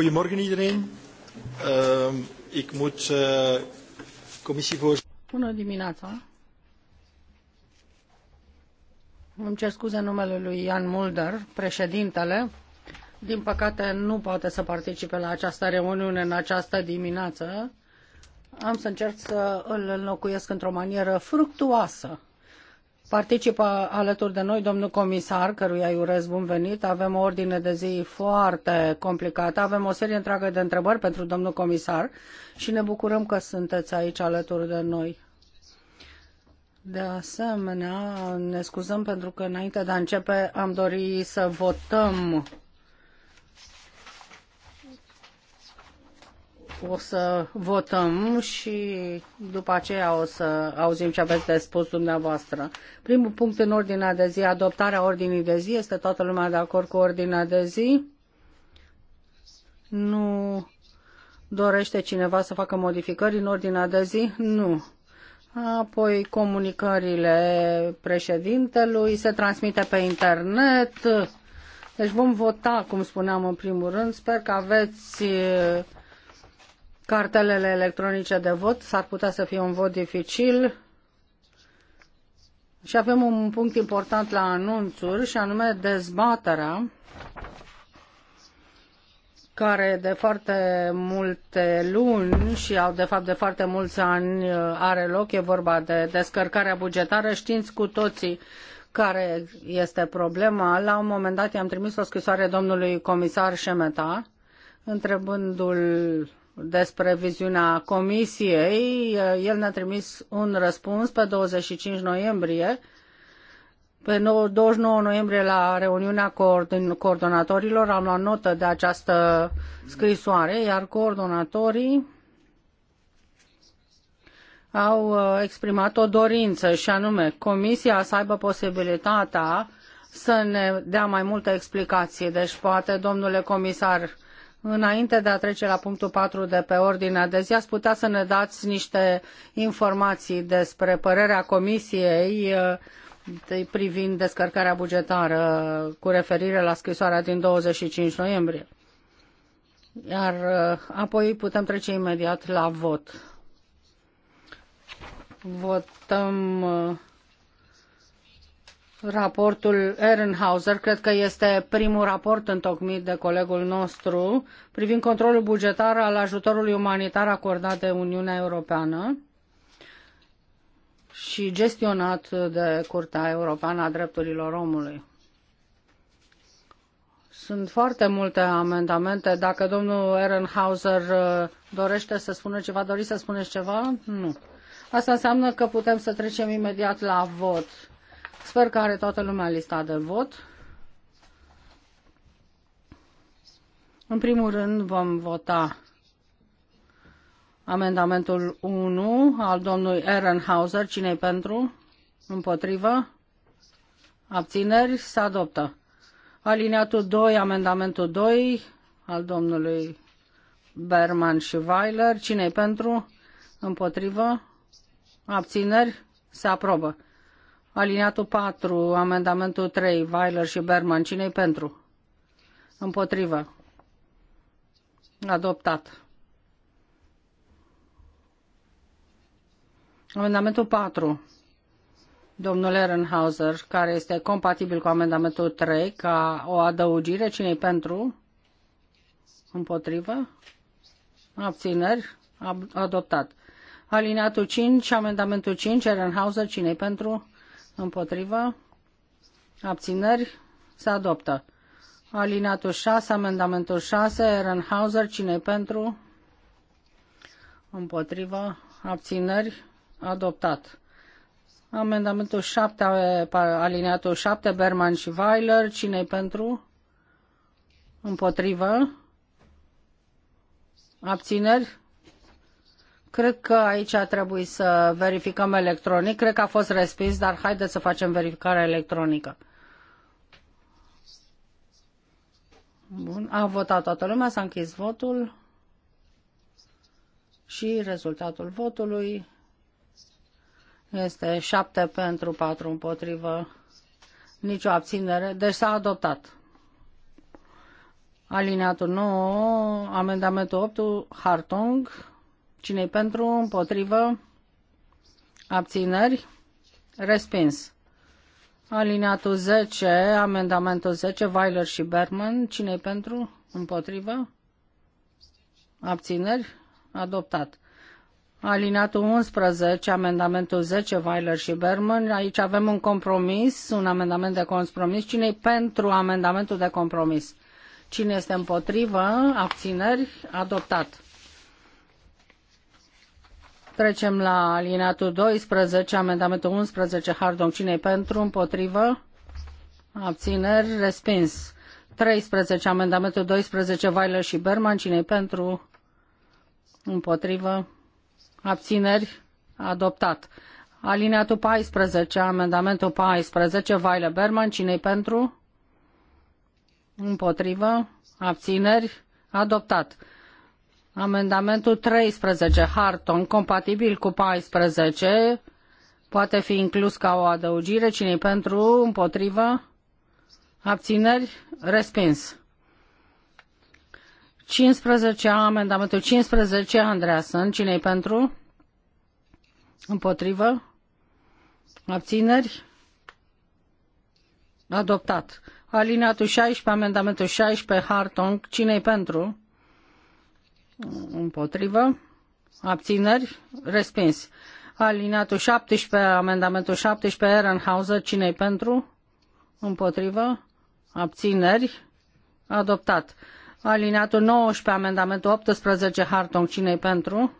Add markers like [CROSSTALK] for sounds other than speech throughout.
Goedemorgen iedereen. Uh, ik moet uh, commissievoorzitter. Bună dimineața. Îmi cer scuze numele lui Ian Mulder, președintele. Din păcate nu poate să participe la această reuniune în această dimineață. Am să încerc să îl înlocuiesc într-o manieră fructuoasă. Participă alături de noi domnul comisar, căruia îi urez bun venit. Avem o ordine de zi foarte complicată. Avem o serie întreagă de întrebări pentru domnul comisar și ne bucurăm că sunteți aici alături de noi. De asemenea, ne scuzăm pentru că înainte de a începe am dori să votăm o să votăm și după aceea o să auzim ce aveți de spus dumneavoastră. Primul punct în ordinea de zi, adoptarea ordinii de zi. Este toată lumea de acord cu ordinea de zi? Nu dorește cineva să facă modificări în ordinea de zi? Nu. Apoi comunicările președintelui se transmite pe internet. Deci vom vota, cum spuneam în primul rând. Sper că aveți cartelele electronice de vot. S-ar putea să fie un vot dificil. Și avem un punct important la anunțuri și anume dezbaterea care de foarte multe luni și au de fapt de foarte mulți ani uh, are loc, e vorba de descărcarea bugetară, știți cu toții care este problema. La un moment dat i-am trimis o scrisoare domnului comisar Șemeta, întrebându-l despre viziunea comisiei. El ne-a trimis un răspuns pe 25 noiembrie. Pe 29 noiembrie, la reuniunea coordonatorilor, am luat notă de această scrisoare, iar coordonatorii au uh, exprimat o dorință, și anume Comisia să aibă posibilitatea să ne dea mai multe explicații. Deci, poate, domnule comisar, Înainte de a trece la punctul patru de pe ordinea de zi, ați putea să ne dați niște informații despre părerea Comisiei eh, privind descărcarea bugetară cu referire la scrisoarea din 25 noiembrie. Iar eh, apoi putem trece imediat la vot. Votăm eh, Raportul Ehrenhauser cred că este primul raport întocmit de colegul nostru privind controlul bugetar al ajutorului umanitar acordat de Uniunea Europeană și gestionat de Curtea Europeană a Drepturilor Omului. Sunt foarte multe amendamente. Dacă domnul Ehrenhauser uh, dorește să spună ceva, doriți să spuneți ceva? Nu. Asta înseamnă că putem să trecem imediat la vot. Sper că are toată lumea lista de vot. În primul rând vom vota amendamentul 1 al domnului Ehrenhauser. Cine-i pentru? Împotrivă? Abțineri? Se adoptă. Alineatul 2, amendamentul 2 al domnului Berman și Weiler. Cine-i pentru? Împotrivă? Abțineri? Se aprobă. Aliniatul 4, amendamentul 3, Weiler și Berman. cine pentru? Împotrivă. Adoptat. Amendamentul 4. Domnul Ehrenhauser, care este compatibil cu amendamentul 3, ca o adăugire, cine pentru? Împotrivă? Abțineri? Ab- adoptat. Alineatul 5, amendamentul 5, Ehrenhauser, cine pentru? Împotrivă? Abțineri? Se adoptă. Alinatul 6, amendamentul 6, Ehrenhauser, cine pentru? Împotrivă? Abțineri? Adoptat. Amendamentul 7, alineatul 7, Berman și Weiler, cine pentru? Împotrivă? Abțineri? Cred că aici trebuit să verificăm electronic. Cred că a fost respins, dar haideți să facem verificarea electronică. Bun, a votat toată lumea, s-a închis votul și rezultatul votului este 7 pentru 4 împotrivă, nicio abținere, deci s-a adoptat. Alineatul 9, amendamentul 8, Hartung. Cine-i pentru? Împotrivă? Abțineri? Respins. Alineatul 10, amendamentul 10, Weiler și Berman. Cine-i pentru? Împotrivă? Abțineri? Adoptat. Alineatul 11, amendamentul 10, Weiler și Berman. Aici avem un compromis, un amendament de compromis. cine e pentru amendamentul de compromis? Cine este împotrivă? Abțineri? Adoptat. Trecem la alineatul 12, amendamentul 11, Hardong. cine pentru? Împotrivă? Abțineri? Respins. 13, amendamentul 12, Vailă și Berman. cine pentru? Împotrivă? Abțineri? Adoptat. Alineatul 14, amendamentul 14, Vailă Berman. cine pentru? Împotrivă? Abțineri? Adoptat. Amendamentul 13, Harton, compatibil cu 14, poate fi inclus ca o adăugire. cine pentru? Împotrivă? Abțineri? Respins. 15, amendamentul 15, Andreasen, cine pentru? Împotrivă? Abțineri? Adoptat. Alineatul 16, amendamentul 16, Harton, cine pentru? Împotrivă. Abțineri. Respins. Alinatul 17, amendamentul 17, Ehrenhauser, cine pentru? Împotrivă. Abțineri. Adoptat. Alinatul 19, amendamentul 18, Hartong, cine pentru?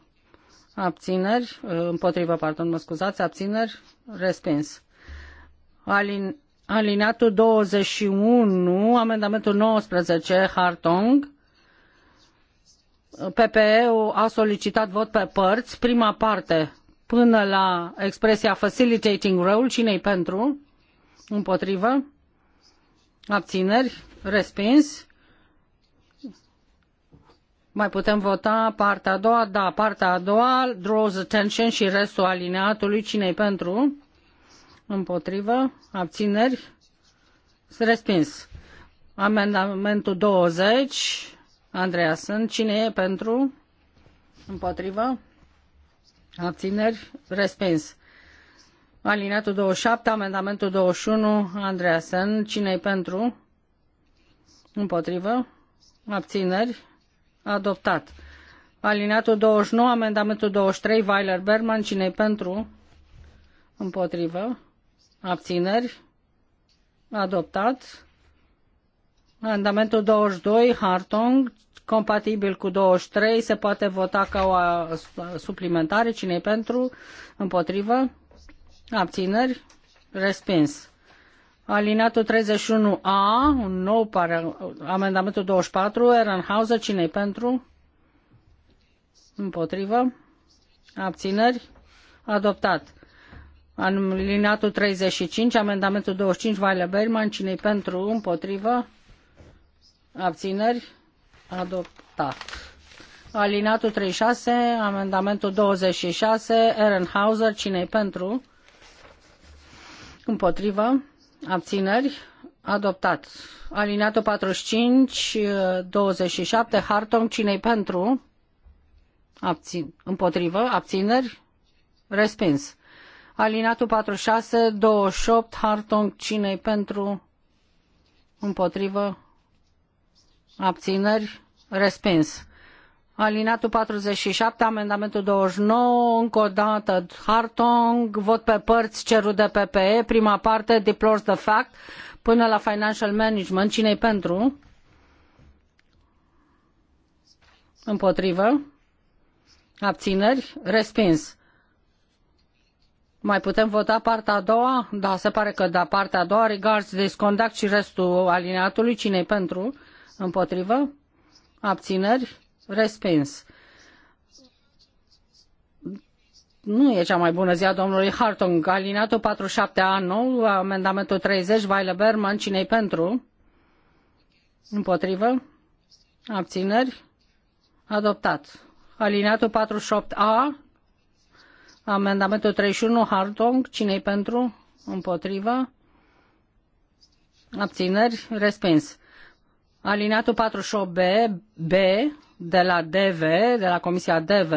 Abțineri. Împotrivă, pardon, mă scuzați. Abțineri. Respins. Alin, alinatul 21, amendamentul 19, Hartong, PPE-ul a solicitat vot pe părți, prima parte până la expresia facilitating role, cine pentru, împotrivă, abțineri, respins. Mai putem vota partea a doua, da, partea a doua, draws attention și restul alineatului, cine pentru, împotrivă, abțineri, respins. Amendamentul 20, Andreasen, sunt. Cine e pentru? Împotrivă? Abțineri? Respins. Alineatul 27, amendamentul 21, Andreasen. Cine-i pentru? Împotrivă? Abțineri? Adoptat. Alineatul 29, amendamentul 23, Weiler Berman. Cine-i pentru? Împotrivă? Abțineri? Adoptat. Amendamentul 22, Hartong, compatibil cu 23, se poate vota ca o uh, suplimentare. cine e pentru? Împotrivă? Abțineri? Respins. Alinatul 31A, un nou par, amendamentul 24, Ehrenhauser, cine e pentru? Împotrivă? Abțineri? Adoptat. Alinatul 35, amendamentul 25, Vaile Berman, cine e pentru? Împotrivă? abțineri, adoptat. Alinatul 36, amendamentul 26, Ehrenhauser, cine pentru? Împotrivă, abțineri, adoptat. Alinatul 45, 27, Hartong, cine pentru? Abțin, împotrivă, abțineri, respins. Alinatul 46, 28, Hartong, cine pentru? Împotrivă, abțineri, respins. Alinatul 47, amendamentul 29, încă o dată Hartong, vot pe părți cerut de PPE, prima parte, deplores the fact, până la financial management, cine-i pentru? Împotrivă? Abțineri? Respins. Mai putem vota partea a doua? Da, se pare că da, partea a doua, regards, disconduct și restul alineatului, cine-i pentru? Împotrivă? Abțineri? Respins. Nu e cea mai bună zi a domnului Hartung. Alinatul 47A9, amendamentul 30, Vaile Berman, cine pentru? Împotrivă? Abțineri? Adoptat. Alineatul 48A, amendamentul 31, Hartung, cine pentru? Împotrivă? Abțineri? Respins. Alineatul 48B B, de la DV, de la Comisia DV,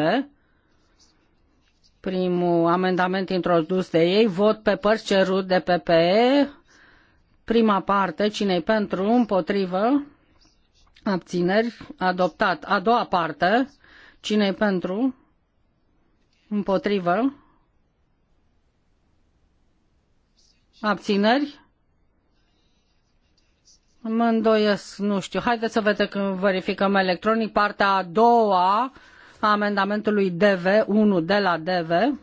primul amendament introdus de ei, vot pe părți cerut de PPE, prima parte, cine pentru, împotrivă, abțineri, adoptat. A doua parte, cine pentru, împotrivă, abțineri, Mă îndoiesc, nu știu. Haideți să vedem când verificăm electronic partea a doua a amendamentului DV, 1 de la DV.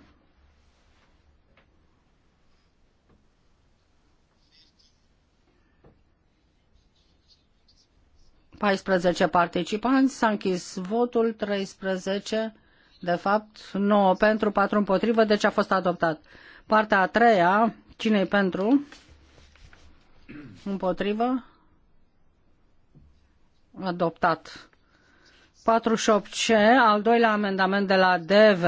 paisprezece participanți, s-a închis votul, 13, de fapt 9 pentru, 4 împotrivă, deci a fost adoptat. Partea a treia, cine-i pentru? Împotrivă? adoptat. 48C, al doilea amendament de la DV,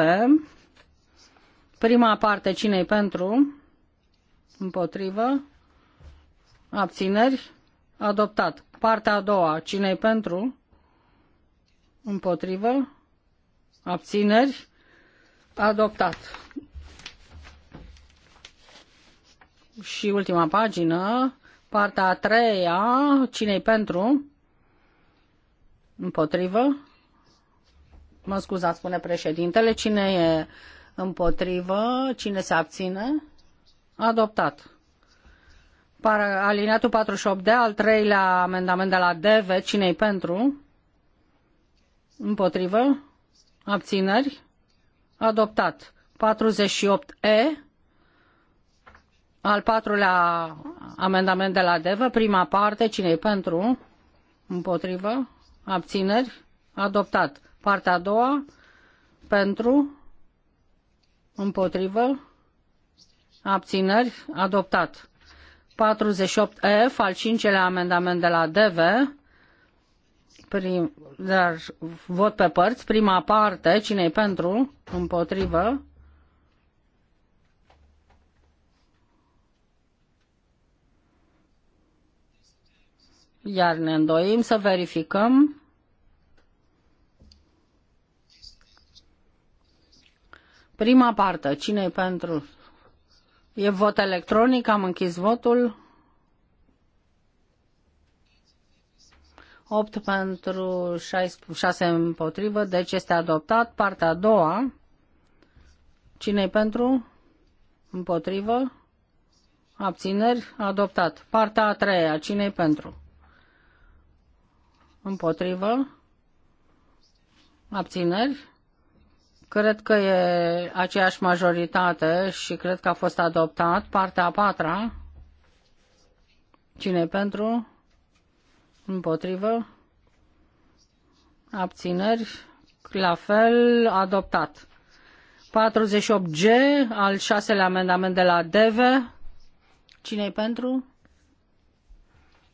prima parte cinei pentru, împotrivă, abțineri, adoptat. Partea a doua, cinei pentru, împotrivă, abțineri, adoptat. Și ultima pagină, partea a treia, cinei pentru, Împotrivă? Mă scuzați, spune președintele. Cine e împotrivă? Cine se abține? Adoptat. alineatul 48D, al treilea amendament de la DV, cine-i pentru? Împotrivă? Abțineri? Adoptat. 48E, al patrulea amendament de la DV, prima parte, cine-i pentru? Împotrivă? abțineri, adoptat. Partea a doua, pentru, împotrivă, abțineri, adoptat. 48F, al cincelea amendament de la DV, prim, dar vot pe părți, prima parte, cine pentru, împotrivă, Iar ne îndoim să verificăm. Prima parte, cine e pentru? E vot electronic, am închis votul. 8 pentru 6, 6 împotrivă, deci este adoptat. Partea a doua, cine e pentru? Împotrivă? Abțineri? Adoptat. Partea a treia, cine e pentru? Împotrivă? Abțineri? Cred că e aceeași majoritate și cred că a fost adoptat. Partea a patra. Cine pentru? Împotrivă? Abțineri? La fel, adoptat. 48G, al șaselea amendament de la DV. Cine-i pentru?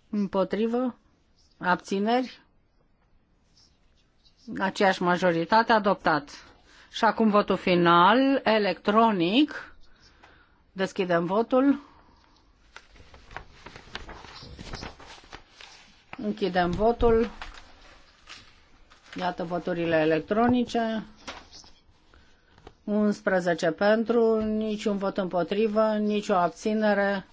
Împotrivă? Abțineri? Aceeași majoritate adoptat. Și acum votul final, electronic. Deschidem votul. Închidem votul. Iată voturile electronice. 11 pentru, niciun vot împotrivă, nicio abținere.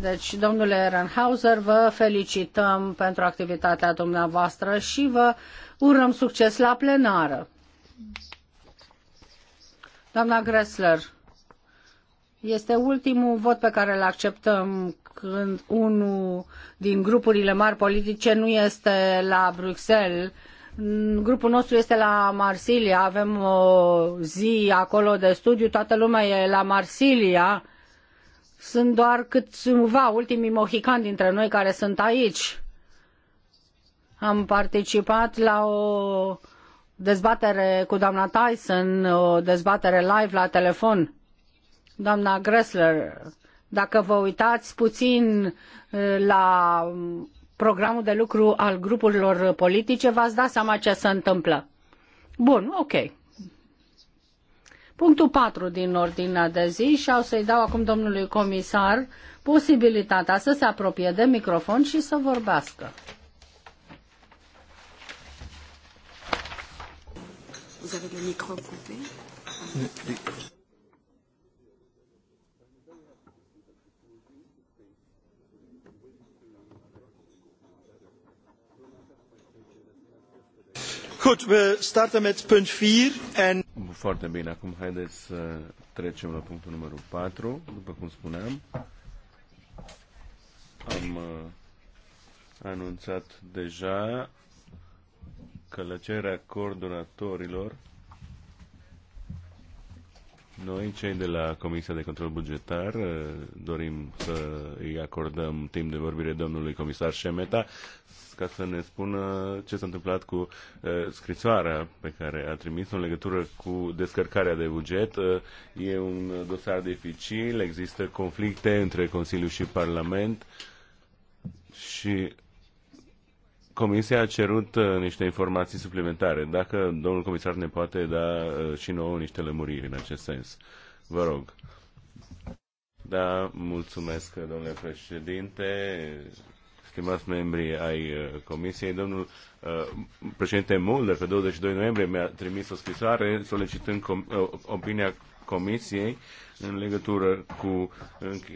Deci, domnule Ehrenhauser, vă felicităm pentru activitatea dumneavoastră și vă urăm succes la plenară. Doamna Gressler, este ultimul vot pe care îl acceptăm când unul din grupurile mari politice nu este la Bruxelles. Grupul nostru este la Marsilia, avem o zi acolo de studiu, toată lumea e la Marsilia. Sunt doar câțiva ultimii mohicani dintre noi care sunt aici. Am participat la o dezbatere cu doamna Tyson, o dezbatere live la telefon. Doamna Gressler, dacă vă uitați puțin la programul de lucru al grupurilor politice, v-ați dat seama ce se întâmplă. Bun, ok. Punctul 4 din ordinea de zi și o să-i dau acum domnului comisar posibilitatea să se apropie de microfon și să vorbească. Vous avez le micro coupé? Foarte bine, acum haideți să trecem la punctul numărul 4, după cum spuneam. Am uh, anunțat deja că la cererea coordonatorilor noi, cei de la Comisia de Control Bugetar, eh, dorim să îi acordăm timp de vorbire domnului comisar Șemeta ca să ne spună ce s-a întâmplat cu eh, scrisoarea pe care a trimis-o în legătură cu descărcarea de buget. Eh, e un dosar dificil, există conflicte între Consiliu și Parlament și Comisia a cerut uh, niște informații suplimentare. Dacă domnul comisar ne poate da uh, și nouă niște lămuriri în acest sens. Vă rog. Da, mulțumesc, domnule președinte, stimați membri ai uh, Comisiei. Domnul președinte Mulder, pe 22 noiembrie, mi-a trimis o scrisoare solicitând com opinia Comisiei în legătură cu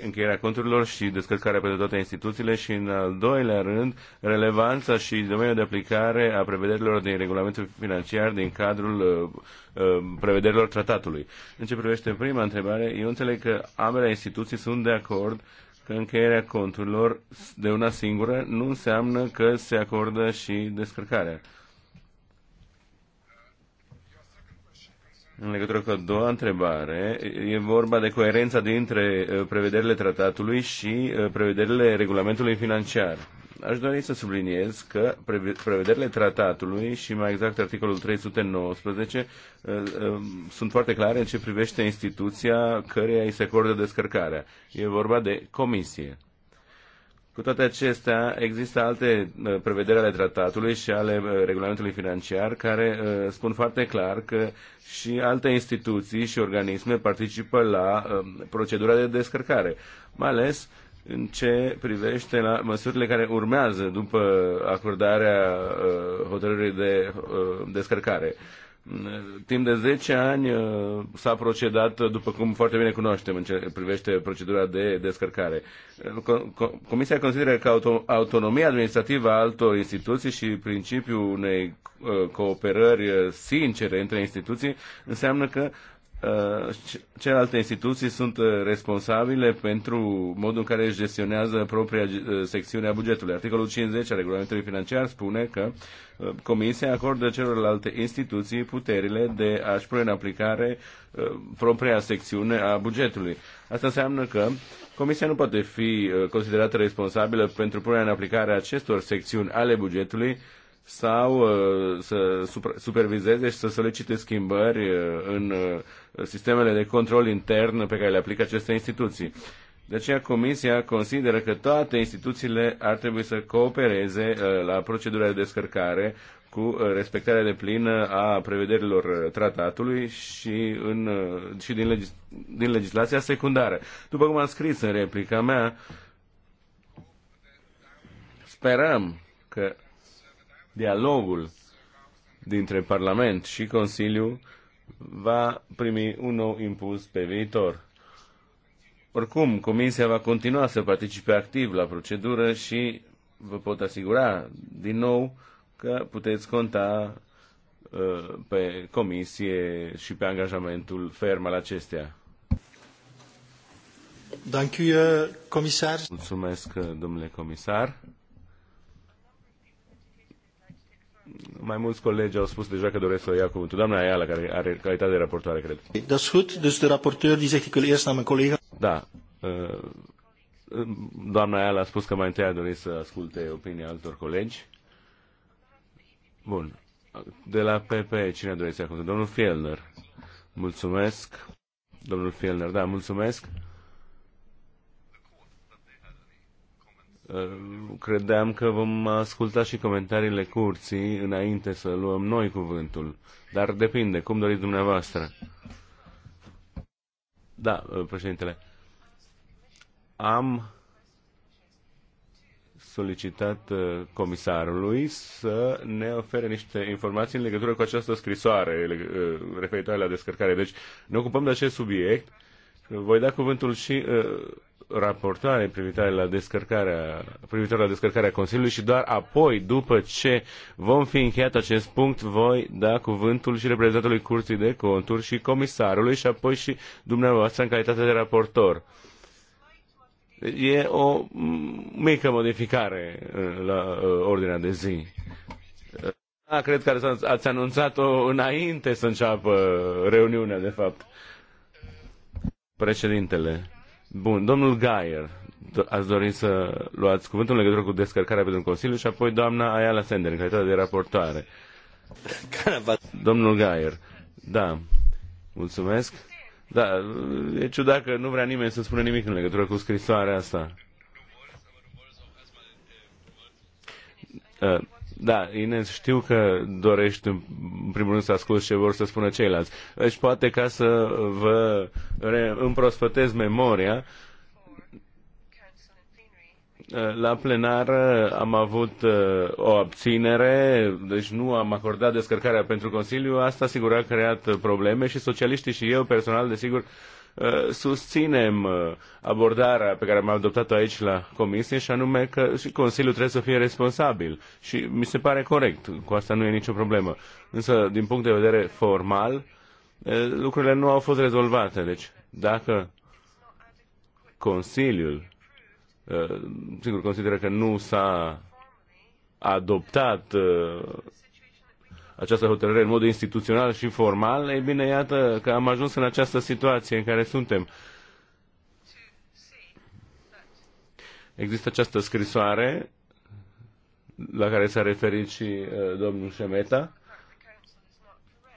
încheierea conturilor și descărcarea pentru toate instituțiile și, în al doilea rând, relevanța și domeniul de aplicare a prevederilor din regulamentul financiar din cadrul uh, uh, prevederilor tratatului. În ce privește prima întrebare, eu înțeleg că ambele instituții sunt de acord că încheierea conturilor de una singură nu înseamnă că se acordă și descărcarea. în legătură cu a doua întrebare, e vorba de coerența dintre uh, prevederile tratatului și uh, prevederile regulamentului financiar. Aș dori să subliniez că prevederile tratatului și mai exact articolul 319 uh, sunt foarte clare în ce privește instituția căreia îi se acordă descărcarea. E vorba de comisie. Cu toate acestea, există alte uh, prevederi ale tratatului și ale uh, regulamentului financiar care uh, spun foarte clar că și alte instituții și organisme participă la um, procedura de descărcare, mai ales în ce privește la măsurile care urmează după acordarea hotărârii de descărcare. Timp de 10 ani uh, s-a procedat, uh, după cum foarte bine cunoaștem în ce privește procedura de descărcare. Uh, Comisia consideră că autonomia administrativă a altor instituții și principiul unei cooperări sincere între instituții înseamnă că celelalte instituții sunt uh, responsabile pentru modul în care își gestionează propria uh, secțiune a bugetului. Articolul 50 al regulamentului financiar spune că uh, Comisia acordă celorlalte instituții puterile de a-și pune în aplicare propria secțiune a bugetului. Asta înseamnă că Comisia nu poate fi considerată responsabilă pentru punerea în aplicare a acestor secțiuni ale bugetului sau să supervizeze și să solicite schimbări în sistemele de control intern pe care le aplică aceste instituții. De aceea Comisia consideră că toate instituțiile ar trebui să coopereze uh, la procedura de descărcare cu uh, respectarea de plină a prevederilor uh, tratatului și, în, și din, legis, din legislația secundară. După cum am scris în replica mea, sperăm că dialogul dintre Parlament și Consiliu va primi un nou impuls pe viitor. Oricum, Comisia va continua să participe activ la procedură și vă pot asigura din nou că puteți conta uh, pe Comisie și pe angajamentul ferm al acesteia. Eh, Mulțumesc, eh, domnule comisar mai mulți colegi au spus deja că doresc să ia cuvântul. Doamna Ayala, care are calitate de raportoare, cred. Dat is goed. Dus rapporteur die zegt ik wil eerst naar mijn Da. Uh, uh, doamna Ayala a spus că mai întâi a dorit să asculte opinia altor colegi. Bun. De la PP, cine a dorit să ia cuvântul? Domnul Fielner. Mulțumesc. Domnul Fielner, da, mulțumesc. Ehm, credeam că vom asculta și comentariile curții înainte să luăm noi cuvântul. Dar depinde, cum doriți dumneavoastră. Da, eh, președintele. Am solicitat eh, comisarului să ne ofere niște informații în legătură cu această scrisoare eh, referitoare la descărcare. Deci ne ocupăm de acest subiect. Voi da cuvântul și raportoare privitoare la descărcarea, privitoare la descărcarea Consiliului și doar apoi, după ce vom fi încheiat acest punct, voi da cuvântul și reprezentantului Curții de Conturi și comisarului și apoi și dumneavoastră în calitate de raportor. E o mică modificare uh, la uh, ordinea de zi. Da, cred că ați anunțat-o înainte să înceapă reuniunea, de fapt. Președintele. Bun, domnul Gaier, ați dori să luați cuvântul în legătură cu descărcarea pentru Consiliu și apoi doamna Ayala Sender, în calitate de raportoare. Domnul Gaier, da, mulțumesc. Da, e ciudat că nu vrea nimeni să spună nimic în legătură cu scrisoarea asta. Da, Ines, știu că dorești în primul rând să asculti ce vor să spună ceilalți. Deci poate ca să vă împrospătez memoria, la plenar am avut uh, o abținere, deci nu am acordat descărcarea pentru Consiliu. Asta sigur a creat uh, probleme și socialiștii și eu personal, desigur, Uh, susținem uh, abordarea pe care am adoptat-o aici la Comisie și anume că și Consiliul trebuie să fie responsabil și mi se pare corect, cu asta nu e nicio problemă. Însă, din punct de vedere formal, uh, lucrurile nu au fost rezolvate. Deci, dacă Consiliul sigur consideră că nu s-a adoptat această hotărâre în mod instituțional și formal, e bine, iată că am ajuns în această situație în care suntem. Există această scrisoare la care s-a referit și uh, domnul Șemeta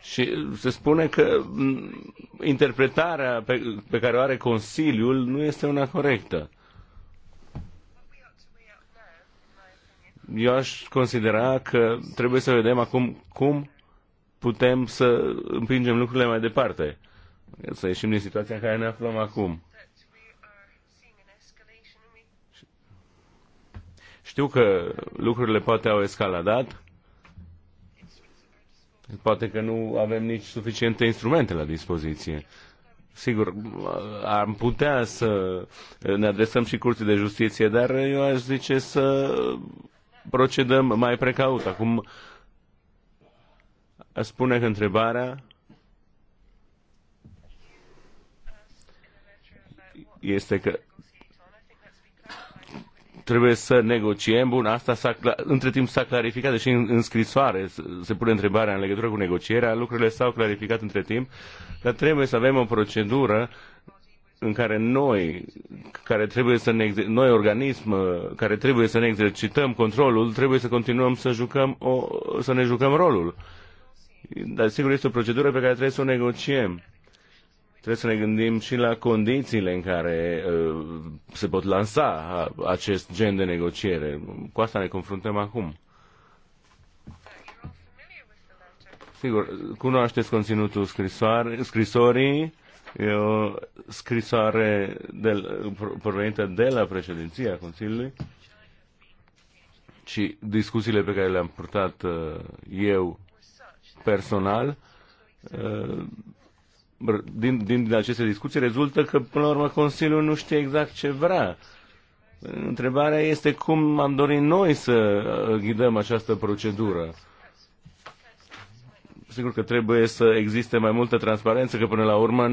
și se spune că mm, interpretarea pe, pe care o are Consiliul nu este una corectă. eu aș considera că trebuie să vedem acum cum putem să împingem lucrurile mai departe, să ieșim din situația în care ne aflăm acum. Știu că lucrurile poate au escaladat, poate că nu avem nici suficiente instrumente la dispoziție. Sigur, am putea să ne adresăm și curții de justiție, dar eu aș zice să procedăm mai precaut. Acum spune că întrebarea este că trebuie să negociem. Bun, asta s-a, între timp s-a clarificat, deși în, în scrisoare se pune întrebarea în legătură cu negocierea, lucrurile s-au clarificat între timp, dar trebuie să avem o procedură în care noi, care trebuie să ne, noi organism, uh, care trebuie să ne exercităm controlul, trebuie să continuăm să, jucăm o, să ne jucăm rolul. Dar sigur este o procedură pe care trebuie să o negociem. Trebuie să ne gândim și la condițiile în care uh, se pot lansa acest gen de negociere. Cu asta ne confruntăm acum. Sigur, cunoașteți conținutul scrisoare, scrisorii E o scrisoare de, provenită de la președinția Consiliului și discuțiile pe care le-am purtat uh, eu personal uh, din, din aceste discuții rezultă că, până la urmă, Consiliul nu știe exact ce vrea. Întrebarea este cum am dorit noi să ghidăm această procedură sigur că trebuie să existe mai multă transparență, că până la urmă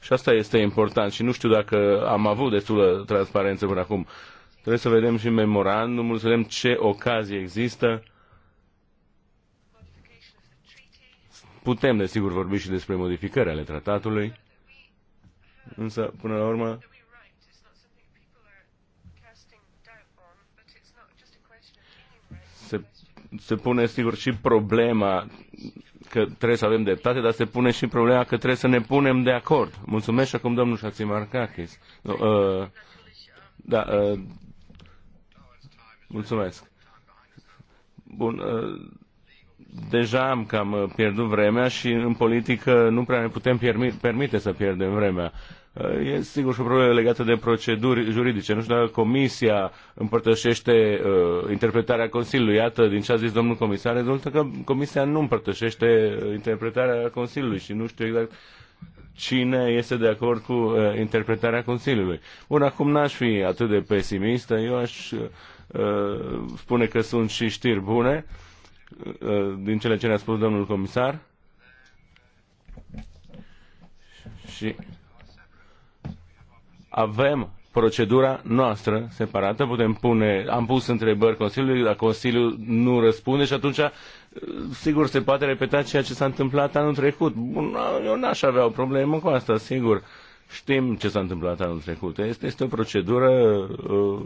și asta este important și nu știu dacă am avut destulă transparență până acum. Trebuie să vedem și memorandumul, să vedem ce ocazie există. Putem, desigur, vorbi și despre modificări ale tratatului, însă, până la urmă, se pune sigur și problema că trebuie să avem dreptate, dar se pune și problema că trebuie să ne punem de acord. Mulțumesc și acum domnul Șațimarcachis. No, uh, da, uh, mulțumesc. Bun, uh, deja am cam pierdut vremea și în politică nu prea ne putem permite să pierdem vremea. Uh, E sigur și o problemă legată de proceduri juridice. Nu știu dacă Comisia împărtășește uh, interpretarea Consiliului. Iată, din ce a zis domnul comisar, rezultă că Comisia nu împărtășește uh, interpretarea Consiliului și nu știu exact cine este de acord cu uh, interpretarea Consiliului. Bun, acum n-aș fi atât de pesimistă. Eu aș uh, spune că sunt și știri bune uh, din cele ce ne-a spus domnul comisar. Și avem procedura noastră separată, putem pune, am pus întrebări Consiliului, dar Consiliul nu răspunde și atunci uh, sigur se poate repeta ceea ce s-a întâmplat anul trecut. Bun, eu n-aș avea o problemă cu asta, sigur. Știm ce s-a întâmplat anul trecut. Este, este o procedură uh,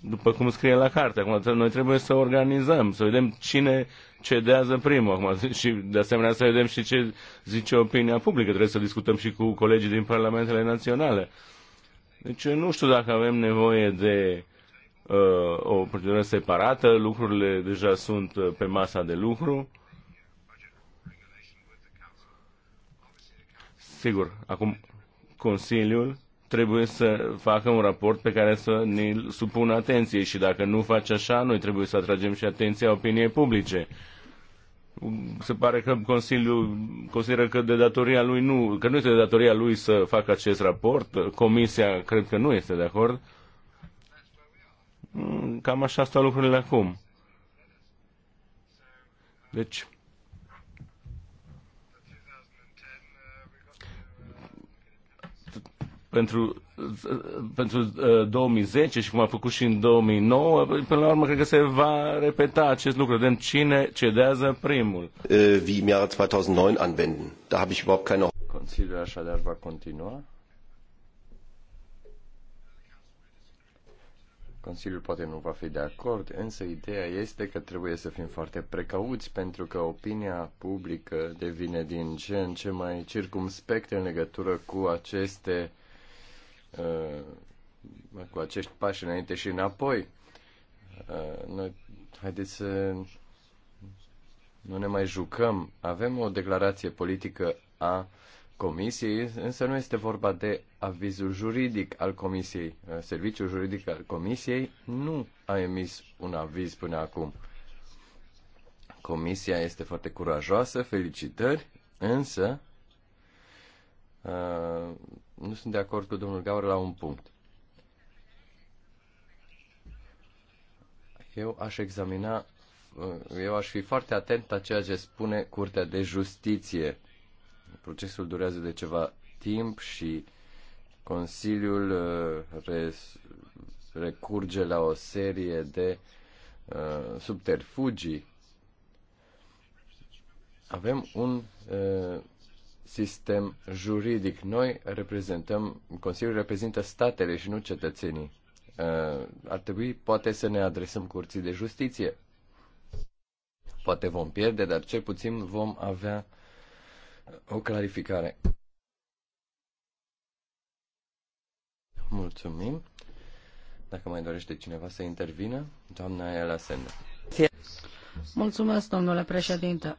după cum scrie la carte. Acum noi trebuie să organizăm, să vedem cine cedează primul. Acum, [LAUGHS] și de asemenea să vedem și ce zice opinia publică. Trebuie să discutăm și cu colegii din parlamentele naționale. Deci nu știu dacă avem nevoie de uh, o procedură separată, lucrurile deja sunt uh, pe masa de lucru. Sigur, acum Consiliul trebuie să facă un raport pe care să ne-l supună atenție și dacă nu face așa, noi trebuie să atragem și atenția opiniei publice. Uh, se pare că Consiliul consideră că de datoria lui nu, că nu este de datoria lui să facă acest raport. Comisia cred că nu este de acord. Mm, cam așa stau lucrurile acum. Deci, pentru pentru 2010 uh, și cum a făcut și în 2009, până la urmă cred că se va repeta acest lucru. Vedem cine cedează primul. Äh, wie im Jahre 2009 anwenden. Da habe ich überhaupt keine Consiliul așadar va continua. Consiliul poate nu va fi de acord, însă ideea este că trebuie să fim foarte precauți pentru că opinia publică devine din ce în ce mai circumspectă în legătură cu aceste uh, Uh, cu acești pași înainte și înapoi. Uh, noi, haideți să nu ne mai jucăm. Avem o declarație politică a Comisiei, însă nu este vorba de avizul juridic al Comisiei. Uh, serviciul juridic al Comisiei nu a emis un aviz până acum. Comisia este foarte curajoasă, felicitări, însă Uh, nu sunt de acord cu domnul Gaur la un punct. Eu aș examina, uh, eu aș fi foarte atent la ceea ce spune Curtea de Justiție. Procesul durează de ceva timp și Consiliul uh, recurge la o serie de subterfugii. Avem un sistem juridic. Noi reprezentăm, Consiliul reprezintă statele și nu cetățenii. Uh, ar trebui poate să ne adresăm curții de justiție. Poate vom pierde, dar cel puțin vom avea o clarificare. Mulțumim. Dacă mai dorește cineva să intervină, doamna Ela Sende. Mulțumesc, domnule președinte.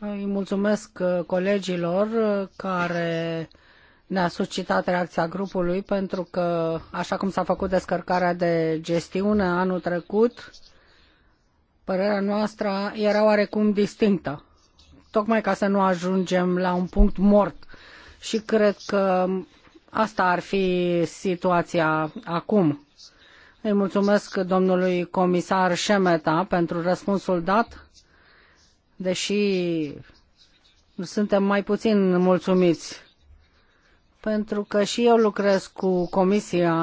Îi mulțumesc uh, colegilor uh, care ne-a suscitat reacția grupului pentru că, așa cum s-a făcut descărcarea de gestiune anul trecut, părerea noastră era oarecum distinctă, tocmai ca să nu ajungem la un punct mort. Și cred că asta ar fi situația acum. Îi mulțumesc domnului comisar Șemeta pentru răspunsul dat deși suntem mai puțin mulțumiți, pentru că și eu lucrez cu Comisia,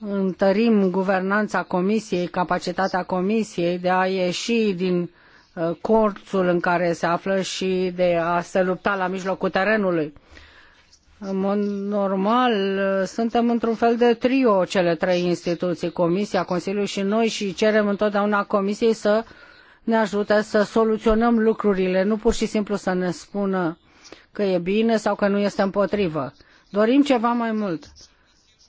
întărim guvernanța Comisiei, capacitatea Comisiei de a ieși din uh, corțul în care se află și de a se lupta la mijlocul terenului. În mod normal, uh, suntem într-un fel de trio, cele trei instituții, Comisia, Consiliul și noi, și cerem întotdeauna Comisiei să uh, ne ajută să soluționăm lucrurile, nu pur și simplu să ne spună că e bine sau că nu este împotrivă. Dorim ceva mai mult.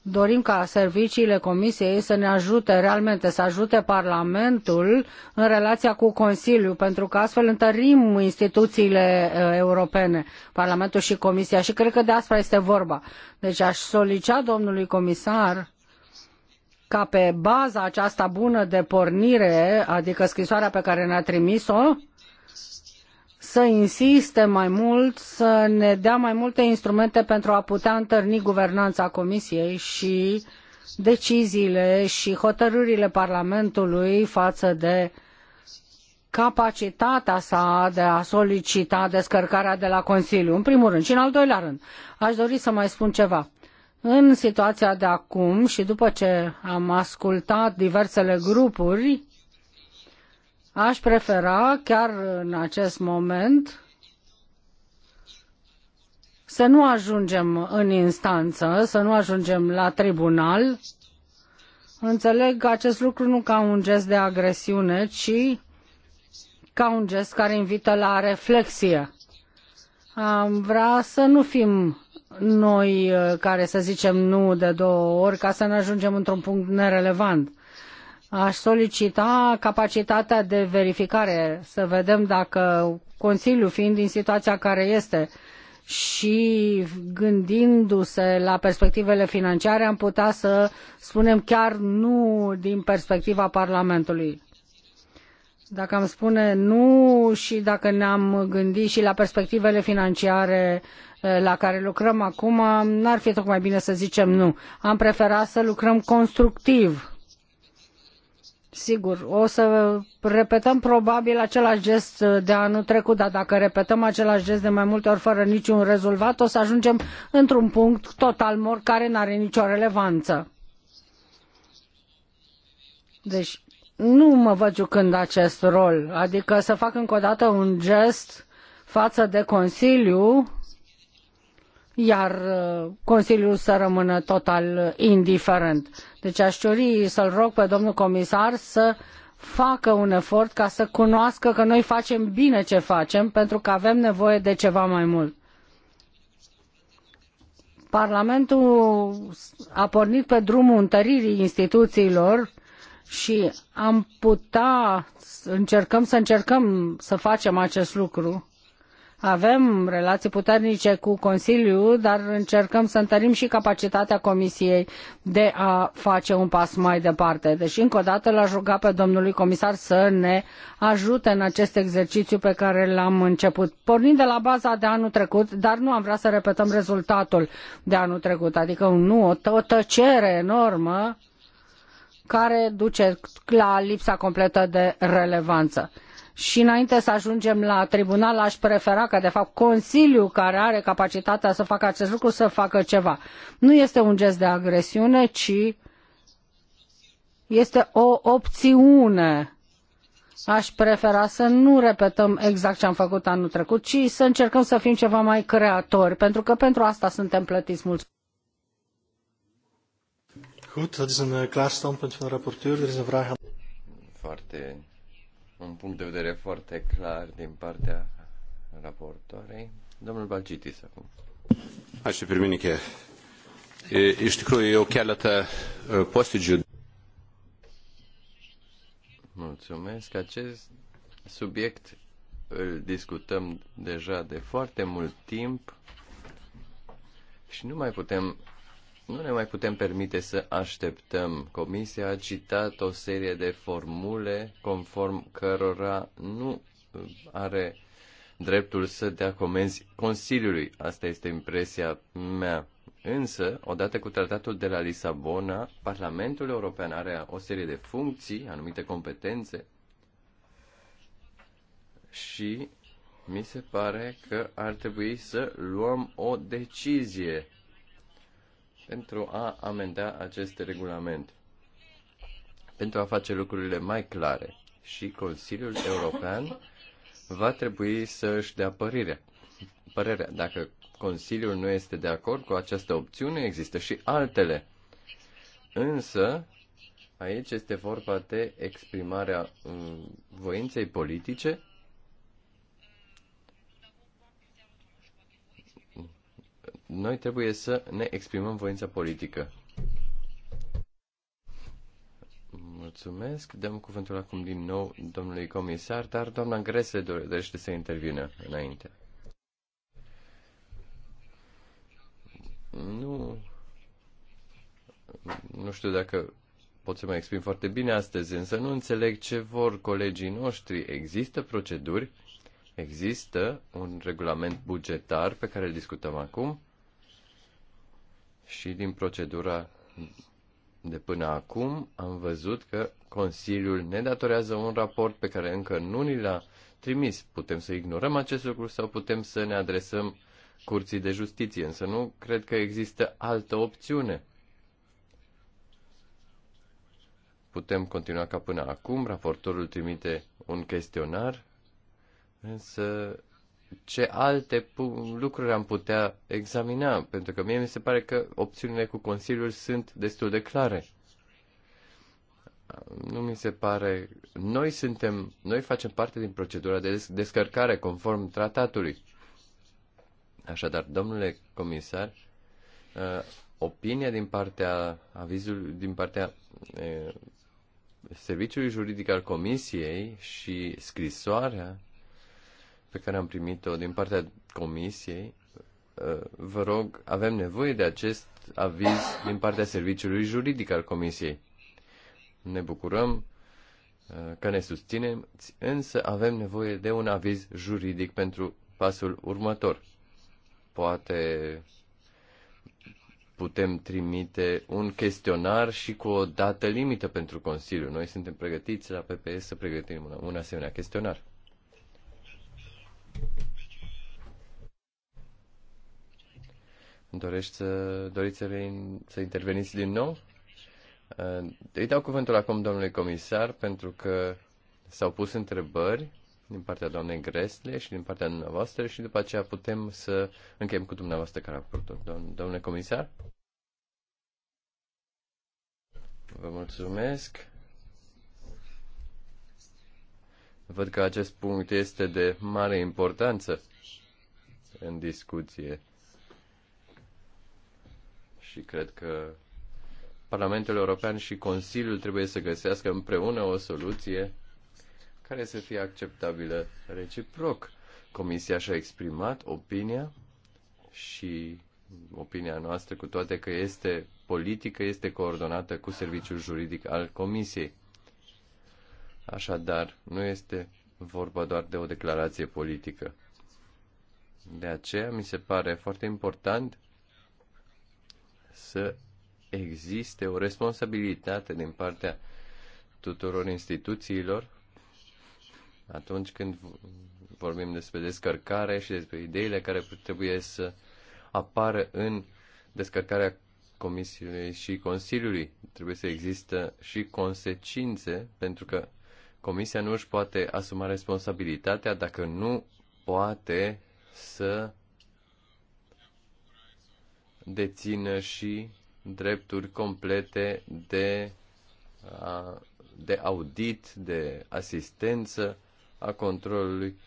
Dorim ca serviciile Comisiei să ne ajute realmente, să ajute Parlamentul în relația cu Consiliul, pentru că astfel întărim instituțiile europene, Parlamentul și Comisia. Și cred că de asta este vorba. Deci aș solicita domnului comisar ca pe baza aceasta bună de pornire, adică scrisoarea pe care ne-a trimis-o, să insiste mai mult, să ne dea mai multe instrumente pentru a putea întărni guvernanța Comisiei și deciziile și hotărârile Parlamentului față de capacitatea sa de a solicita descărcarea de la Consiliu, în primul rând. Și în al doilea rând, aș dori să mai spun ceva în situația de acum și după ce am ascultat diversele grupuri, aș prefera chiar în acest moment să nu ajungem în instanță, să nu ajungem la tribunal. Înțeleg acest lucru nu ca un gest de agresiune, ci ca un gest care invită la reflexie. Am vrea să nu fim noi uh, care să zicem nu de două ori ca să ne ajungem într-un punct nerelevant. Aș solicita capacitatea de verificare, să vedem dacă Consiliul, fiind din situația care este și gândindu-se la perspectivele financiare, am putea să spunem chiar nu din perspectiva Parlamentului. Dacă am spune nu și dacă ne-am gândit și la perspectivele financiare uh, Eh, la care lucrăm acum, n-ar fi tocmai bine să zicem nu. Am preferat să lucrăm constructiv. Sigur, o să repetăm probabil același gest de anul trecut, dar dacă repetăm același gest de mai multe ori fără niciun rezultat, o să ajungem într-un punct total mor care nu are nicio relevanță. Deci, nu mă văd jucând acest rol, adică să fac încă o dată un gest față de Consiliu iar uh, Consiliul să rămână total indiferent. Deci aș dori să-l rog pe domnul comisar să facă un efort ca să cunoască că noi facem bine ce facem, pentru că avem nevoie de ceva mai mult. Parlamentul a pornit pe drumul întăririi instituțiilor și am putea, încercăm să încercăm să facem acest lucru avem relații puternice cu Consiliul, dar încercăm să întărim și capacitatea Comisiei de a face un pas mai departe. Deci, încă o dată, l-aș ruga pe domnului comisar să ne ajute în acest exercițiu pe care l-am început. Pornind de la baza de anul trecut, dar nu am vrea să repetăm rezultatul de anul trecut, adică nu, o, o tăcere enormă care duce la lipsa completă de relevanță și înainte să ajungem la tribunal aș prefera ca de fapt Consiliul care are capacitatea să facă acest lucru să facă ceva. Nu este un gest de agresiune, ci este o opțiune. Aș prefera să nu repetăm exact ce am făcut anul trecut, ci să încercăm să fim ceva mai creatori, pentru că pentru asta suntem plătiți mulți. Goed, dat is een eh, klaar standpunt van de rapporteur. Er is een vraag aan... Foarte un punct de vedere foarte clar din partea raportoarei. Domnul Balcitis acum. Ačiū că Iš tikrųjų jau keletą posėdžių. Mulțumesc. Acest subiect îl discutăm deja de foarte mult timp și nu mai putem nu ne mai putem permite să așteptăm. Comisia a citat o serie de formule conform cărora nu are dreptul să dea comenzi Consiliului. Asta este impresia mea. Însă, odată cu tratatul de la Lisabona, Parlamentul European are o serie de funcții, anumite competențe și mi se pare că ar trebui să luăm o decizie pentru a amenda acest regulament, pentru a face lucrurile mai clare și Consiliul European va trebui să își dea părirea. părerea. Dacă Consiliul nu este de acord cu această opțiune, există și altele. Însă, aici este vorba de exprimarea uh, voinței politice noi trebuie să ne exprimăm voința politică. Mulțumesc. Dăm cuvântul acum din nou domnului comisar, dar doamna Grese dorește să intervină înainte. Nu. Nu știu dacă pot să mă exprim foarte bine astăzi, însă nu înțeleg ce vor colegii noștri. Există proceduri, există un regulament bugetar pe care îl discutăm acum și din procedura de până acum am văzut că Consiliul ne datorează un raport pe care încă nu ni l-a trimis. Putem să ignorăm acest lucru sau putem să ne adresăm curții de justiție, însă nu cred că există altă opțiune. Putem continua ca până acum, raportorul trimite un chestionar, însă ce alte lucruri am putea examina, pentru că mie mi se pare că opțiunile cu Consiliul sunt destul de clare. Nu mi se pare. Noi suntem, noi facem parte din procedura de descărcare conform tratatului. Așadar, domnule comisar, uh, opinia din partea avizul din partea uh, Serviciului Juridic al Comisiei și scrisoarea pe care am primit-o din partea Comisiei, uh, vă rog, avem nevoie de acest aviz din partea Serviciului Juridic al Comisiei. Ne bucurăm uh, că ne susținem, însă avem nevoie de un aviz juridic pentru pasul următor. Poate putem trimite un chestionar și cu o dată limită pentru Consiliu. Noi suntem pregătiți la PPS să pregătim un asemenea chestionar. Dorești să, doriți să, rein, să interveniți din nou? Uh, îi dau cuvântul acum domnului comisar pentru că s-au pus întrebări din partea doamnei Gresle și din partea dumneavoastră și după aceea putem să încheiem cu dumneavoastră a făcut Domnule comisar? Vă mulțumesc. Văd că acest punct este de mare importanță în discuție și cred că Parlamentul European și Consiliul trebuie să găsească împreună o soluție care să fie acceptabilă reciproc. Comisia și-a exprimat opinia și opinia noastră, cu toate că este politică, este coordonată cu serviciul juridic al Comisiei. Așadar, nu este vorba doar de o declarație politică. De aceea mi se pare foarte important să existe o responsabilitate din partea tuturor instituțiilor atunci când vorbim despre descărcare și despre ideile care trebuie să apară în descărcarea Comisiei și Consiliului. Trebuie să există și consecințe, pentru că Comisia nu își poate asuma responsabilitatea dacă nu poate să dețină și drepturi complete de, de audit, de asistență a controlului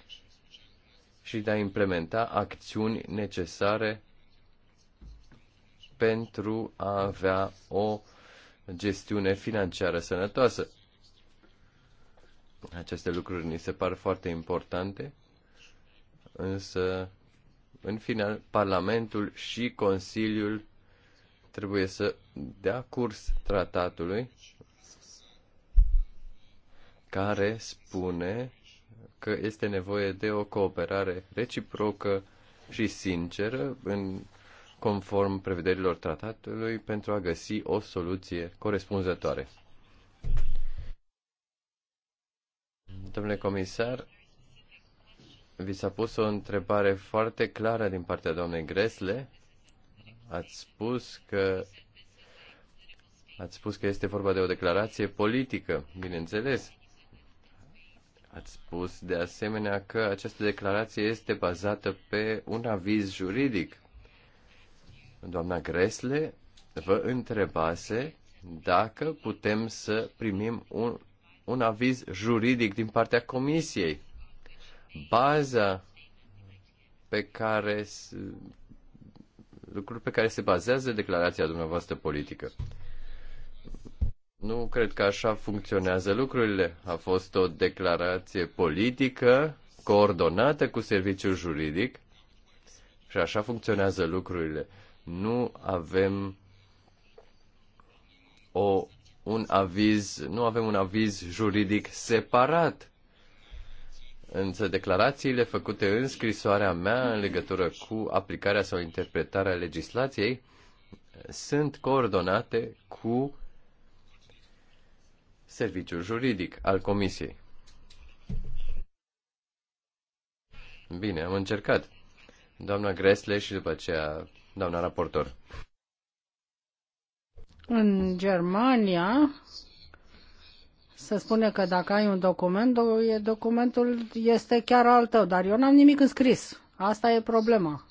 și de a implementa acțiuni necesare pentru a avea o gestiune financiară sănătoasă. Aceste lucruri ni se par foarte importante, însă, în final, Parlamentul și Consiliul trebuie să dea curs tratatului care spune că este nevoie de o cooperare reciprocă și sinceră în conform prevederilor tratatului pentru a găsi o soluție corespunzătoare. Domnule comisar, vi s-a pus o întrebare foarte clară din partea doamnei Gresle. Ați spus că ați spus că este vorba de o declarație politică, bineînțeles. Ați spus de asemenea că această declarație este bazată pe un aviz juridic. Doamna Gresle vă întrebase dacă putem să primim un un aviz juridic din partea comisiei. Baza pe care lucruri pe care se bazează declarația dumneavoastră politică. Nu cred că așa funcționează lucrurile. A fost o declarație politică coordonată cu serviciul juridic și așa funcționează lucrurile. Nu avem o un aviz, nu avem un aviz juridic separat. Însă declarațiile făcute în scrisoarea mea în legătură cu aplicarea sau interpretarea legislației sunt coordonate cu serviciul juridic al Comisiei. Bine, am încercat. Doamna Gresle și după aceea doamna raportor. În Germania se spune că dacă ai un document, documentul este chiar al tău, dar eu n-am nimic înscris. Asta e problema.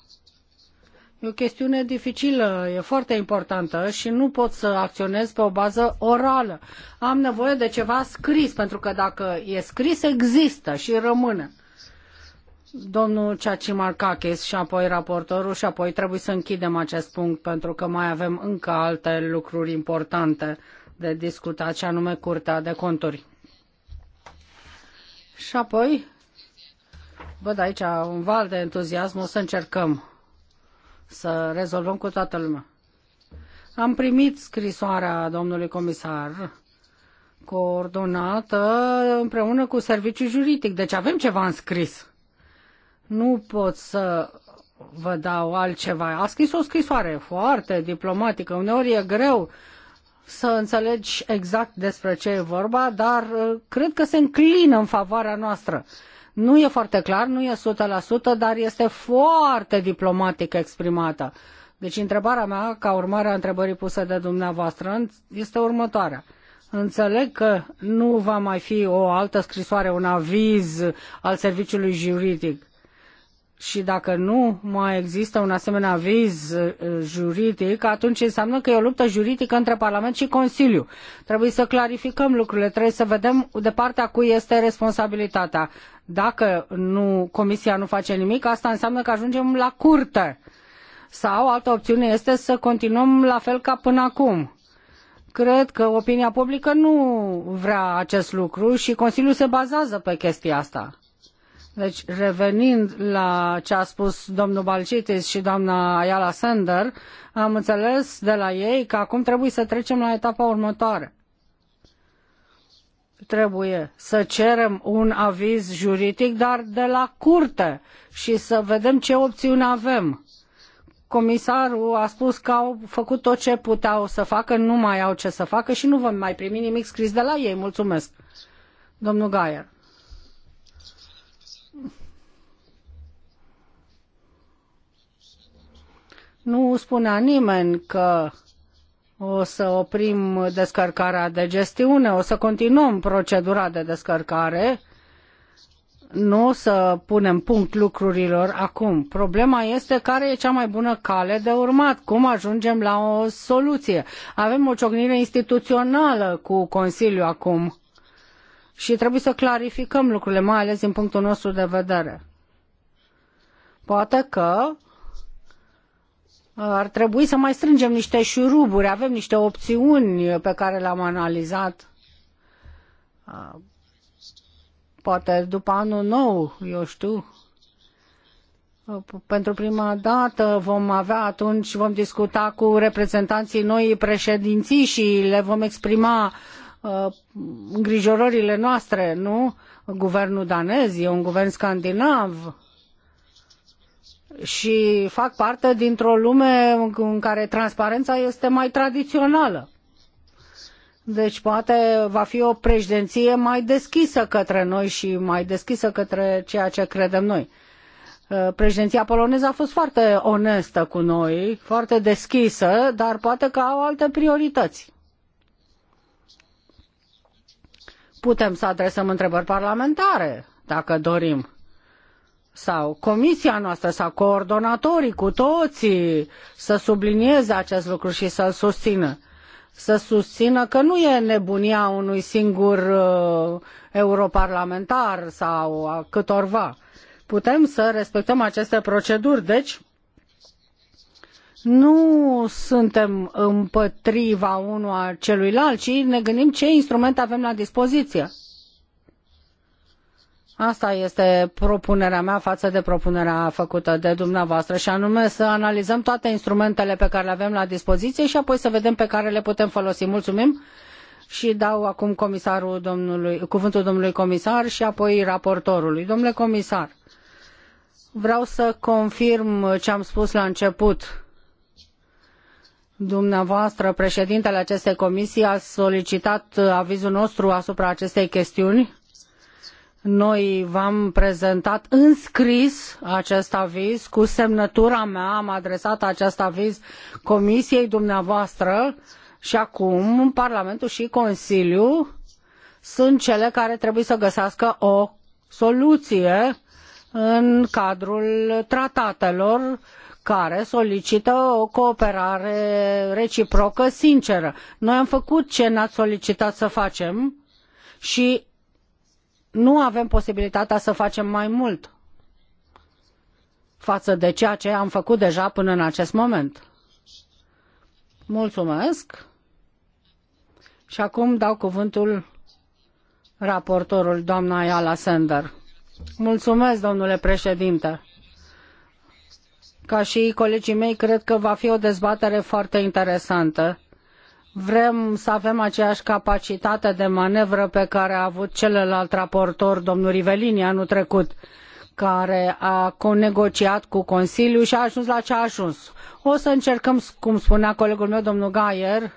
E o chestiune dificilă, e foarte importantă și nu pot să acționez pe o bază orală. Am nevoie de ceva scris, pentru că dacă e scris, există și rămâne domnul Ciacimarcakis și apoi raportorul și apoi trebuie să închidem acest punct pentru că mai avem încă alte lucruri importante de discutat și anume Curtea de Conturi. Și apoi, văd aici un val de entuziasm, o să încercăm să rezolvăm cu toată lumea. Am primit scrisoarea domnului comisar coordonată împreună cu serviciul juridic, deci avem ceva scris. Nu pot să vă dau altceva. A scris o scrisoare foarte diplomatică. Uneori e greu să înțelegi exact despre ce e vorba, dar uh, cred că se înclină în favoarea noastră. Nu e foarte clar, nu e 100%, dar este foarte diplomatic exprimată. Deci întrebarea mea, ca urmare a întrebării puse de dumneavoastră, este următoarea. Înțeleg că nu va mai fi o altă scrisoare, un aviz al serviciului juridic și dacă nu mai există un asemenea aviz uh, uh, juridic, atunci înseamnă că e o luptă juridică între Parlament și Consiliu. Trebuie să clarificăm lucrurile, trebuie să vedem de partea cui este responsabilitatea. Dacă nu, Comisia nu face nimic, asta înseamnă că ajungem la curte. Sau altă opțiune este să continuăm la fel ca până acum. Cred că opinia publică nu vrea acest lucru și Consiliul se bazează pe chestia asta deci, revenind la ce a spus domnul Balcitis și doamna Ayala Sender, am înțeles de la ei că acum trebuie să trecem la etapa următoare. Trebuie să cerem un aviz juridic, dar de la curte și să vedem ce opțiuni avem. Comisarul a spus că au făcut tot ce puteau să facă, nu mai au ce să facă și nu vom mai primi nimic scris de la ei. Mulțumesc. Domnul Gaier. Nu spunea nimeni că o să oprim descărcarea de gestiune, o să continuăm procedura de descărcare, nu o să punem punct lucrurilor acum. Problema este care e cea mai bună cale de urmat, cum ajungem la o soluție. Avem o ciocnire instituțională cu Consiliul acum și trebuie să clarificăm lucrurile, mai ales din punctul nostru de vedere. Poate că ar trebui să mai strângem niște șuruburi, avem niște opțiuni pe care le-am analizat. Poate după anul nou, eu știu. Pentru prima dată vom avea atunci, vom discuta cu reprezentanții noii președinții și le vom exprima îngrijorările noastre, nu? Guvernul danez e un guvern scandinav și fac parte dintr-o lume în care transparența este mai tradițională. Deci poate va fi o președinție mai deschisă către noi și mai deschisă către ceea ce credem noi. Uh, președinția poloneză a fost foarte onestă cu noi, foarte deschisă, dar poate că au alte priorități. Putem să adresăm întrebări parlamentare, dacă dorim sau comisia noastră sau coordonatorii cu toții să sublinieze acest lucru și să-l susțină. Să susțină că nu e nebunia unui singur uh, europarlamentar sau a câtorva. Putem să respectăm aceste proceduri, deci nu suntem împotriva unul a celuilalt, ci ne gândim ce instrumente avem la dispoziție. Asta este propunerea mea față de propunerea făcută de dumneavoastră și anume să analizăm toate instrumentele pe care le avem la dispoziție și apoi să vedem pe care le putem folosi. Mulțumim și dau acum comisarul domnului, cuvântul domnului comisar și apoi raportorului. Domnule comisar, vreau să confirm ce am spus la început dumneavoastră președintele acestei comisii a solicitat avizul nostru asupra acestei chestiuni noi v-am prezentat în scris acest aviz, cu semnătura mea am adresat acest aviz comisiei dumneavoastră și acum Parlamentul și Consiliul sunt cele care trebuie să găsească o soluție în cadrul tratatelor care solicită o cooperare reciprocă sinceră. Noi am făcut ce ne-ați solicitat să facem și nu avem posibilitatea să facem mai mult față de ceea ce am făcut deja până în acest moment. Mulțumesc. Și acum dau cuvântul raportorul doamna Ayala Sender. Mulțumesc, domnule președinte. Ca și colegii mei, cred că va fi o dezbatere foarte interesantă vrem să avem aceeași capacitate de manevră pe care a avut celălalt raportor, domnul Rivelini, anul trecut, care a negociat cu Consiliul și a ajuns la ce a ajuns. O să încercăm, cum spunea colegul meu, domnul Gaier,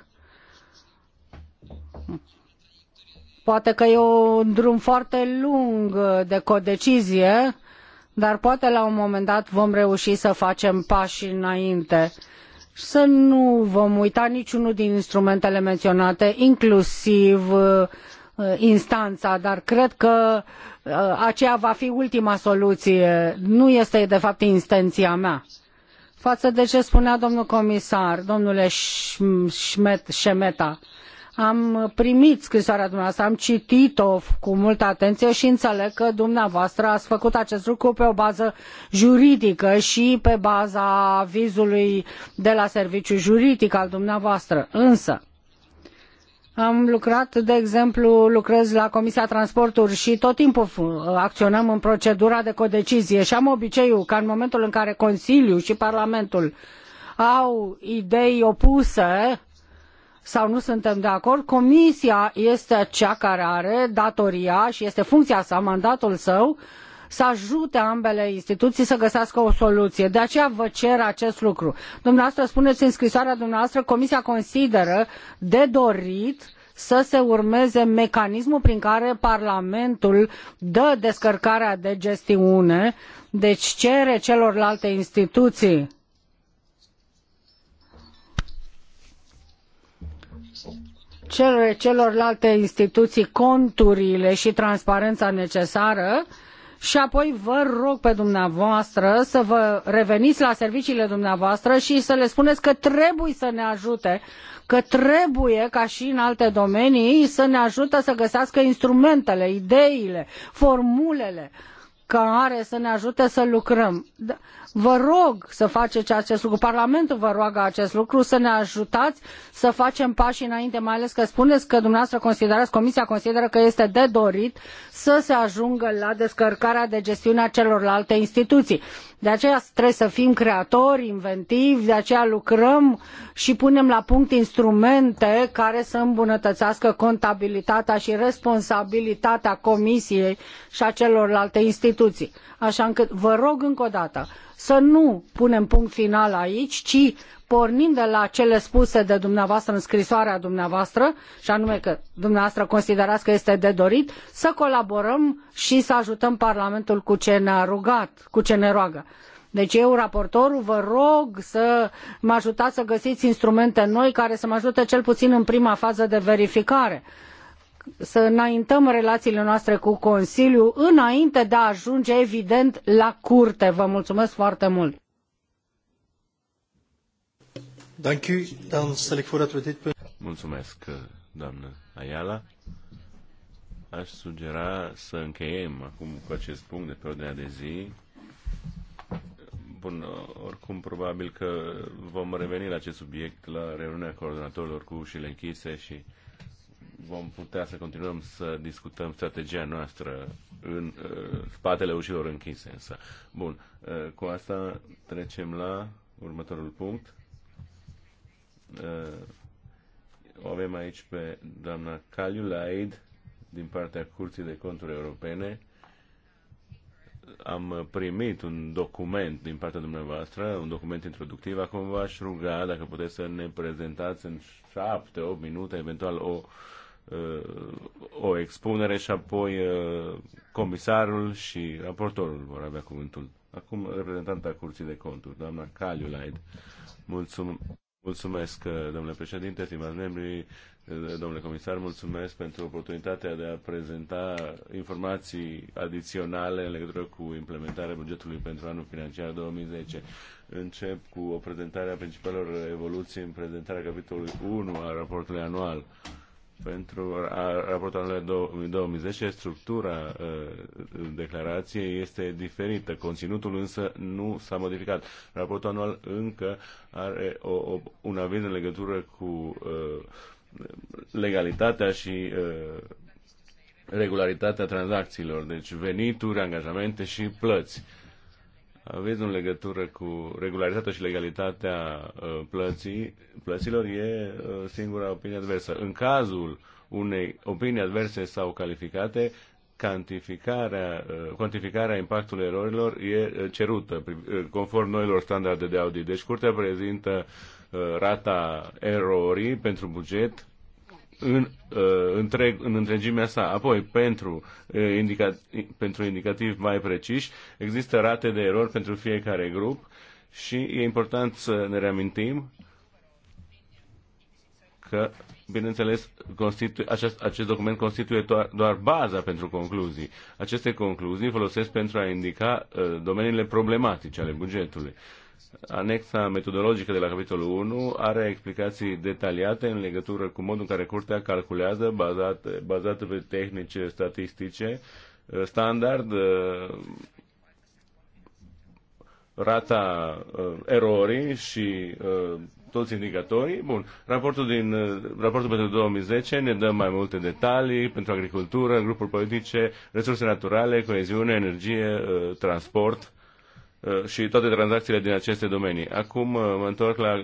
poate că e un drum foarte lung de codecizie, dar poate la un moment dat vom reuși să facem pași înainte să nu vom uita niciunul din instrumentele menționate, inclusiv uh, instanța, dar cred că uh, aceea va fi ultima soluție. Nu este, de fapt, intenția mea. Față de ce spunea domnul comisar, domnule Șmet, am primit scrisoarea dumneavoastră, am citit-o cu multă atenție și înțeleg că dumneavoastră ați făcut acest lucru pe o bază juridică și pe baza avizului de la serviciul juridic al dumneavoastră. Însă, am lucrat, de exemplu, lucrez la Comisia Transporturi și tot timpul acționăm în procedura de codecizie și am obiceiul ca în momentul în care Consiliul și Parlamentul au idei opuse, sau nu suntem de acord, comisia este cea care are datoria și este funcția sa, mandatul său, să ajute ambele instituții să găsească o soluție. De aceea vă cer acest lucru. Dumneavoastră spuneți în scrisoarea dumneavoastră, Comisia consideră de dorit să se urmeze mecanismul prin care Parlamentul dă descărcarea de gestiune, deci cere celorlalte instituții celor celorlalte instituții conturile și transparența necesară și apoi vă rog pe dumneavoastră să vă reveniți la serviciile dumneavoastră și să le spuneți că trebuie să ne ajute, că trebuie, ca și în alte domenii, să ne ajute să găsească instrumentele, ideile, formulele care să ne ajute să lucrăm. Da, vă rog să faceți acest lucru, Parlamentul vă roagă acest lucru, să ne ajutați să facem pași înainte, mai ales că spuneți că dumneavoastră considerați, Comisia consideră că este de dorit să se ajungă la descărcarea de gestiune a celorlalte instituții. De aceea trebuie să fim creatori, inventivi, de aceea lucrăm și punem la punct instrumente care să îmbunătățească contabilitatea și responsabilitatea Comisiei și a celorlalte instituții. Așa încât vă rog încă o dată să nu punem punct final aici, ci pornind de la cele spuse de dumneavoastră în scrisoarea dumneavoastră, și anume că dumneavoastră considerați că este de dorit, să colaborăm și să ajutăm Parlamentul cu ce ne-a rugat, cu ce ne roagă. Deci eu, raportorul, vă rog să mă ajutați să găsiți instrumente noi care să mă ajute cel puțin în prima fază de verificare să înaintăm relațiile noastre cu Consiliul înainte de a ajunge, evident, la curte. Vă mulțumesc foarte mult! Mulțumesc, doamnă Ayala. Aș sugera să încheiem acum cu acest punct de pe ordinea de zi. Bun, oricum probabil că vom reveni la acest subiect la reuniunea coordonatorilor cu ușile închise și vom putea să continuăm să discutăm strategia noastră în uh, spatele ușilor închise. Însă. Bun, uh, cu asta trecem la următorul punct o avem aici pe doamna Caliulaid din partea Curții de Conturi Europene. Am primit un document din partea dumneavoastră, un document introductiv. Acum v-aș ruga dacă puteți să ne prezentați în 7-8 minute, eventual o, uh, o expunere și apoi uh, comisarul și raportorul vor avea cuvântul. Acum reprezentanta Curții de Conturi, doamna Caliulaid. Mulțumesc. Mulțumesc, uh, domnule președinte, stimați membri, uh, domnule comisar, mulțumesc pentru oportunitatea de a prezenta informații adiționale în legătură cu implementarea bugetului pentru anul financiar 2010. Încep cu o prezentare a principalelor evoluții în prezentarea capitolului 1 a raportului anual pentru raportul anual 2010, structura uh, declarației este diferită. Conținutul însă nu s-a modificat. Raportul anual încă are o, o, un aviz în legătură cu uh, legalitatea și uh, regularitatea tranzacțiilor, deci venituri, angajamente și plăți. Uh, aveți în legătură cu regularitatea și legalitatea uh, plății, plăților e uh, singura opinie adversă. În cazul unei opinii adverse sau calificate, cantificarea, uh, cuantificarea impactului erorilor e cerută conform noilor standarde de audit. Deci curtea prezintă rata erorii pentru buget în, uh, întreg, în întregimea sa. Apoi, pentru, uh, indica, pentru indicativ mai preciși, există rate de erori pentru fiecare grup și e important să ne reamintim că, bineînțeles, constitu- acest, acest document constituie doar, doar baza pentru concluzii. Aceste concluzii folosesc pentru a indica uh, domeniile problematice ale bugetului. Uh, Anexa metodologică de la capitolul 1 are explicații detaliate în legătură cu modul în care curtea calculează, bazată, bazată pe tehnici statistice, standard, uh, rata uh, erorii și uh, toți indicatorii. Bun, raportul, din, raportul pentru 2010 ne dă mai multe detalii pentru agricultură, grupuri politice, resurse naturale, coeziune, energie, transport Uh, și toate tranzacțiile din aceste domenii. Acum uh, mă întorc la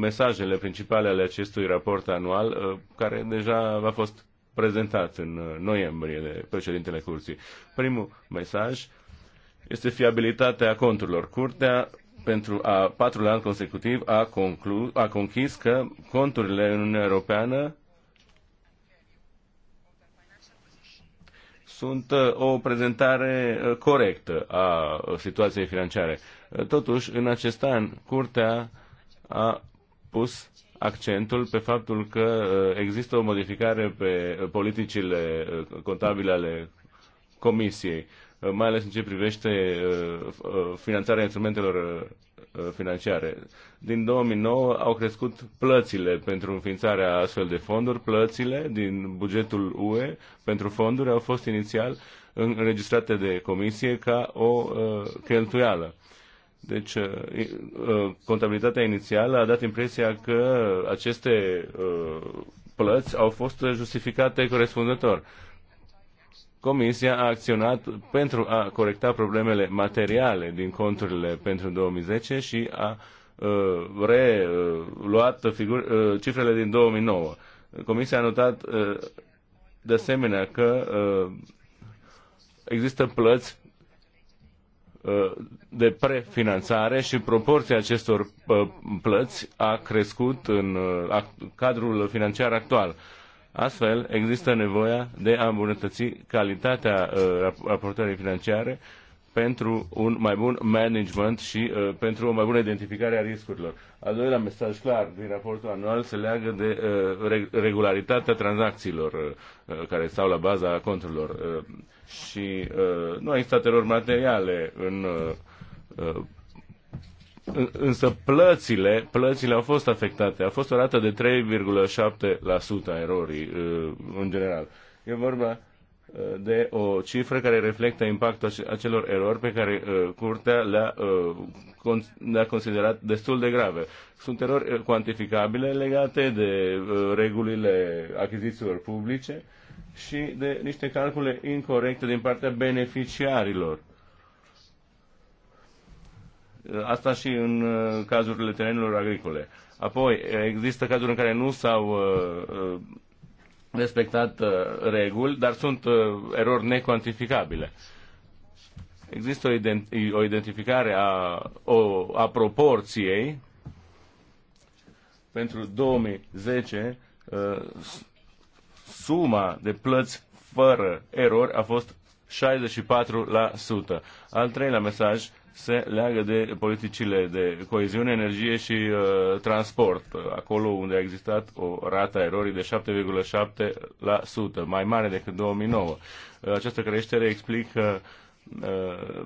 mesajele principale ale acestui raport anual, uh, care deja a fost prezentat în noiembrie de președintele curții. Primul mesaj este fiabilitatea conturilor. Curtea pentru a patrulea an consecutiv a, conclu- a conchis că conturile în Uniunea Europeană sunt uh, o prezentare uh, corectă a uh, situației financiare. Totuși, în acest an, Curtea a pus accentul pe faptul că există o modificare pe politicile contabile ale Comisiei, mai ales în ce privește finanțarea instrumentelor Uh, financiare. Din 2009 au crescut plățile pentru înființarea astfel de fonduri, plățile din bugetul UE pentru fonduri au fost inițial înregistrate de comisie ca o uh, cheltuială. Deci, uh, uh contabilitatea inițială a dat impresia că aceste uh, plăți au fost justificate corespunzător. Uh, Comisia a acționat pentru a corecta problemele materiale din conturile pentru 2010 și a uh, reluat uh, cifrele din 2009. Comisia a notat uh, de asemenea că uh, există plăți uh, de prefinanțare și proporția acestor uh, plăți a crescut în uh, cadrul financiar actual. Astfel, există nevoia de a îmbunătăți calitatea uh, raportării financiare pentru un mai bun management și uh, pentru o mai bună identificare a riscurilor. Al doilea mesaj clar din raportul anual se leagă de uh, regularitatea tranzacțiilor uh, uh, care stau la baza conturilor uh, și uh, nu a existat erori materiale în uh, uh Însă plățile, plățile au fost afectate. A fost o rată de 3,7% a erorii uh, în general. E vorba uh, de o cifră care reflectă impactul acelor erori pe care uh, curtea le-a, le considerat destul de grave. Sunt erori cuantificabile legate de regulile achizițiilor publice și de niște calcule incorrecte din partea beneficiarilor. Asta și în uh, cazurile terenurilor agricole. Apoi, există cazuri în care nu s-au uh, uh, respectat reguli, dar sunt erori necuantificabile. Există o, identificare a, o, a proporției pentru 2010 suma de plăți fără erori a fost 64%. Al treilea mesaj, se leagă de politicile de coeziune, energie și uh, transport, acolo unde a existat o rată a erorii de 7,7%, mai mare decât 2009. Uh, această creștere explică uh,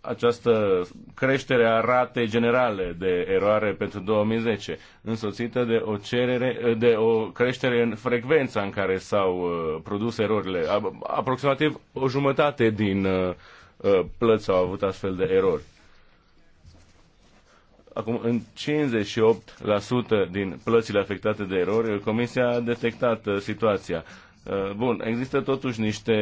această creștere a ratei generale de eroare pentru 2010, însoțită de o, cerere, de o creștere în frecvența în care s-au uh, produs erorile, aproximativ o jumătate din uh, Uh, plăți au avut astfel de erori. Acum, în 58% din plățile afectate de erori, Comisia a detectat uh, situația. Uh, bun, există totuși niște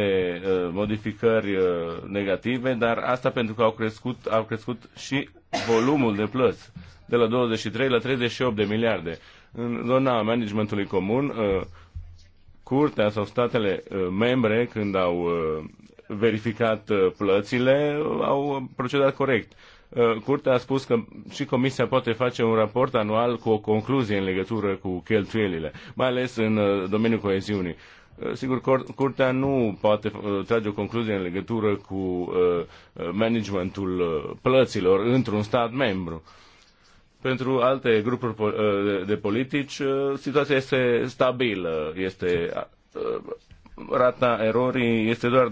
modificări negative, dar asta pentru că au crescut, au crescut și volumul de plăți de la 23 la 38 de miliarde. În zona managementului comun, curtea sau statele membre, când au verificat uh, plățile, uh, au procedat corect. Uh, curtea a spus că și Comisia poate face un raport anual cu o concluzie în legătură cu cheltuielile, mai ales în domeniul coeziunii. Sigur, Curtea nu poate trage o concluzie în legătură cu managementul plăților într-un stat membru. Pentru alte grupuri de politici, situația este stabilă, este rata erorii este doar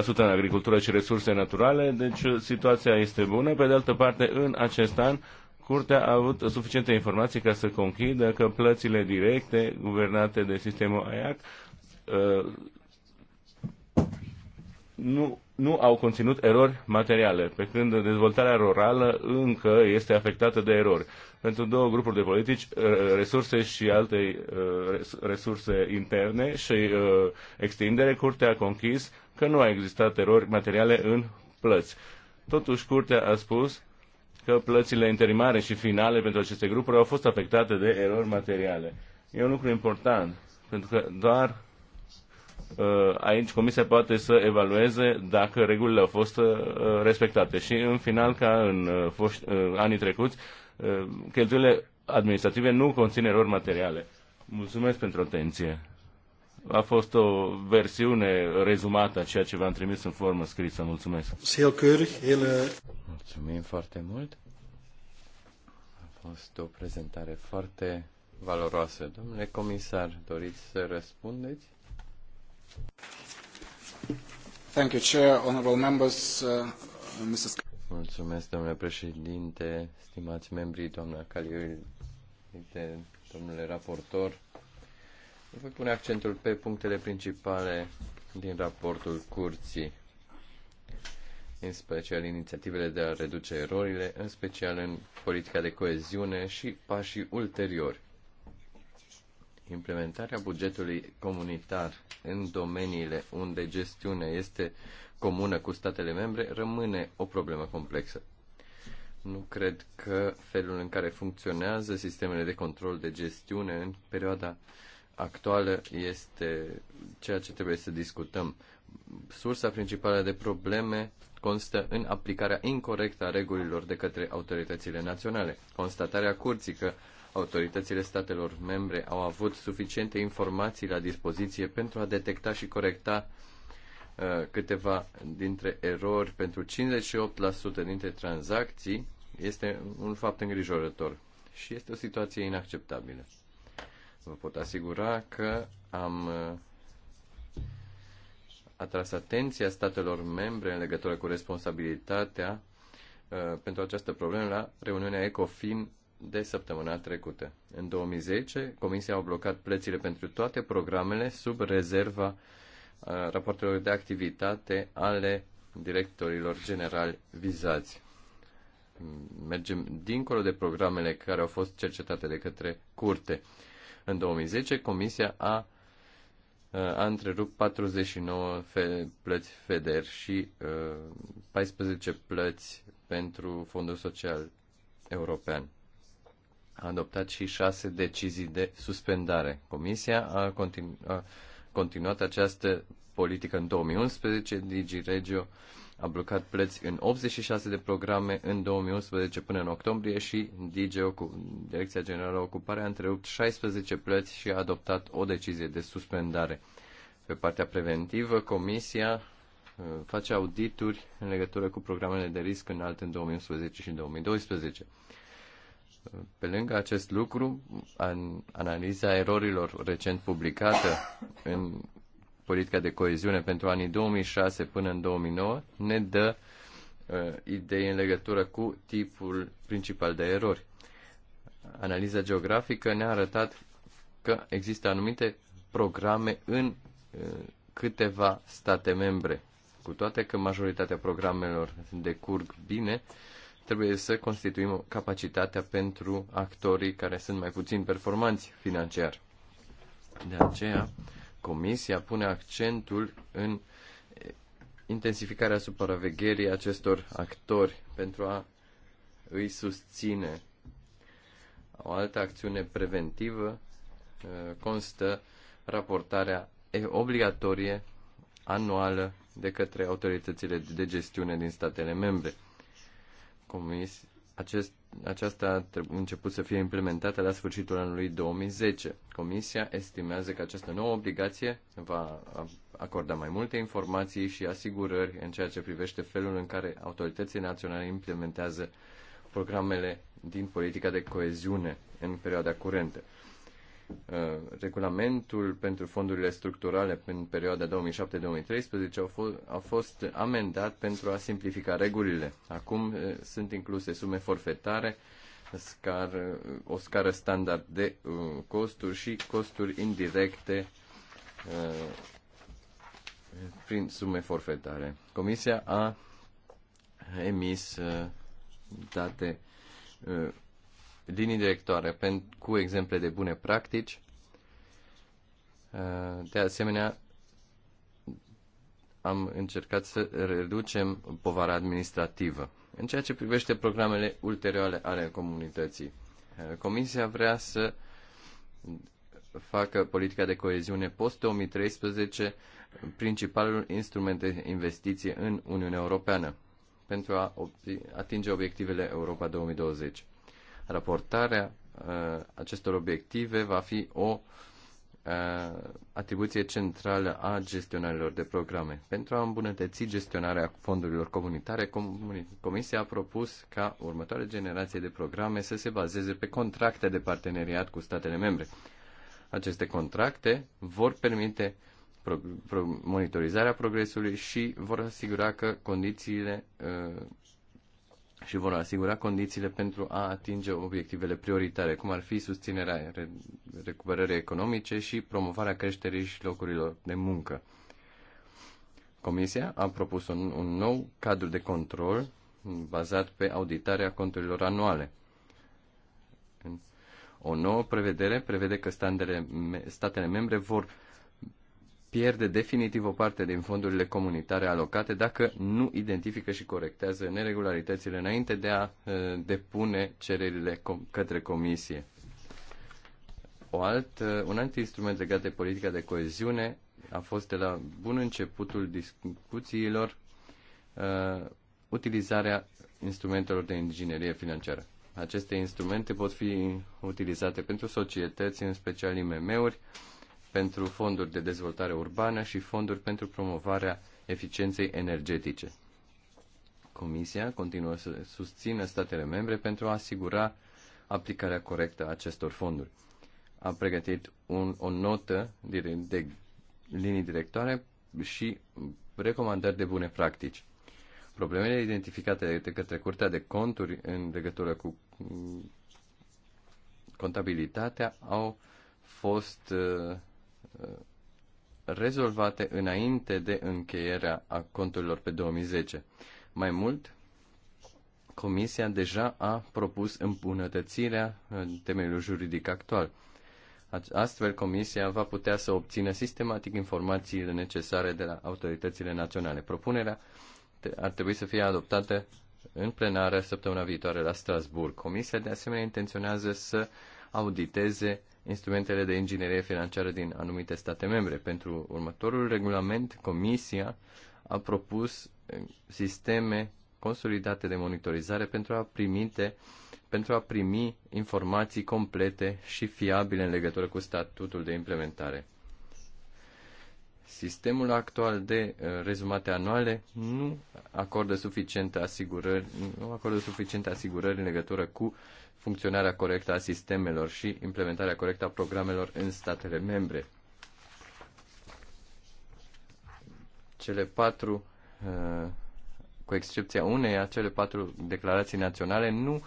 2,3% în agricultură și resurse naturale, deci uh, situația este bună. Pe de altă parte, în acest an, Curtea a avut suficiente informații ca să conchidă că plățile directe guvernate de sistemul AIAC uh, nu nu au conținut erori materiale, pe când dezvoltarea rurală încă este afectată de erori. Pentru două grupuri de politici, uh, resurse și alte uh, resurse interne și uh, extindere, Curtea a conchis că nu a existat erori materiale în plăți. Totuși, Curtea a spus că plățile interimare și finale pentru aceste grupuri au fost afectate de erori materiale. E un lucru important, pentru că doar Uh, aici Comisia poate să evalueze dacă regulile au fost uh, respectate. Și în final, ca în uh, anii trecuți, cheltuielile administrative nu conțin erori materiale. Mulțumesc pentru atenție. A fost o versiune rezumată a ceea ce v-am trimis în formă scrisă. Mulțumesc. Mulțumim foarte mult. A fost o prezentare foarte valoroasă. Domnule comisar, doriți să răspundeți? Thank you, Chair, honorable members, uh, Mrs. Mulțumesc, domnule președinte, stimați membri, doamna Caliul, domnule raportor. Voi pune accentul pe punctele principale din raportul curții, în special inițiativele de a reduce erorile, în special în politica de coeziune și pașii ulteriori. Implementarea bugetului comunitar în domeniile unde gestiunea este comună cu statele membre rămâne o problemă complexă. Nu cred că felul în care funcționează sistemele de control de gestiune în perioada actuală este ceea ce trebuie să discutăm. Sursa principală de probleme constă în aplicarea incorrectă a regulilor de către autoritățile naționale. Constatarea curții că Autoritățile statelor membre au avut suficiente informații la dispoziție pentru a detecta și corecta uh, câteva dintre erori pentru 58% dintre tranzacții este un fapt îngrijorător și este o situație inacceptabilă. Vă pot asigura că am uh, atras atenția statelor membre în legătură cu responsabilitatea uh, pentru această problemă la reuniunea ECOFIN de săptămâna trecută. În 2010, Comisia a blocat plățile pentru toate programele sub rezerva uh, raportelor de activitate ale directorilor generali vizați. Mergem dincolo de programele care au fost cercetate de către curte. În 2010, Comisia a, uh, a întrerupt 49 fe, plăți FEDER și uh, 14 plăți pentru Fondul Social European a adoptat și șase decizii de suspendare. Comisia a, continu- a continuat această politică în 2011. DigiRegio a blocat plăți în 86 de programe în 2011 până în octombrie și DGO cu Direcția Generală Ocupare a întrerupt 16 plăți și a adoptat o decizie de suspendare. Pe partea preventivă, Comisia uh, face audituri în legătură cu programele de risc înalt în 2011 și 2012. Pe lângă acest lucru, an, analiza erorilor recent publicată în politica de coeziune pentru anii 2006 până în 2009 ne dă uh, idei în legătură cu tipul principal de erori. Analiza geografică ne-a arătat că există anumite programe în uh, câteva state membre. Cu toate că majoritatea programelor decurg bine, uh, trebuie să constituim capacitatea pentru actorii care sunt mai puțin performanți financiar. De aceea, Comisia pune accentul în intensificarea supravegherii acestor actori pentru a îi susține. O altă acțiune preventivă uh, constă raportarea obligatorie anuală de către autoritățile de gestiune din statele membre comis, acest, aceasta a început să fie implementată la sfârșitul anului 2010. Comisia estimează că această nouă obligație va acorda mai multe informații și asigurări în ceea ce privește felul în care autoritățile naționale implementează programele din politica de coeziune în perioada curentă. Uh, regulamentul pentru fondurile structurale în perioada 2007-2013 a, f- a fost amendat pentru a simplifica regulile. Acum uh, sunt incluse sume forfetare, scar, o scară standard de uh, costuri și costuri indirecte prin sume forfetare. Comisia a emis date linii directoare cu exemple de bune practici. Uh, de asemenea, am încercat să reducem povara administrativă. În ceea ce privește programele ulterioare ale comunității, uh, Comisia vrea să facă politica de coeziune post-2013 principalul instrument de investiție în Uniunea Europeană pentru a atinge obiectivele Europa 2020. Raportarea uh, acestor obiective va fi o uh, atribuție centrală a gestionarilor de programe. Pentru a îmbunătăți gestionarea fondurilor comunitare, Comisia a propus ca următoarea generație de programe să se bazeze pe contracte de parteneriat cu statele membre. Aceste contracte vor permite pro- pro- monitorizarea progresului și vor asigura că condițiile uh, și vor asigura condițiile pentru a atinge obiectivele prioritare, cum ar fi susținerea recuperării economice și promovarea creșterii și locurilor de muncă. Comisia a propus un, un nou cadru de control bazat pe auditarea conturilor anuale. O nouă prevedere prevede că statele membre vor pierde definitiv o parte din fondurile comunitare alocate dacă nu identifică și corectează neregularitățile înainte de a uh, depune cererile către comisie. O alt, uh, un alt instrument legat de politica de coeziune a fost de la bun începutul discuțiilor uh, utilizarea instrumentelor de inginerie financiară. Aceste instrumente pot fi utilizate pentru societăți, în special IMM-uri, uh, pentru fonduri de dezvoltare urbană și fonduri pentru promovarea eficienței energetice. Comisia continuă să susțină statele membre pentru a asigura aplicarea corectă a acestor fonduri. A pregătit un, o notă de, de linii directoare și recomandări de bune practici. Problemele identificate de către Curtea de Conturi în legătură cu contabilitatea au fost uh, Uh, rezolvate înainte de încheierea a conturilor pe 2010. Mai mult, Comisia deja a propus îmbunătățirea uh, temeiului juridic actual. Astfel, Comisia va putea să obțină sistematic informațiile necesare de la autoritățile naționale. Propunerea ar trebui să fie adoptată în plenară săptămâna viitoare la Strasburg. Comisia, de asemenea, intenționează să auditeze instrumentele de inginerie financiară din anumite state membre. Pentru următorul regulament, Comisia a propus eh, sisteme consolidate de monitorizare pentru a, primite, pentru a primi informații complete și fiabile în legătură cu statutul de implementare. Sistemul actual de eh, rezumate anuale nu acordă suficiente asigurări, nu acordă suficiente asigurări în legătură cu uh, funcționarea corectă a sistemelor și implementarea corectă a programelor în statele membre. Cele patru, uh, cu excepția uneia, cele patru declarații naționale nu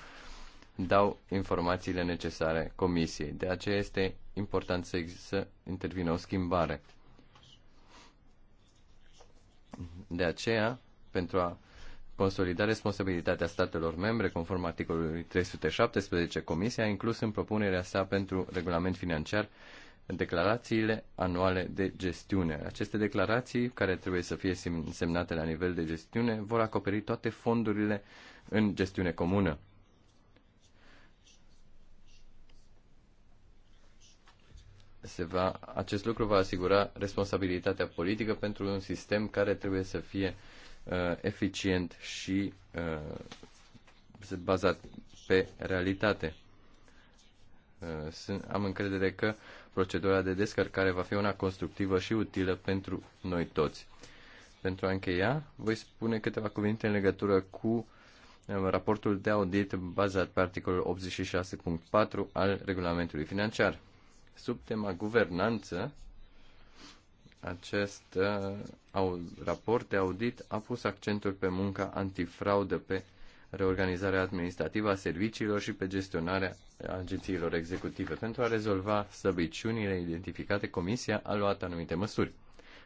dau informațiile necesare comisiei. De aceea este important să, să intervină o schimbare. De aceea, pentru a consolida responsabilitatea statelor membre conform articolului 317 Comisia a inclus în propunerea sa pentru regulament financiar declarațiile anuale de gestiune. Aceste declarații, care trebuie să fie semnate la nivel de gestiune, vor acoperi toate fondurile în gestiune comună. Se va, acest lucru va asigura responsabilitatea politică pentru un sistem care trebuie să fie uh, Uh, eficient și uh, bazat pe realitate. Uh, sunt, am încredere că procedura de descărcare va fi una constructivă și utilă pentru noi toți. Pentru a încheia, voi spune câteva cuvinte în legătură cu raportul de audit bazat pe articolul 86.4 al regulamentului financiar. Sub tema guvernanță, acest uh, raport de audit a pus accentul pe munca antifraudă, pe reorganizarea administrativă a serviciilor și pe gestionarea agențiilor executive. Pentru a rezolva slăbiciunile identificate, Comisia a luat anumite măsuri.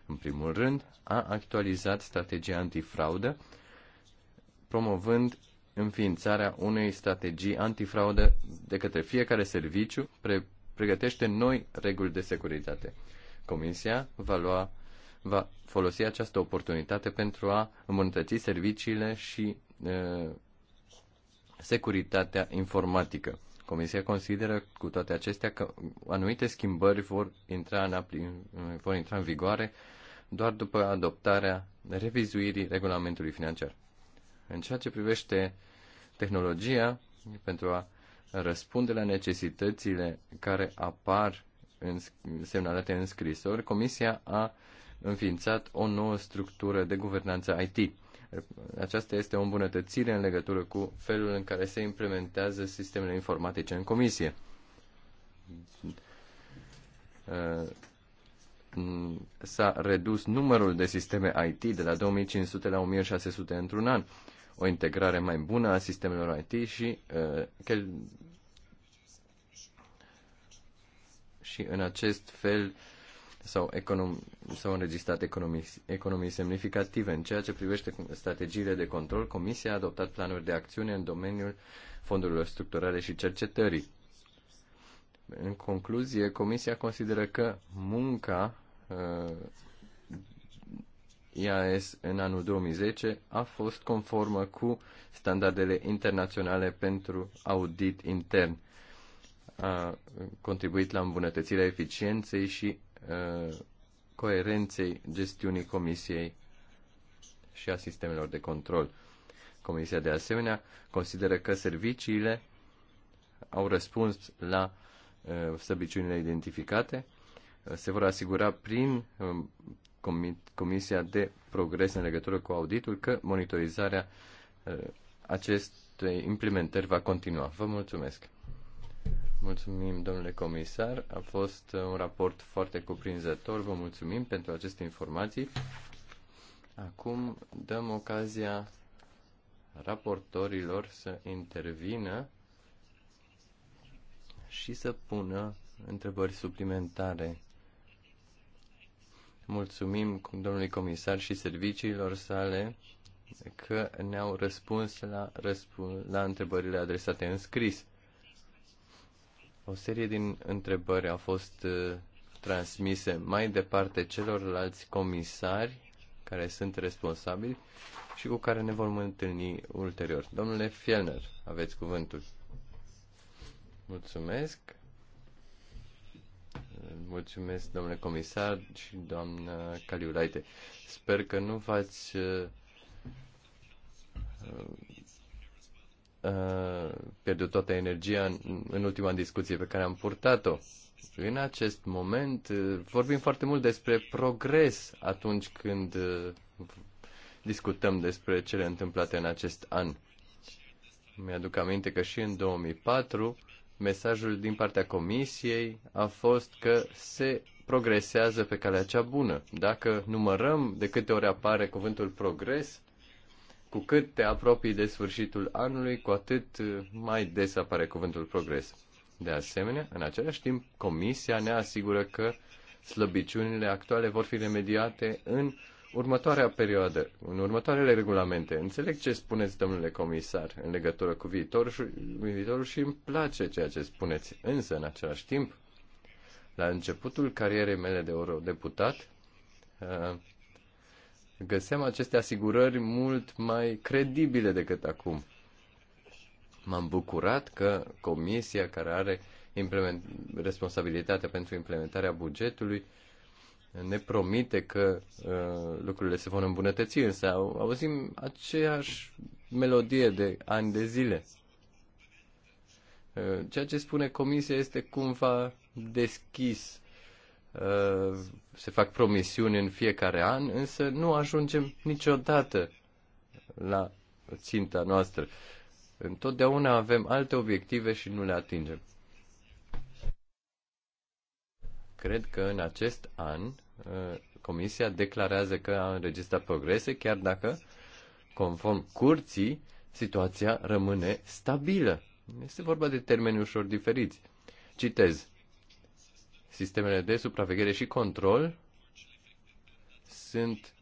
În primul rând, a actualizat strategia antifraudă, promovând înființarea unei strategii antifraudă de către fiecare serviciu, pre- pregătește noi reguli de securitate. Comisia va lua va folosi această oportunitate pentru a îmbunătăți serviciile și e, securitatea informatică. Comisia consideră cu toate acestea că anumite schimbări vor intra în, apli- vor intra în vigoare doar după adoptarea revizuirii regulamentului financiar. În ceea ce privește tehnologia, pentru a răspunde la necesitățile care apar semnalate în scrisori, Comisia a înființat o nouă structură de guvernanță IT. Aceasta este o îmbunătățire în legătură cu felul în care se implementează sistemele informatice în Comisie. Uh, s-a redus numărul de sisteme IT de la 2500 la 1600 într-un an o integrare mai bună a sistemelor IT și uh, și în acest fel s-au, econom, s-au înregistrat economii, economii semnificative. În ceea ce privește strategiile de control, Comisia a adoptat planuri de acțiune în domeniul fondurilor structurale și cercetării. În concluzie, Comisia consideră că munca uh, IAS în anul 2010 a fost conformă cu standardele internaționale pentru audit intern a contribuit la îmbunătățirea eficienței și coerenței gestiunii Comisiei și a sistemelor de control. Comisia, de asemenea, consideră că serviciile au răspuns la săbiciunile identificate, se vor asigura prin Comisia de Progres în legătură cu auditul că monitorizarea acestei implementări va continua. Vă mulțumesc! Mulțumim, domnule comisar. A fost uh, un raport foarte cuprinzător. Vă mulțumim pentru aceste informații. Acum dăm ocazia raportorilor să intervină și să pună întrebări suplimentare. Mulțumim domnului comisar și serviciilor sale că ne-au răspuns la, răspuns la întrebările adresate în scris. O serie din întrebări au fost uh, transmise mai departe celorlalți comisari care sunt responsabili și cu care ne vom întâlni ulterior. Domnule Fielner, aveți cuvântul. Mulțumesc. Mulțumesc, domnule comisar și doamnă Caliulaite. Sper că nu v-ați uh, uh, pierdut toată energia în, în ultima discuție pe care am purtat-o. În acest moment eh, vorbim foarte mult despre progres atunci când eh, discutăm despre cele întâmplate în acest an. Mi-aduc aminte că și în 2004 mesajul din partea comisiei a fost că se progresează pe calea cea bună. Dacă numărăm de câte ori apare cuvântul progres, cu cât te apropii de sfârșitul anului, cu atât uh, mai des apare cuvântul progres. De asemenea, în același timp, Comisia ne asigură că slăbiciunile actuale vor fi remediate în următoarea perioadă, în următoarele regulamente. Înțeleg ce spuneți, domnule comisar, în legătură cu viitorul și, viitorul și îmi place ceea ce spuneți. Însă, în același timp, la începutul carierei mele de eurodeputat, uh, găseam aceste asigurări mult mai credibile decât acum. M-am bucurat că comisia care are implement, responsabilitatea pentru implementarea bugetului ne promite că uh, lucrurile se vor îmbunătăți, însă au, auzim aceeași melodie de ani de zile. Uh, ceea ce spune comisia este cumva deschis Uh, se fac promisiuni în fiecare an, însă nu ajungem niciodată la ținta noastră. Întotdeauna avem alte obiective și nu le atingem. Cred că în acest an uh, Comisia declarează că a înregistrat progrese, chiar dacă, conform curții, situația rămâne stabilă. Este vorba de termeni ușor diferiți. Citez Sistemele de supraveghere și control sunt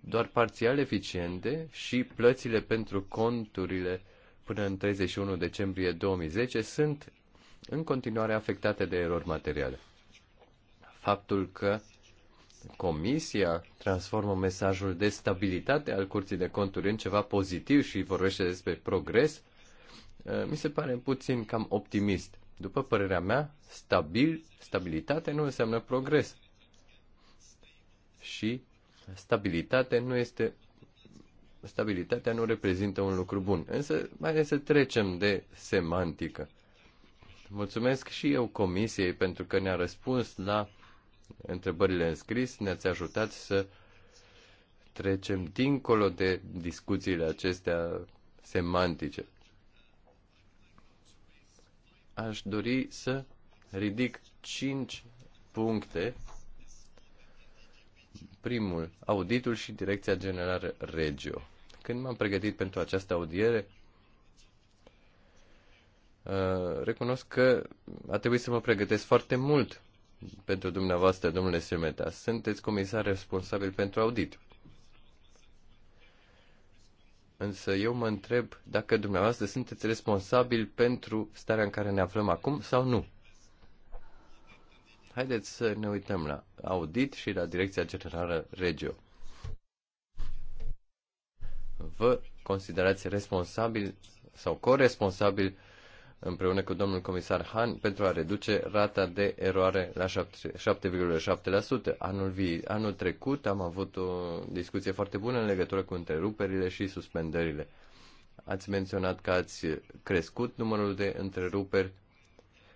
doar parțial eficiente și plățile pentru conturile până în 31 decembrie 2010 sunt în continuare afectate de erori materiale. Faptul că Comisia transformă mesajul de stabilitate al Curții de Conturi în ceva pozitiv și vorbește despre progres, mi se pare puțin cam optimist. După părerea mea, stabil, stabilitate nu înseamnă progres. Și stabilitate nu este stabilitatea nu reprezintă un lucru bun. Însă, mai să trecem de semantică. Mulțumesc și eu comisiei pentru că ne-a răspuns la întrebările în scris, ne-ați ajutat să trecem dincolo de discuțiile acestea semantice aș dori să ridic cinci puncte. Primul, auditul și Direcția Generală Regio. Când m-am pregătit pentru această audiere, uh, recunosc că a trebuit să mă pregătesc foarte mult pentru dumneavoastră, domnule Semeta. Sunteți comisar responsabil pentru audit. Însă eu mă întreb dacă dumneavoastră sunteți responsabili pentru starea în care ne aflăm acum sau nu. Haideți să ne uităm la audit și la Direcția Generală Regio. Vă considerați responsabil sau corresponsabil împreună cu domnul comisar Han pentru a reduce rata de eroare la 7,7%. Anul, vi- anul trecut am avut o discuție foarte bună în legătură cu întreruperile și suspendările. Ați menționat că ați crescut numărul de întreruperi,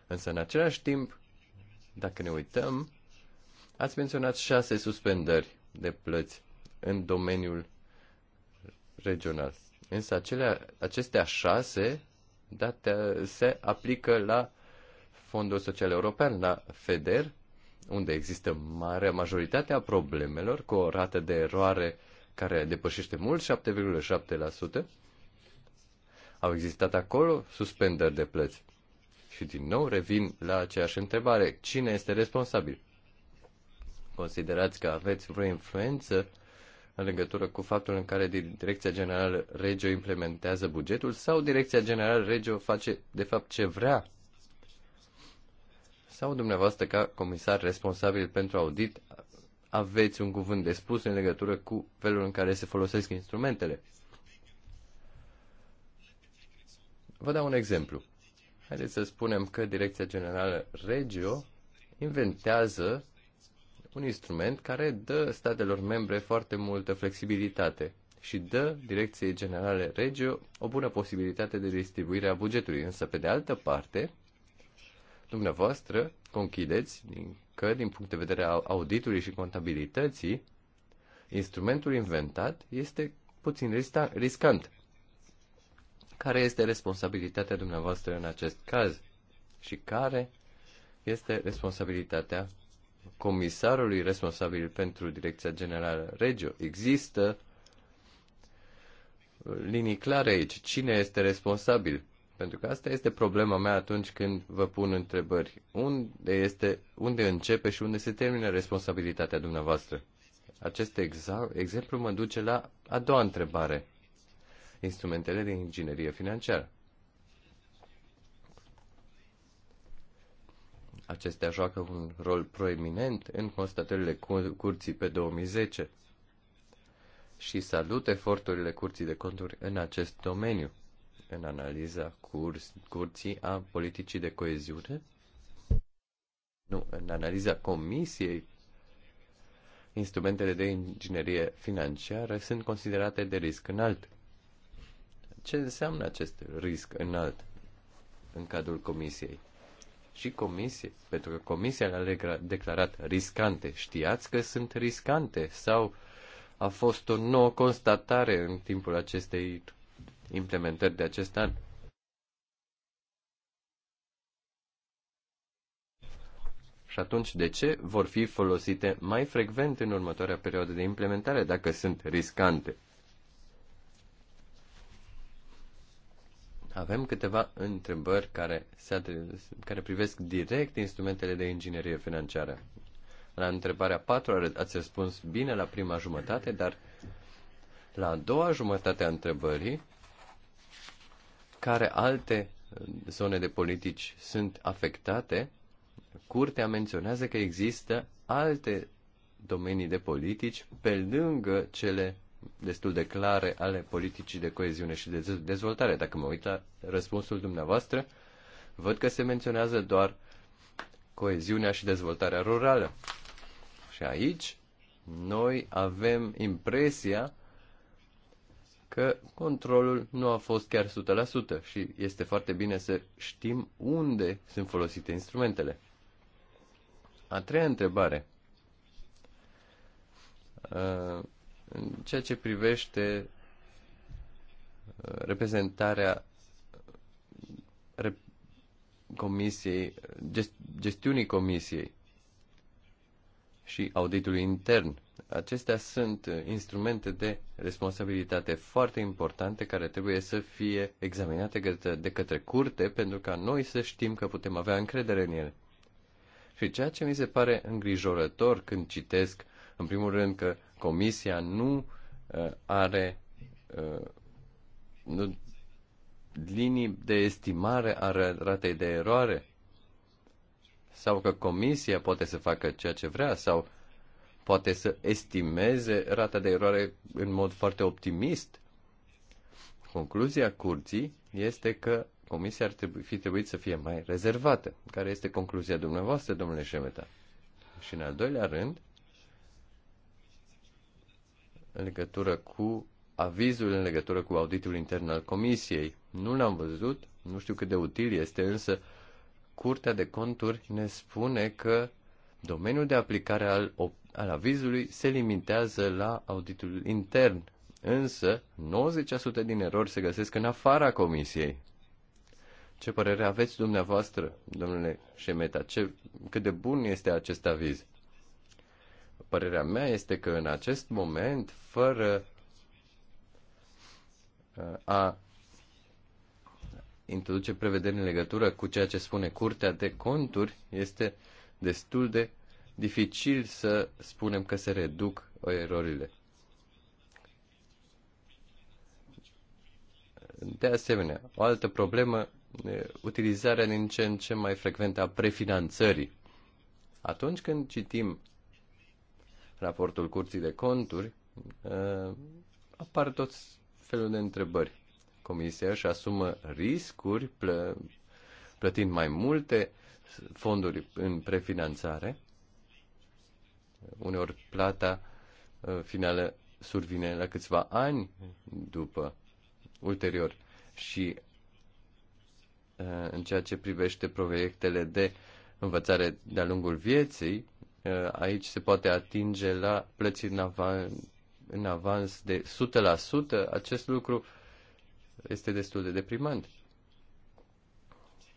însă în același timp, dacă ne uităm, ați menționat șase suspendări de plăți în domeniul regional. Însă acelea, acestea șase date uh, se aplică la Fondul Social European, la FEDER, unde există mare majoritate a problemelor, cu o rată de eroare care depășește mult 7,7%. Au existat acolo suspendări de plăți. Și din nou revin la aceeași întrebare. Cine este responsabil? Considerați că aveți vreo influență în legătură cu faptul în care Direcția Generală Regio implementează bugetul sau Direcția Generală Regio face de fapt ce vrea? Sau dumneavoastră ca comisar responsabil pentru audit aveți un cuvânt de spus în legătură cu felul în care se folosesc instrumentele? Vă dau un exemplu. Haideți să spunem că Direcția Generală Regio inventează un instrument care dă statelor membre foarte multă flexibilitate și dă Direcției Generale Regio o bună posibilitate de distribuire a bugetului. Însă, pe de altă parte, dumneavoastră conchideți că, din punct de vedere al auditului și contabilității, instrumentul inventat este puțin riscant. Care este responsabilitatea dumneavoastră în acest caz? Și care este responsabilitatea comisarului responsabil pentru Direcția Generală Regio. Există linii clare aici. Cine este responsabil? Pentru că asta este problema mea atunci când vă pun întrebări. Unde, este, unde începe și unde se termină responsabilitatea dumneavoastră? Acest exemplu mă duce la a doua întrebare. Instrumentele de inginerie financiară. Acestea joacă un rol proeminent în constatările curții pe 2010 și salut eforturile curții de conturi în acest domeniu, în analiza curs, curții a politicii de coeziune, nu, în analiza comisiei instrumentele de inginerie financiară sunt considerate de risc înalt. Ce înseamnă acest risc înalt în cadrul comisiei? și comisie, pentru că comisia le-a declarat riscante. Știați că sunt riscante sau a fost o nouă constatare în timpul acestei implementări de acest an? Și atunci, de ce vor fi folosite mai frecvent în următoarea perioadă de implementare dacă sunt riscante? Avem câteva întrebări care, se care privesc direct instrumentele de inginerie financiară. La întrebarea 4 ați răspuns bine la prima jumătate, dar la a doua jumătate a întrebării, care alte uh, zone de politici sunt afectate, Curtea menționează că există alte domenii de politici pe lângă cele destul de clare ale politicii de coeziune și de dezvoltare. Dacă mă uit la răspunsul dumneavoastră, văd că se menționează doar coeziunea și dezvoltarea rurală. Și aici noi avem impresia că controlul nu a fost chiar 100% și este foarte bine să știm unde sunt folosite instrumentele. A treia întrebare. Uh, în ceea ce privește uh, reprezentarea comisiei, gestiunii comisiei și auditului intern. Acestea sunt uh, instrumente de responsabilitate foarte importante care trebuie să fie examinate de către curte pentru ca noi să știm că putem avea încredere în ele. Și ceea ce mi se pare îngrijorător când citesc, în primul rând, că Comisia nu uh, are uh, nu, linii de estimare a ratei de eroare sau că comisia poate să facă ceea ce vrea sau poate să estimeze rata de eroare în mod foarte optimist. Concluzia curții este că comisia ar trebui, fi trebuit să fie mai rezervată, care este concluzia dumneavoastră, domnule Șemeta. Și în al doilea rând, în legătură cu avizul în legătură cu auditul intern al Comisiei. Nu l-am văzut, nu știu cât de util este, însă Curtea de Conturi ne spune că domeniul de aplicare al, al avizului se limitează la auditul intern, însă 90% din erori se găsesc în afara Comisiei. Ce părere aveți dumneavoastră, domnule Șemeta? Ce, cât de bun este acest aviz? Părerea mea este că în acest moment, fără uh, a introduce prevederi în legătură cu ceea ce spune Curtea de Conturi, este destul de dificil să spunem că se reduc erorile. De asemenea, o altă problemă, utilizarea din ce în ce mai frecventă a prefinanțării. Atunci când citim raportul Curții de Conturi, uh, apar tot felul de întrebări. Comisia își asumă riscuri plă, plătind mai multe fonduri în prefinanțare. Uneori plata uh, finală survine la câțiva ani după, ulterior. Și uh, în ceea ce privește proiectele de învățare de-a lungul vieții, Eh, aici se poate atinge la plăți în, avan, în avans de 100%. Acest lucru este destul de deprimant.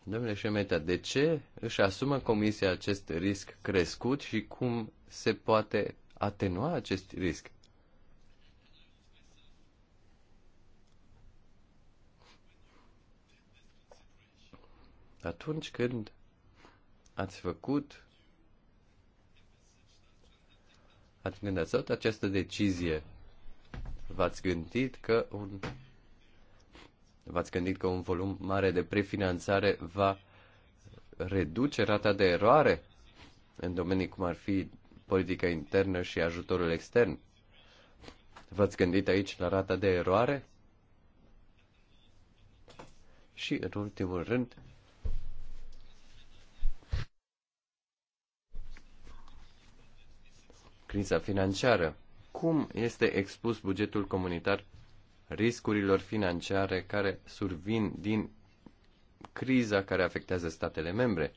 Domnule Șemeta, de ce își asumă Comisia acest risc crescut și cum se poate atenua acest risc? Atunci când ați făcut când ați luat această decizie, v-ați gândit că un v-ați gândit că un volum mare de prefinanțare va reduce rata de eroare în domenii cum ar fi politica internă și ajutorul extern? V-ați gândit aici la rata de eroare? Și, în ultimul rând, criza financiară. Cum este expus bugetul comunitar riscurilor financiare care survin din criza care afectează statele membre?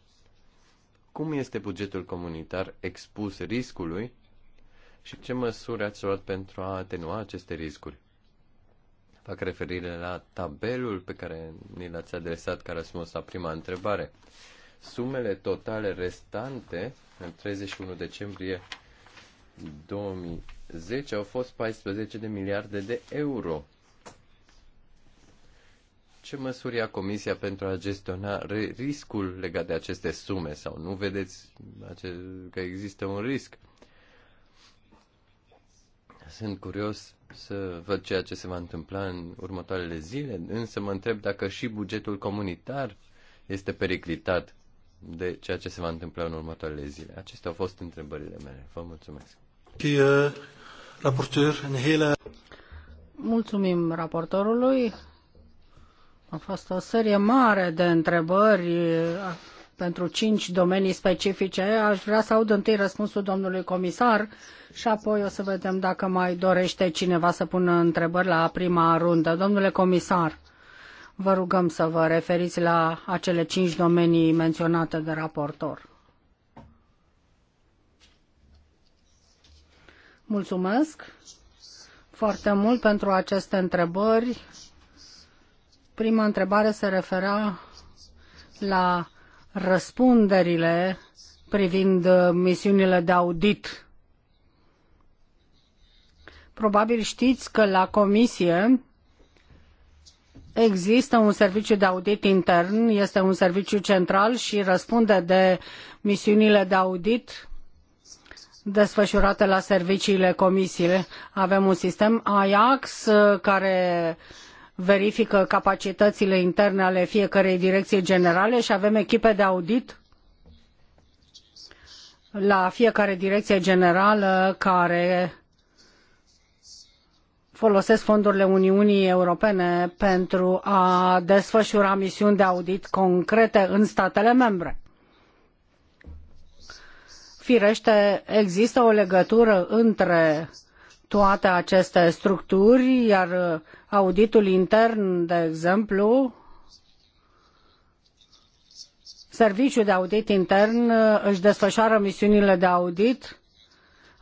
Cum este bugetul comunitar expus riscului și ce măsuri ați luat pentru a atenua aceste riscuri? Fac referire la tabelul pe care ni l-ați adresat ca răspuns la prima întrebare. Sumele totale restante în 31 decembrie 2010 au fost 14 de miliarde de euro. Ce măsuri ia Comisia pentru a gestiona riscul legat de aceste sume sau nu vedeți că există un risc? Sunt curios să văd ceea ce se va întâmpla în următoarele zile, însă mă întreb dacă și bugetul comunitar este periclitat de ceea ce se va întâmpla în următoarele zile. Acestea au fost întrebările mele. Vă mulțumesc. Eh, Mulțumim raportorului. A fost o serie mare de întrebări eh, pentru cinci domenii specifice. Aș vrea să aud întâi răspunsul domnului comisar și apoi o să vedem dacă mai dorește cineva să pună întrebări la prima rundă. Domnule comisar, vă rugăm să vă referiți la acele cinci domenii menționate de raportor. Mulțumesc foarte mult pentru aceste întrebări. Prima întrebare se refera la răspunderile privind uh, misiunile de audit. Probabil știți că la comisie Există un serviciu de audit intern, este un serviciu central și răspunde de misiunile de audit desfășurate la serviciile comisiei. Avem un sistem AIAX uh, care verifică capacitățile interne ale fiecărei direcții generale și avem echipe de audit la fiecare direcție generală care folosesc fondurile Uniunii Europene pentru a desfășura misiuni de audit concrete în statele membre. Firește, există o legătură între toate aceste structuri, iar auditul intern, de exemplu, Serviciul de Audit Intern uh, își desfășoară misiunile de audit.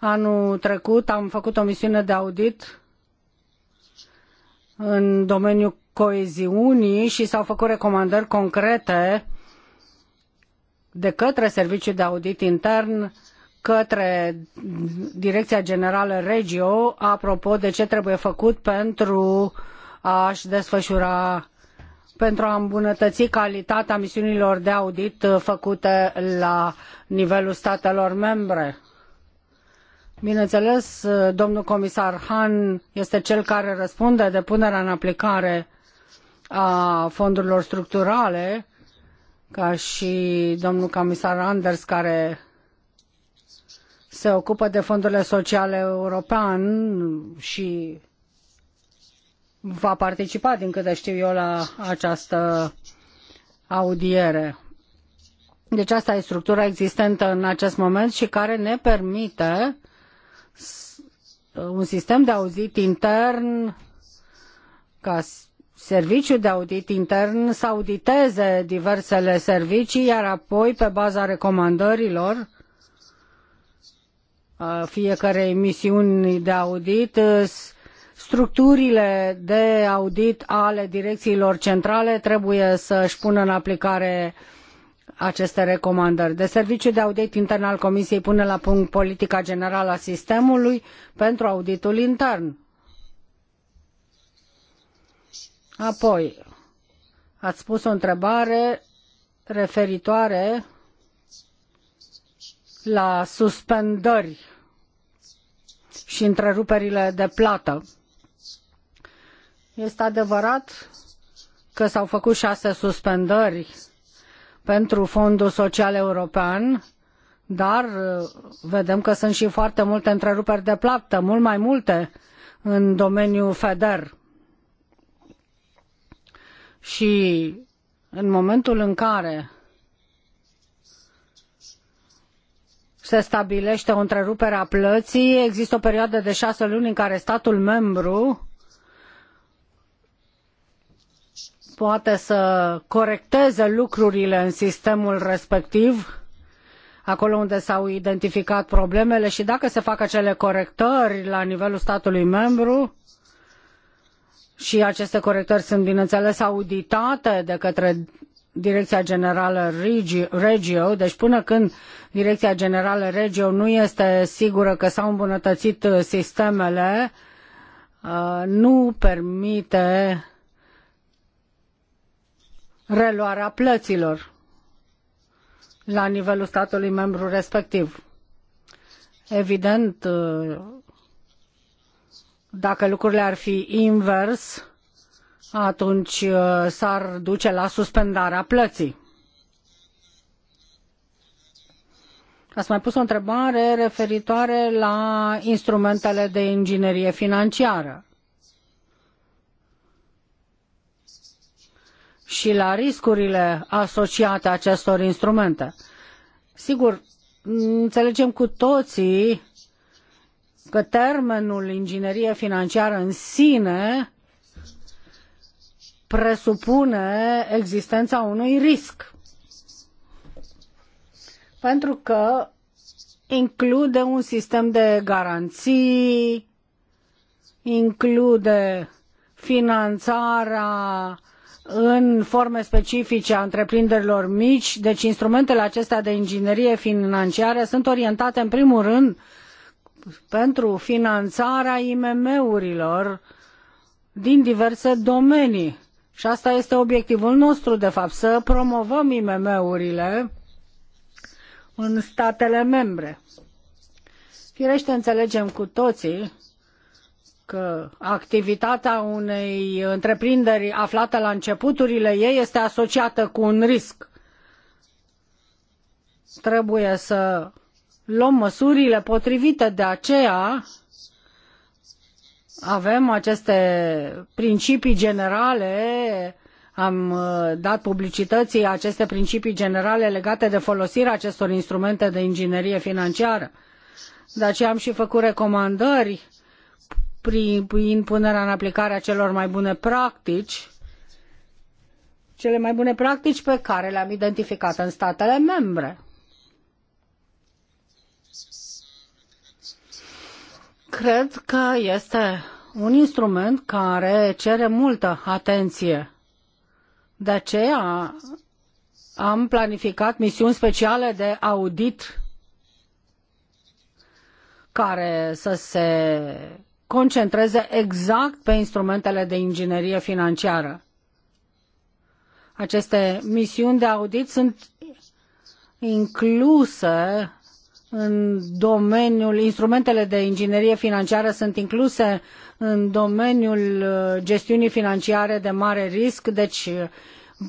Anul trecut am făcut o misiune de audit în domeniul coeziunii și s-au făcut recomandări concrete de către Serviciul de Audit Intern către Direcția Generală Regio apropo de ce trebuie făcut pentru a-și desfășura pentru a îmbunătăți calitatea misiunilor de audit făcute la nivelul statelor membre. Bineînțeles, domnul comisar Han este cel care răspunde de punerea în aplicare a fondurilor structurale ca și domnul comisar Anders, care se ocupă de fondurile sociale european și va participa, din câte știu eu, la această audiere. Deci asta e structura existentă în acest moment și care ne permite un sistem de auzit intern ca serviciu de audit intern să auditeze diversele servicii, iar apoi, pe baza recomandărilor uh, fiecare misiuni de audit, uh, structurile de audit ale direcțiilor centrale trebuie să-și pună în aplicare aceste recomandări. De serviciul de audit intern al Comisiei pune la punct politica generală a sistemului pentru auditul intern Apoi, ați pus o întrebare referitoare la suspendări și întreruperile de plată. Este adevărat că s-au făcut șase suspendări pentru Fondul Social European, dar uh, vedem că sunt și foarte multe întreruperi de plată, mult mai multe în domeniul FEDER și în momentul în care se stabilește o întrerupere a plății, există o perioadă de șase luni în care statul membru poate să corecteze lucrurile în sistemul respectiv, acolo unde s-au identificat problemele și dacă se fac acele corectări la nivelul statului membru, și aceste corectări sunt, bineînțeles, auditate de către Direcția Generală Regio, deci până când Direcția Generală Regio nu este sigură că s-au îmbunătățit uh, sistemele, uh, nu permite reluarea plăților la nivelul statului membru respectiv. Evident, uh, dacă lucrurile ar fi invers, atunci uh, s-ar duce la suspendarea plății. Ați mai pus o întrebare referitoare la instrumentele de inginerie financiară și la riscurile asociate acestor instrumente. Sigur, înțelegem cu toții că termenul inginerie financiară în sine presupune existența unui risc. Pentru că include un sistem de garanții, include finanțarea în forme specifice a întreprinderilor mici, deci instrumentele acestea de inginerie financiară sunt orientate în primul rând pentru finanțarea IMM-urilor din diverse domenii. Și asta este obiectivul nostru, de fapt, să promovăm IMM-urile în statele membre. Firește, înțelegem cu toții că activitatea unei întreprinderi aflată la începuturile ei este asociată cu un risc. Trebuie să luăm măsurile potrivite. De aceea avem aceste principii generale, am uh, dat publicității aceste principii generale legate de folosirea acestor instrumente de inginerie financiară. De aceea am și făcut recomandări prin punerea în aplicare a celor mai bune practici, cele mai bune practici pe care le-am identificat în statele membre. cred că este un instrument care cere multă atenție. De aceea am planificat misiuni speciale de audit care să se concentreze exact pe instrumentele de inginerie financiară. Aceste misiuni de audit sunt incluse în domeniul, instrumentele de inginerie financiară sunt incluse în domeniul uh, gestiunii financiare de mare risc, deci uh,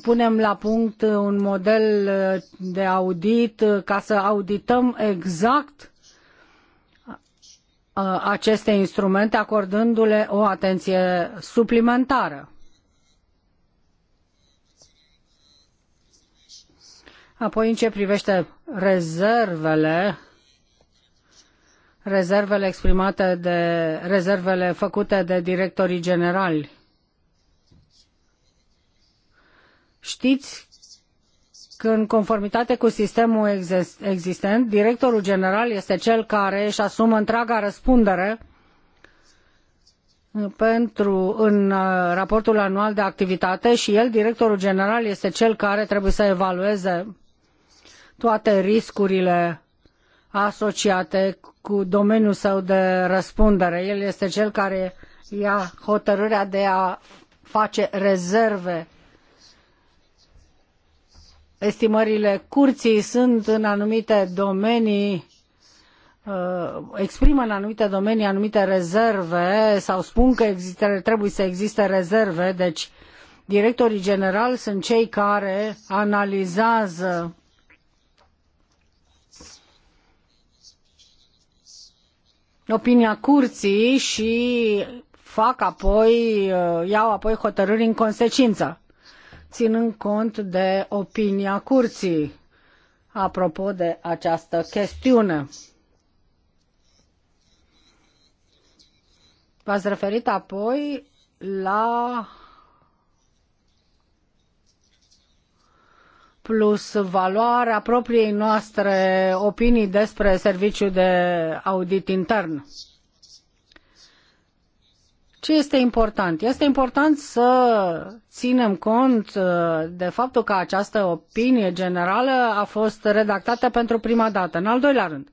punem la punct un model uh, de audit ca să audităm exact aceste instrumente, acordându-le o atenție suplimentară. Apoi, în ce privește rezervele, rezervele exprimate de rezervele făcute de directorii generali. Știți că în conformitate cu sistemul existent, directorul general este cel care își asumă întreaga răspundere pentru în uh, raportul anual de activitate și el, directorul general, este cel care trebuie să evalueze toate riscurile asociate cu domeniul său de răspundere. El este cel care ia hotărârea de a face rezerve. Estimările curții sunt în anumite domenii uh, exprimă în anumite domenii anumite rezerve sau spun că există, trebuie să existe rezerve, deci directorii generali sunt cei care analizează opinia curții și fac apoi, uh, iau apoi hotărâri în consecință, ținând cont de opinia curții apropo de această chestiune. V-ați referit apoi la plus valoarea propriei noastre opinii despre serviciul de audit intern. Ce este important? Este important să ținem cont uh, de faptul că această opinie generală a fost redactată pentru prima dată. În al doilea rând,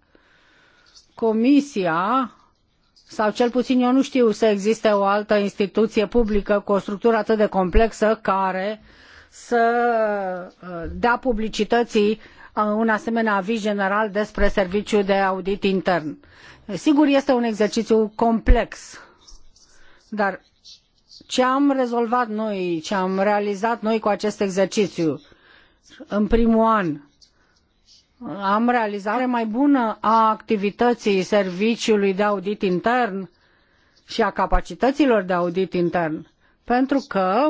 Comisia, sau cel puțin eu nu știu să existe o altă instituție publică cu o structură atât de complexă care uh, să uh, dea publicității uh, un asemenea aviz general despre serviciul de audit intern. Sigur, este un exercițiu complex, dar ce am rezolvat noi, ce am realizat noi cu acest exercițiu în primul an, am realizare mai bună a activității serviciului de audit intern și a capacităților de audit intern, pentru că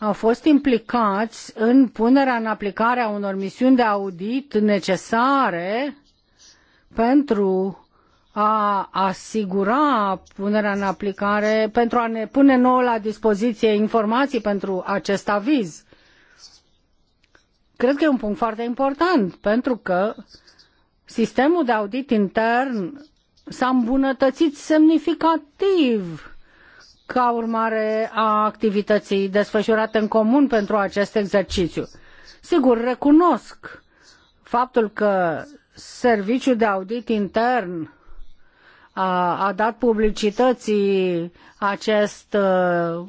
au fost implicați în punerea în aplicare a unor misiuni de audit necesare pentru a asigura punerea în aplicare, pentru a ne pune nouă la dispoziție informații pentru acest aviz. Cred că e un punct foarte important, pentru că sistemul de audit intern s-a îmbunătățit semnificativ ca urmare a activității desfășurate în comun pentru acest exercițiu. Sigur, recunosc faptul că serviciul de audit intern a, a dat publicității acest uh,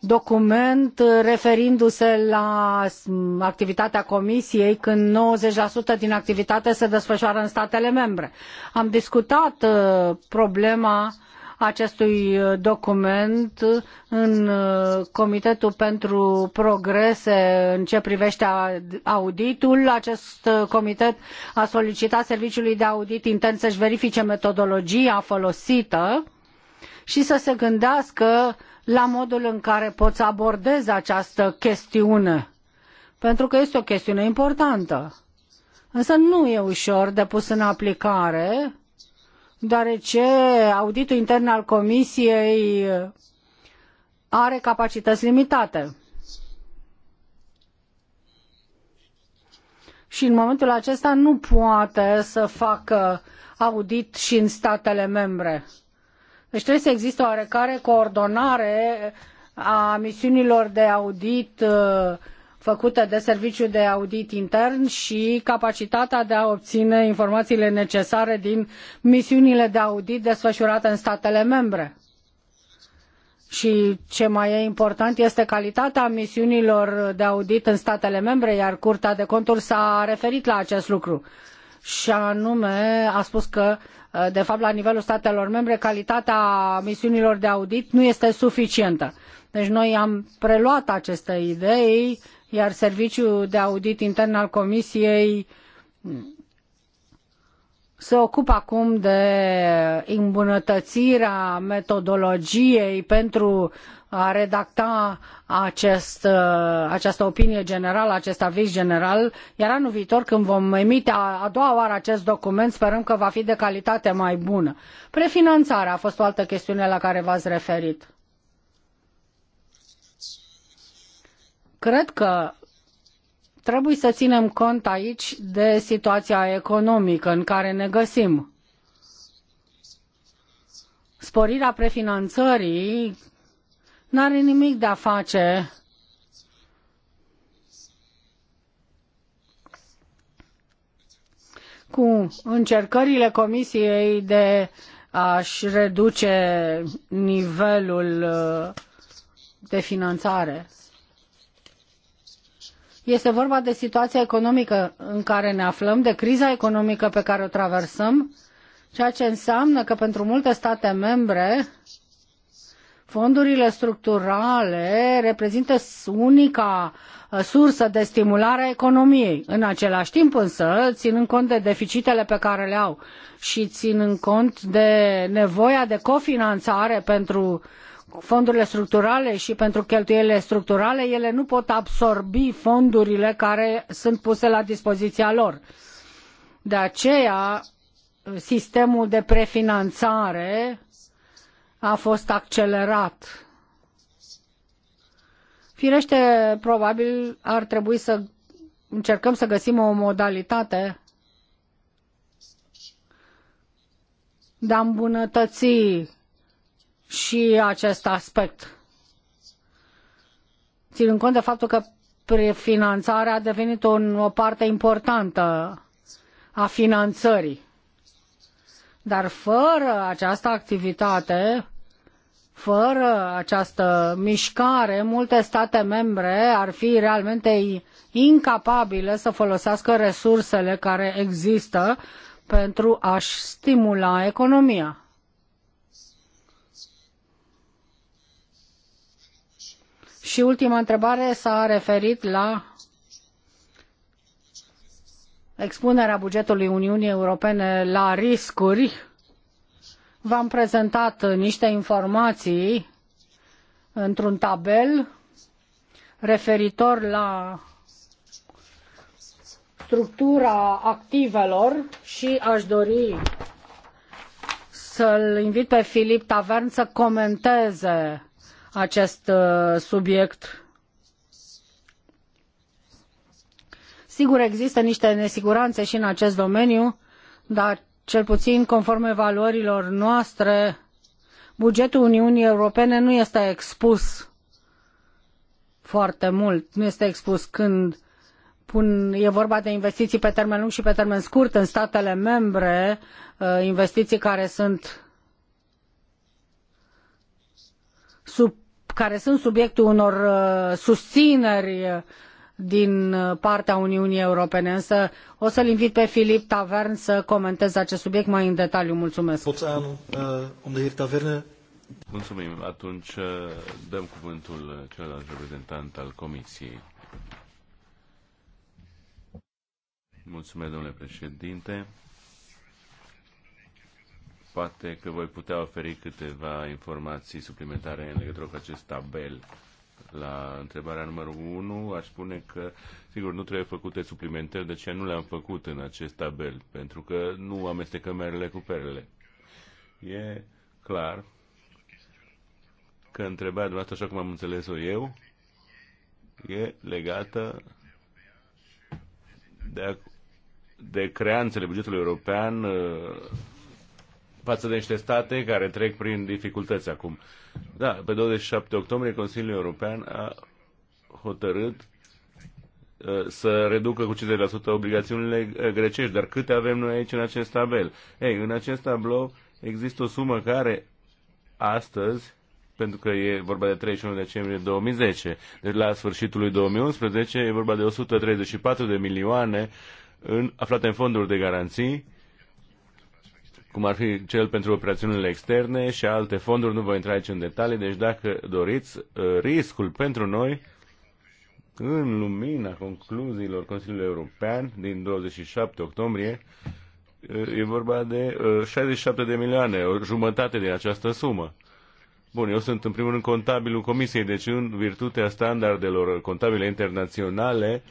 document uh, referindu-se la mm, activitatea comisiei când 90% din activitate se desfășoară în statele membre. Am discutat uh, problema uh, acestui uh, document în uh, Comitetul pentru Progrese în ce privește auditul. Acest uh, comitet a solicitat Serviciului de Audit Intern să-și verifice metodologia folosită și să se gândească la modul în care poți abordeze această chestiune, pentru că este o chestiune importantă. Însă nu e ușor de pus în aplicare deoarece auditul intern al Comisiei are capacități limitate. Și în momentul acesta nu poate să facă audit și în statele membre. Deci trebuie să existe oarecare coordonare a misiunilor de audit uh, făcute de serviciul de audit intern și capacitatea de a obține informațiile necesare din misiunile de audit desfășurate în statele membre. Și ce mai e important este calitatea misiunilor de audit în statele membre, iar Curtea de Conturi s-a referit la acest lucru. Și anume a spus că, de fapt, la nivelul statelor membre, calitatea misiunilor de audit nu este suficientă. Deci noi am preluat aceste idei uh, iar Serviciul de Audit Intern al Comisiei se ocupă acum de îmbunătățirea metodologiei pentru a redacta acest, această opinie generală, acest aviz general, iar anul viitor când vom emite a, a doua oară acest document, sperăm că va fi de calitate mai bună. Prefinanțarea a fost o altă chestiune la care v-ați referit. Cred că trebuie să ținem cont aici de situația economică în care ne găsim. Sporirea prefinanțării nu are nimic de a face cu încercările Comisiei de a-și reduce nivelul uh, de finanțare. Este vorba de situația economică în care ne aflăm, de criza economică pe care o traversăm, ceea ce înseamnă că pentru multe state membre fondurile structurale reprezintă unica uh, sursă de stimulare a economiei. În același timp însă, ținând cont de deficitele pe care le au și ținând cont de nevoia de cofinanțare pentru fondurile structurale și pentru cheltuielile structurale, ele nu pot absorbi fondurile care sunt puse la dispoziția lor. De aceea, sistemul de prefinanțare a fost accelerat. Firește, probabil ar trebui să încercăm să găsim o modalitate de a îmbunătăți și acest aspect. Ținând cont de faptul că prefinanțarea a devenit o parte importantă a finanțării. Dar fără această activitate, fără această mișcare, multe state membre ar fi realmente incapabile să folosească resursele care există pentru a-și stimula economia. Și ultima întrebare s-a referit la expunerea bugetului Uniunii Europene la riscuri. V-am prezentat niște informații într-un tabel referitor la structura activelor și aș dori să-l invit pe Filip Tavern să comenteze acest uh, subiect. Sigur, există niște nesiguranțe și în acest domeniu, dar cel puțin conform evaluărilor noastre, bugetul Uniunii Europene nu este expus foarte mult, nu este expus când pun, e vorba de investiții pe termen lung și pe termen scurt în statele membre, uh, investiții care sunt sub care sunt subiectul unor uh, susțineri uh, din uh, partea Uniunii Europene. Însă o să-l invit pe Filip Tavern să comenteze acest subiect mai în detaliu. Mulțumesc. Poțeanu, domnule Taverne. Mulțumim. Atunci dăm cuvântul celălalt reprezentant al Comisiei. Mulțumesc, domnule președinte. Poate că voi putea oferi câteva informații suplimentare în legătură cu acest tabel. La întrebarea numărul 1 aș spune că, sigur, nu trebuie făcute suplimentări, de ce nu le-am făcut în acest tabel, pentru că nu amestecăm merele cu perele. E clar că întrebarea dumneavoastră, așa cum am înțeles-o eu, e legată de, de creanțele bugetului european față de niște state care trec prin dificultăți acum. Da, pe 27 octombrie Consiliul European a hotărât uh, să reducă cu 50% obligațiunile uh, grecești. Dar câte avem noi aici în acest tabel? Ei, în acest tablou există o sumă care astăzi, pentru că e vorba de 31 decembrie 2010, deci la sfârșitul lui 2011 e vorba de 134 de milioane în, aflate în fonduri de garanții cum ar fi cel pentru operațiunile externe și alte fonduri, nu voi intra aici în detalii, deci dacă doriți, uh, riscul pentru noi, în lumina concluziilor Consiliului European din 27 octombrie, uh, e vorba de 67 uh, de milioane, o jumătate din această sumă. Bun, eu sunt în primul rând contabilul Comisiei, deci în virtutea standardelor contabile internaționale,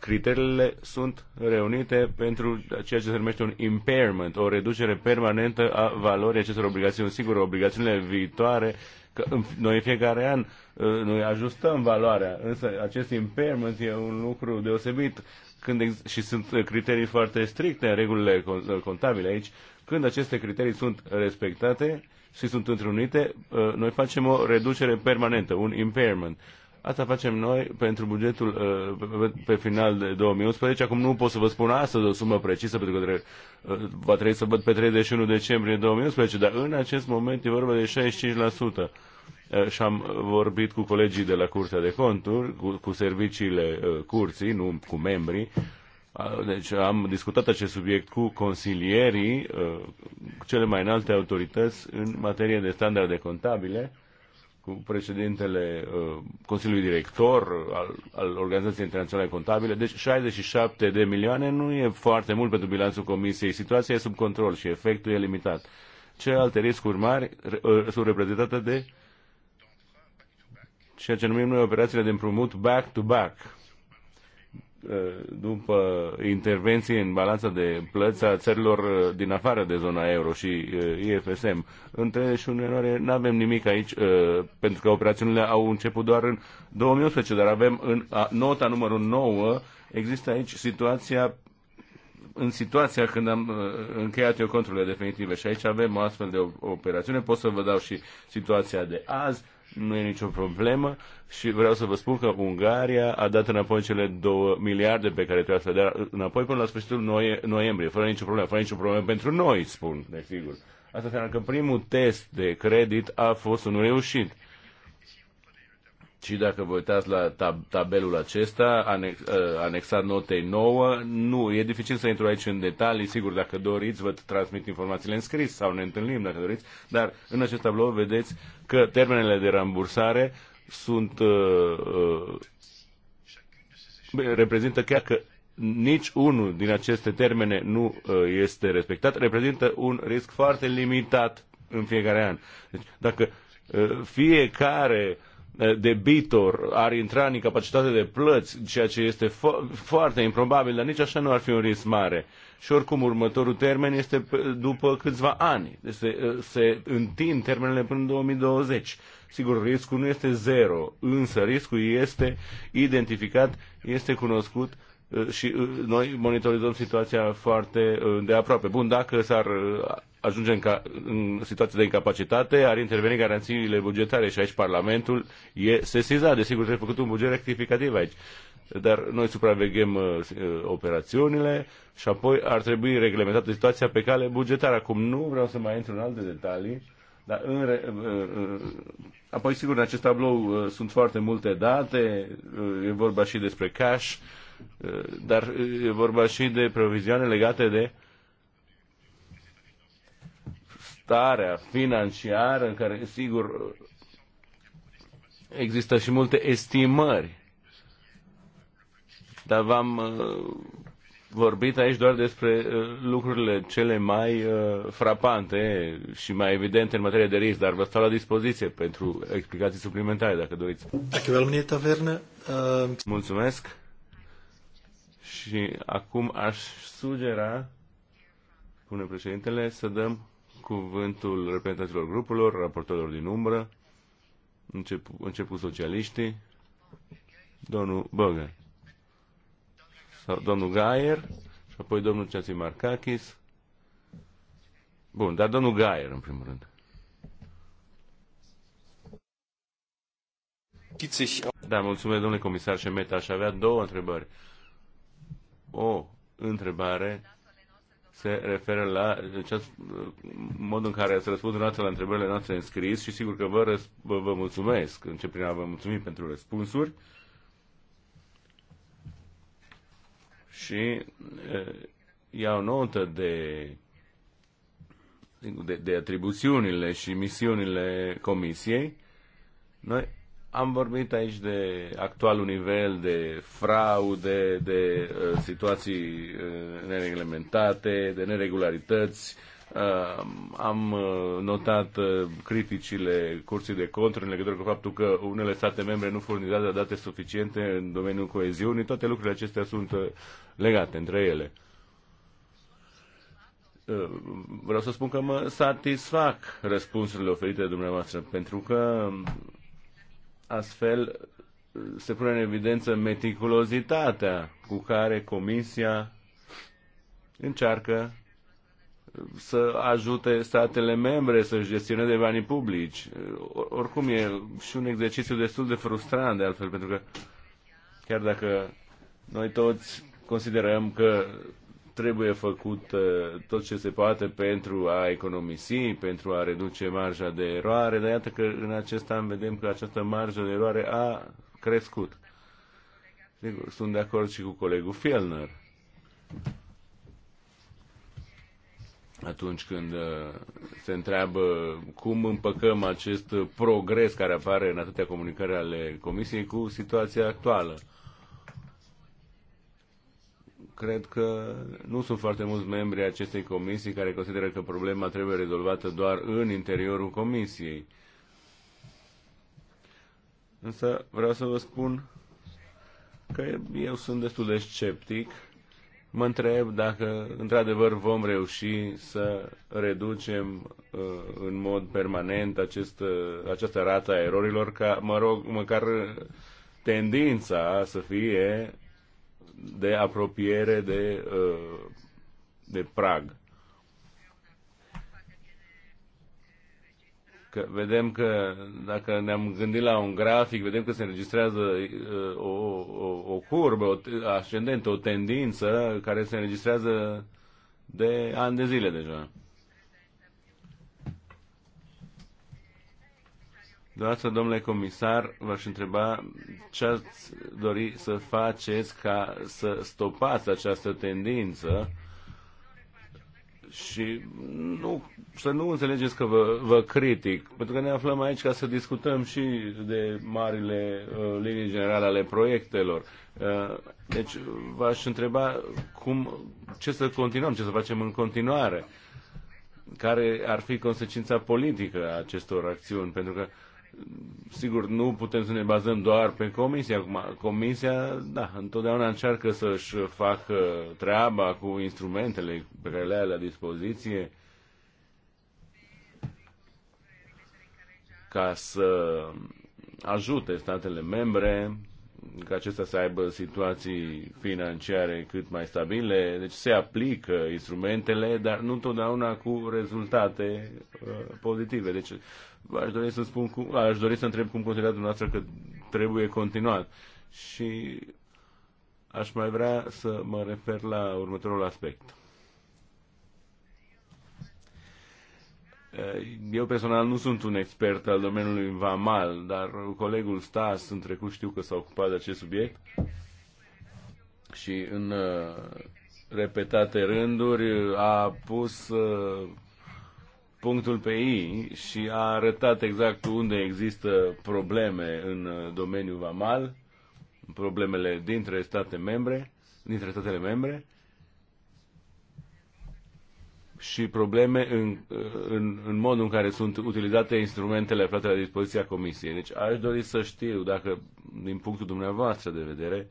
criteriile sunt reunite pentru ceea ce se numește un impairment, o reducere permanentă a valorii acestor obligațiuni. Sigur, obligațiunile viitoare, că noi în fiecare an ă, noi ajustăm valoarea, însă acest impairment e un lucru deosebit când și sunt criterii foarte stricte în regulile contabile aici. Când aceste criterii sunt respectate și sunt întrunite, ă, noi facem o reducere permanentă, un impairment Asta facem noi pentru bugetul uh, pe final de 2011. Acum nu pot să vă spun astăzi o sumă precisă, pentru că uh, va trebui să văd pe 31 decembrie 2011, dar în acest moment e vorba de 65% uh, și am vorbit cu colegii de la Curtea de Conturi, cu, cu serviciile uh, curții, nu cu membrii. Deci am discutat acest subiect cu consilierii, uh, cele mai înalte autorități în materie de standarde contabile cu președintele uh, Consiliului Director al, al Organizației Internaționale Contabile. Deci 67 de milioane nu e foarte mult pentru bilanțul Comisiei. Situația e sub control și efectul e limitat. Ce alte riscuri mari uh, sunt reprezentate de ceea ce numim noi operațiile de împrumut back-to-back. -back. Eh, după intervenții în balanța de plăți a țărilor eh, din afară de zona euro și eh, IFSM. Între și în ianuarie nu avem nimic aici, pentru că operațiunile au început doar în 2011, dar avem în nota numărul 9, există aici situația în situația când am încheiat eu conturile definitive și aici avem o astfel de operațiune, pot să vă dau și situația de azi, nu e nicio problemă și vreau să vă spun că Ungaria a dat înapoi cele 2 miliarde pe care trebuia să le dea înapoi până la sfârșitul noie, noiembrie, fără nicio problemă, fără nicio problemă pentru noi, spun, desigur. Asta înseamnă că primul test de credit a fost unul reușit. Și dacă vă uitați la tab- tabelul acesta, anex, uh, anexat notei 9, nu, e dificil să intru aici în detalii, sigur, dacă doriți, vă transmit informațiile în scris sau ne întâlnim dacă doriți, dar în acest tablou vedeți că termenele de rambursare sunt uh, uh, reprezintă chiar că nici unul din aceste termene nu uh, este respectat, reprezintă un risc foarte limitat în fiecare an. Deci, dacă uh, fiecare Eh, debitor ar intra în incapacitate de plăți, ceea ce este fo- foarte improbabil, dar nici așa nu ar fi un risc mare. Și oricum, următorul termen este după câțiva ani. Deci se, eh, se întind termenele până în 2020. Sigur, riscul nu este zero, însă riscul este identificat, este cunoscut Uh, și uh, noi monitorizăm situația foarte uh, de aproape. Bun, dacă s-ar ajunge în, ca, în situație de incapacitate, ar interveni garanțiile bugetare și aici Parlamentul e sesizat. Desigur, trebuie făcut un buget rectificativ aici. Dar noi supraveghem uh, operațiunile și apoi ar trebui reglementată situația pe cale bugetară. Acum nu vreau să mai intru în alte detalii, dar în re, uh, uh, apoi sigur în acest tablou uh, sunt foarte multe date, uh, e vorba și despre cash, uh, dar e vorba și de provizioane legate de starea financiară în care, sigur, există și multe estimări. Dar v-am uh, vorbit aici doar despre uh, lucrurile cele mai uh, frapante și mai evidente în materie de risc, dar vă stau la dispoziție pentru explicații suplimentare, dacă doriți. Mulțumesc! Și acum aș sugera, pune președintele, să dăm cuvântul reprezentanților grupurilor, raportorilor din umbră, încep, încep cu socialiștii, domnul Băgă, sau domnul Gaier, și apoi domnul Ceații Marcachis. Bun, dar domnul Gaier, în primul rând. Da, mulțumesc, domnule comisar Șemeta. Aș avea două întrebări o întrebare se referă la acest mod în care ați răspuns dumneavoastră la întrebările noastre în scris și sigur că vă, vă, vă mulțumesc. În ce prima vă mulțumim pentru răspunsuri. Și iau notă de, de, de atribuțiunile și misiunile comisiei. Noi am vorbit aici de actualul nivel de fraude, de uh, situații uh, nereglementate, de neregularități. Uh, am uh, notat uh, criticile Curții de Conturi în legătură cu faptul că unele state membre nu furnizează date suficiente în domeniul coeziunii. Toate lucrurile acestea sunt uh, legate între ele. Uh, vreau să spun că mă satisfac răspunsurile oferite de dumneavoastră, pentru că Astfel se pune în evidență meticulozitatea cu care Comisia încearcă să ajute statele membre să-și gestioneze banii publici. Oricum e și un exercițiu destul de frustrant de altfel, pentru că chiar dacă noi toți considerăm că trebuie făcut tot ce se poate pentru a economisi, pentru a reduce marja de eroare, dar iată că în acest an vedem că această marjă de eroare a crescut. Sigur, sunt de acord și cu colegul Fielner. Atunci când uh, se întreabă cum împăcăm acest progres care apare în atâtea comunicări ale Comisiei cu situația actuală cred că nu sunt foarte mulți membri acestei comisii care consideră că problema trebuie rezolvată doar în interiorul comisiei. Însă vreau să vă spun că eu sunt destul de sceptic. Mă întreb dacă într-adevăr vom reuși să reducem uh, în mod permanent acest, uh, această rată a erorilor, ca, mă rog, măcar uh, tendința să fie de apropiere de, uh, de prag. Că vedem că dacă ne-am gândit la un grafic, vedem că se înregistrează uh, o, o, o curbă o, ascendentă, o tendință care se înregistrează de ani de zile deja. Doamna, domnule comisar, v-aș întreba ce ați dori să faceți ca să stopați această tendință și nu, să nu înțelegeți că vă, vă critic, pentru că ne aflăm aici ca să discutăm și de marile uh, linii generale ale proiectelor. Uh, deci v-aș întreba cum, ce să continuăm, ce să facem în continuare, care ar fi consecința politică a acestor acțiuni, pentru că uh, sigur, nu putem să ne bazăm doar pe comisie. Acum, comisia, da, întotdeauna încearcă să-și facă treaba cu instrumentele pe care le are la dispoziție ca să ajute statele membre ca acestea să aibă situații financiare cât mai stabile. Deci se aplică instrumentele, dar nu întotdeauna cu rezultate uh, pozitive. Deci aș dori să spun, cum, aș dori să întreb cum considerați dumneavoastră că trebuie continuat. Și aș mai vrea să mă refer la următorul aspect. Eu personal nu sunt un expert al domeniului vamal, dar colegul Stas în trecut știu că s-a ocupat de acest subiect și în uh, repetate rânduri a pus uh, punctul pe I și a arătat exact unde există probleme în uh, domeniul vamal, problemele dintre state membre, dintre statele membre și probleme în, uh, în, în modul în care sunt utilizate instrumentele aflate la dispoziția Comisiei. Deci aș dori să știu dacă, din punctul dumneavoastră de vedere,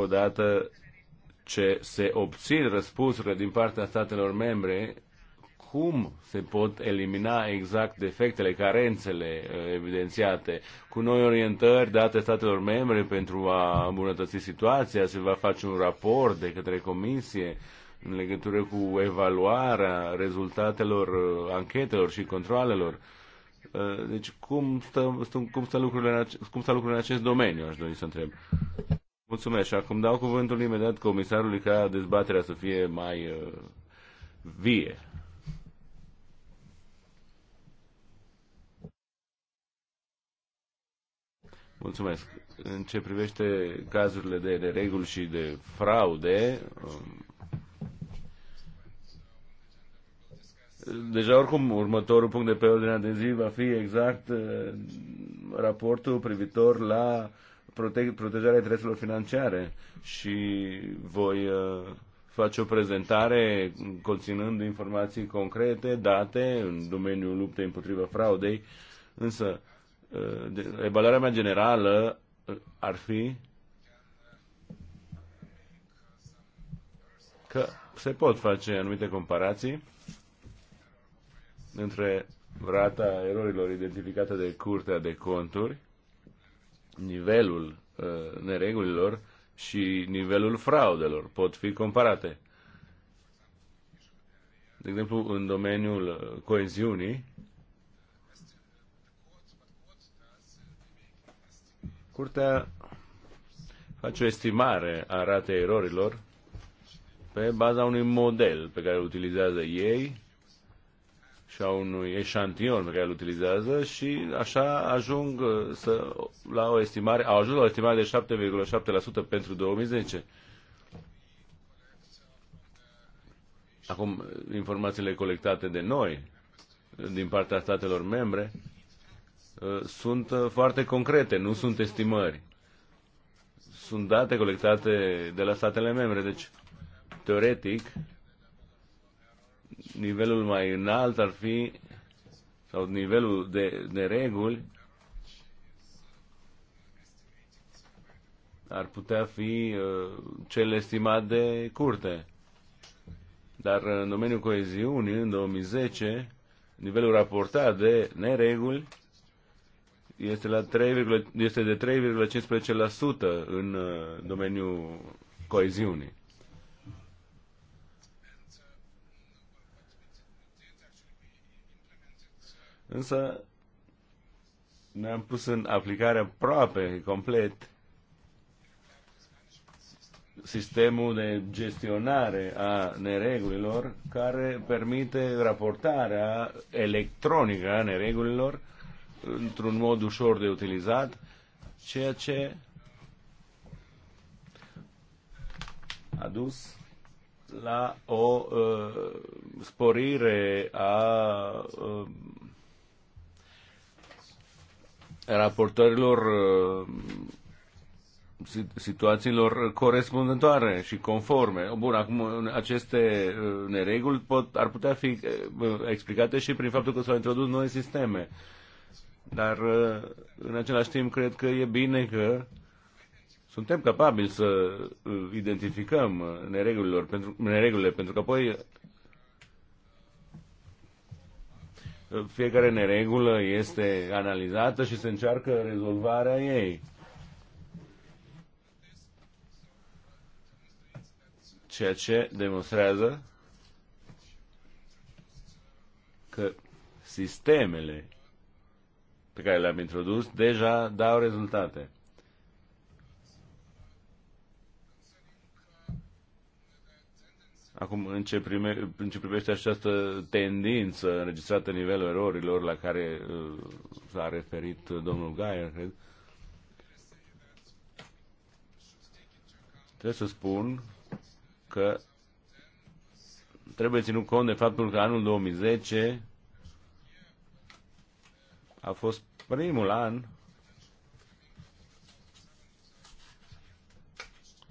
odată ce se obțin răspunsurile din partea statelor membre, cum se pot elimina exact defectele, carențele uh, evidențiate. Cu noi orientări date statelor membre pentru a îmbunătăți situația, se va face un raport de către comisie în legătură cu evaluarea rezultatelor uh, anchetelor și controalelor. Uh, deci cum stă, cum stă, lucrurile, cum stă lucrurile în acest domeniu, aș dori să întreb. Mulțumesc. Și acum dau cuvântul imediat comisarului ca dezbaterea să fie mai uh, vie. Mulțumesc. În ce privește cazurile de reguli și de fraude, um, Deja oricum următorul punct de pe ordinea de zi va fi exact uh, raportul privitor la prote- protejarea intereselor financiare și voi uh, face o prezentare conținând informații concrete, date în domeniul luptei împotriva fraudei, însă uh, evaluarea mea generală uh, ar fi că se pot face anumite comparații între rata erorilor identificate de Curtea de Conturi nivelul uh, neregulilor și nivelul fraudelor pot fi comparate. De exemplu, în domeniul uh, coeziunii, Curtea face o estimare a ratei erorilor pe baza unui model pe care îl utilizează ei și a unui eșantion pe care îl utilizează și așa ajung uh, să, la o estimare, au ajuns la o estimare de 7,7% pentru 2010. Acum, informațiile colectate de noi, din partea statelor membre, uh, sunt uh, foarte concrete, nu sunt estimări. Sunt date colectate de la statele membre, deci, teoretic, nivelul mai înalt ar fi, sau nivelul de, de reguli, ar putea fi uh, cel estimat de curte. Dar în domeniul coeziunii, în 2010, nivelul raportat de nereguli este, la 3, este de 3,15% în uh, domeniul coeziunii. Însă ne-am pus în aplicare aproape complet sistemul de gestionare a neregulilor care permite raportarea electronică a neregulilor într-un mod ușor de utilizat, ceea ce a dus la o uh, sporire a uh, raportărilor uh, situațiilor corespunzătoare și conforme. Bun, acum aceste uh, nereguli pot, ar putea fi uh, explicate și prin faptul că s-au introdus noi sisteme. Dar în același timp cred că e bine că suntem capabili să identificăm neregulilor, pentru, neregulile, pentru că apoi fiecare neregulă este analizată și se încearcă rezolvarea ei. Ceea ce demonstrează că sistemele pe care le-am introdus deja dau rezultate. Acum, în ce, prime, în ce privește această tendință înregistrată în nivelul erorilor la care uh, s-a referit domnul Gaier, cred, trebuie să spun că trebuie ținut cont de faptul că anul 2010 a fost primul an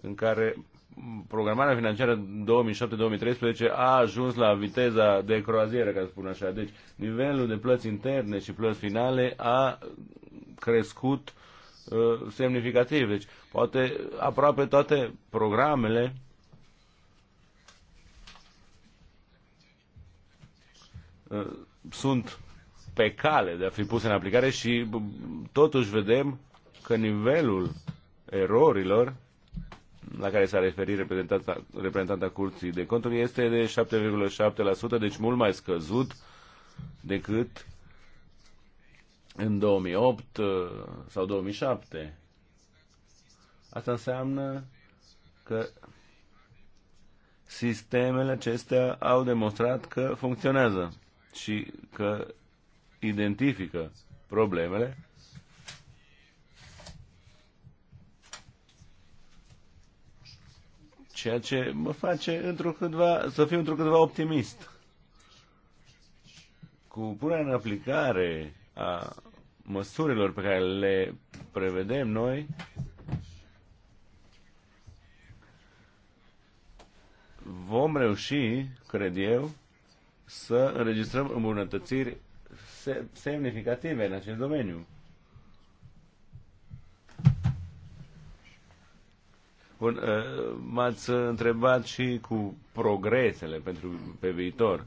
în care programarea financiară 2007-2013 a ajuns la viteza de croazieră, ca să spun așa. Deci, nivelul de plăți interne și plăți finale a crescut uh, semnificativ. Deci, poate aproape toate programele uh, sunt pe cale de a fi puse în aplicare și totuși vedem că nivelul erorilor la care s-a referit reprezentanta, reprezentanta Curții de Conturi este de 7,7%, deci mult mai scăzut decât în 2008 uh, sau 2007. Asta înseamnă că sistemele acestea au demonstrat că funcționează și că identifică problemele ceea ce mă face câtva, să fiu câtva optimist. Cu punerea în aplicare a măsurilor pe care le prevedem noi, vom reuși, cred eu, să înregistrăm îmbunătățiri semnificative în acest domeniu. Bun, uh, m-ați întrebat și cu progresele pentru pe viitor.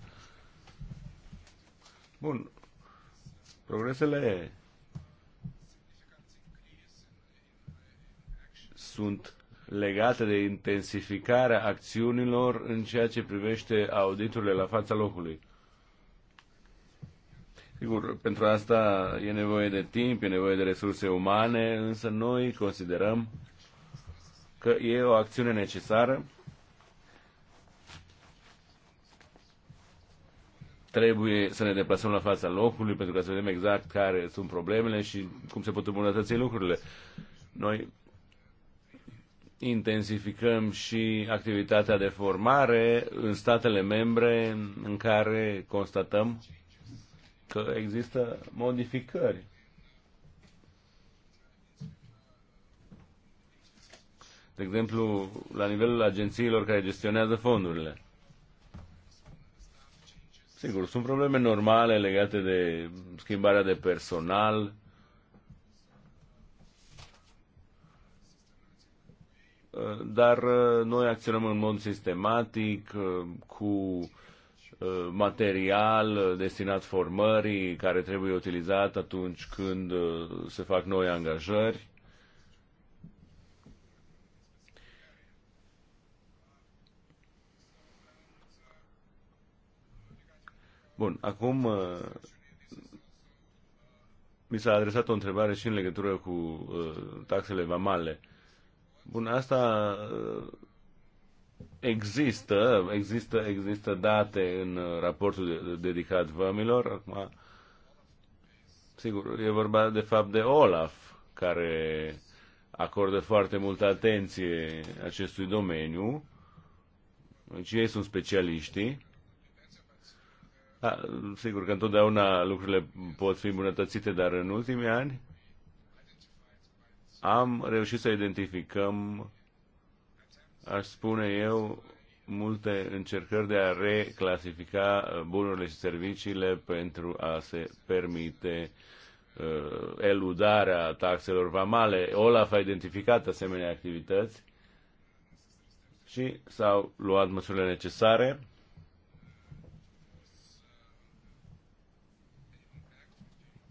Bun, progresele sunt legate de intensificarea acțiunilor în ceea ce privește auditurile la fața locului. Sigur, pentru asta e nevoie de timp, e nevoie de resurse umane, însă noi considerăm că e o acțiune necesară. Trebuie să ne deplasăm la fața locului pentru ca să vedem exact care sunt problemele și cum se pot îmbunătăți lucrurile. Noi intensificăm și activitatea de formare în statele membre în care constatăm că există modificări de exemplu, la nivelul agențiilor care gestionează fondurile. Sigur, sunt probleme normale legate de schimbarea de personal. Dar uh, noi acționăm în mod sistematic, uh, cu uh, material destinat formării care trebuie utilizat atunci când se fac noi angajări. Bun, acum uh, mi s-a adresat o întrebare și în legătură cu uh, taxele vamale. Bun, asta uh, există, există, există date în raportul dedicat vămilor. Acum, sigur, e vorba de fapt de Olaf, care acordă foarte multă atenție acestui domeniu. Deci ei sunt specialiștii a, sigur că întotdeauna lucrurile pot fi îmbunătățite, dar în ultimii ani am reușit să identificăm, aș spune eu, multe încercări de a reclasifica bunurile și serviciile pentru a se permite uh, eludarea taxelor vamale. Olaf a identificat asemenea activități și s-au luat măsurile necesare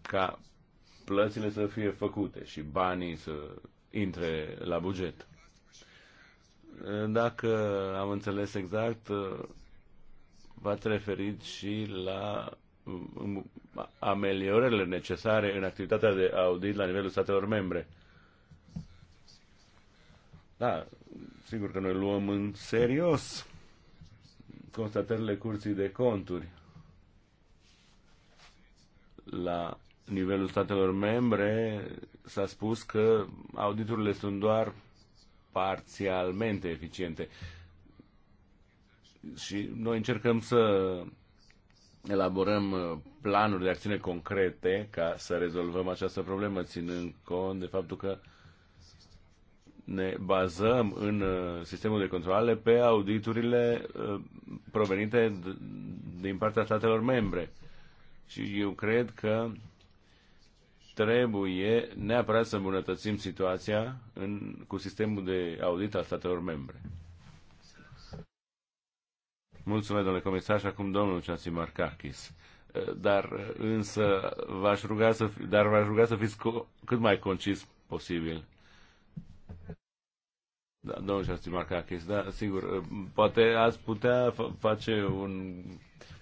ca plățile să fie făcute și banii să intre la buget. Dacă am înțeles exact, v-ați referit și la um, ameliorările necesare în activitatea de audit la nivelul statelor membre. Da, sigur că noi luăm în serios constatările curții de conturi la nivelul statelor membre s-a spus că auditurile sunt doar parțialmente eficiente. Și noi încercăm să elaborăm uh, planuri de acțiune concrete ca să rezolvăm această problemă, ținând cont de faptul că ne bazăm în uh, sistemul de controle pe auditurile uh, provenite din partea statelor membre. Și eu cred că trebuie neapărat să îmbunătățim situația în, cu sistemul de audit al statelor membre. Mulțumesc, domnule comisar, și acum domnul Marcachis. Dar însă v-aș ruga să, dar v-aș ruga să fiți cât mai concis posibil. Da, domnul Marcachis, da, sigur, poate ați putea face un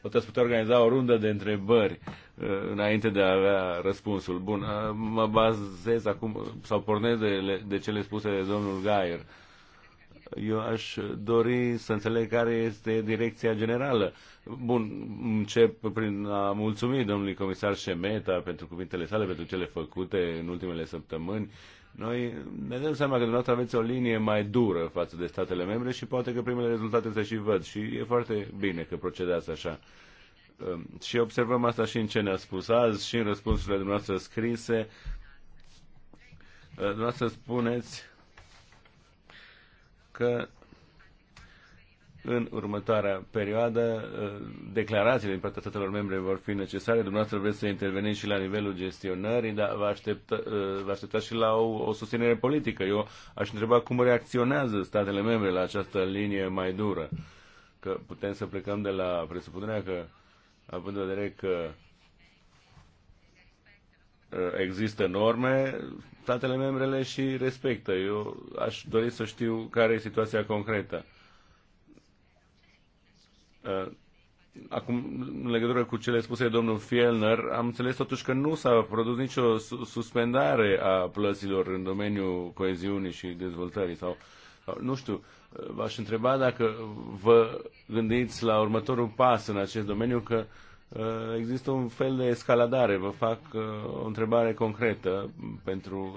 puteți putea organiza o rundă de întrebări uh, înainte de a avea răspunsul. Bun, uh, mă bazez acum, sau pornez de, de cele spuse de domnul Gaier. Eu aș dori să înțeleg care este direcția generală. Bun, încep prin a mulțumi domnului comisar Șemeta pentru cuvintele sale, pentru cele făcute în ultimele săptămâni. Noi ne dăm seama că dumneavoastră aveți o linie mai dură față de statele membre și poate că primele rezultate se și văd și e foarte bine că procedați așa. Um, și observăm asta și în ce ne-a spus azi și în răspunsurile dumneavoastră scrise. Uh, dumneavoastră spuneți că în următoarea perioadă uh, declarațiile din partea statelor membre vor fi necesare. Dumneavoastră vreți să interveniți și la nivelul gestionării, dar vă, aștepta, uh, vă așteptați și la o, o susținere politică. Eu aș întreba cum reacționează statele membre la această linie mai dură. Că putem să plecăm de la presupunerea că, având în vedere că uh, există norme, statele membrele și respectă. Eu aș dori să știu care e situația concretă. Uh, acum, în legătură cu cele spuse de domnul Fielner, am înțeles totuși că nu s-a produs nicio suspendare a plăților în domeniul coeziunii și dezvoltării sau, sau nu știu, uh, v-aș întreba dacă vă gândiți la următorul pas în acest domeniu că uh, există un fel de escaladare. Vă fac o întrebare concretă pentru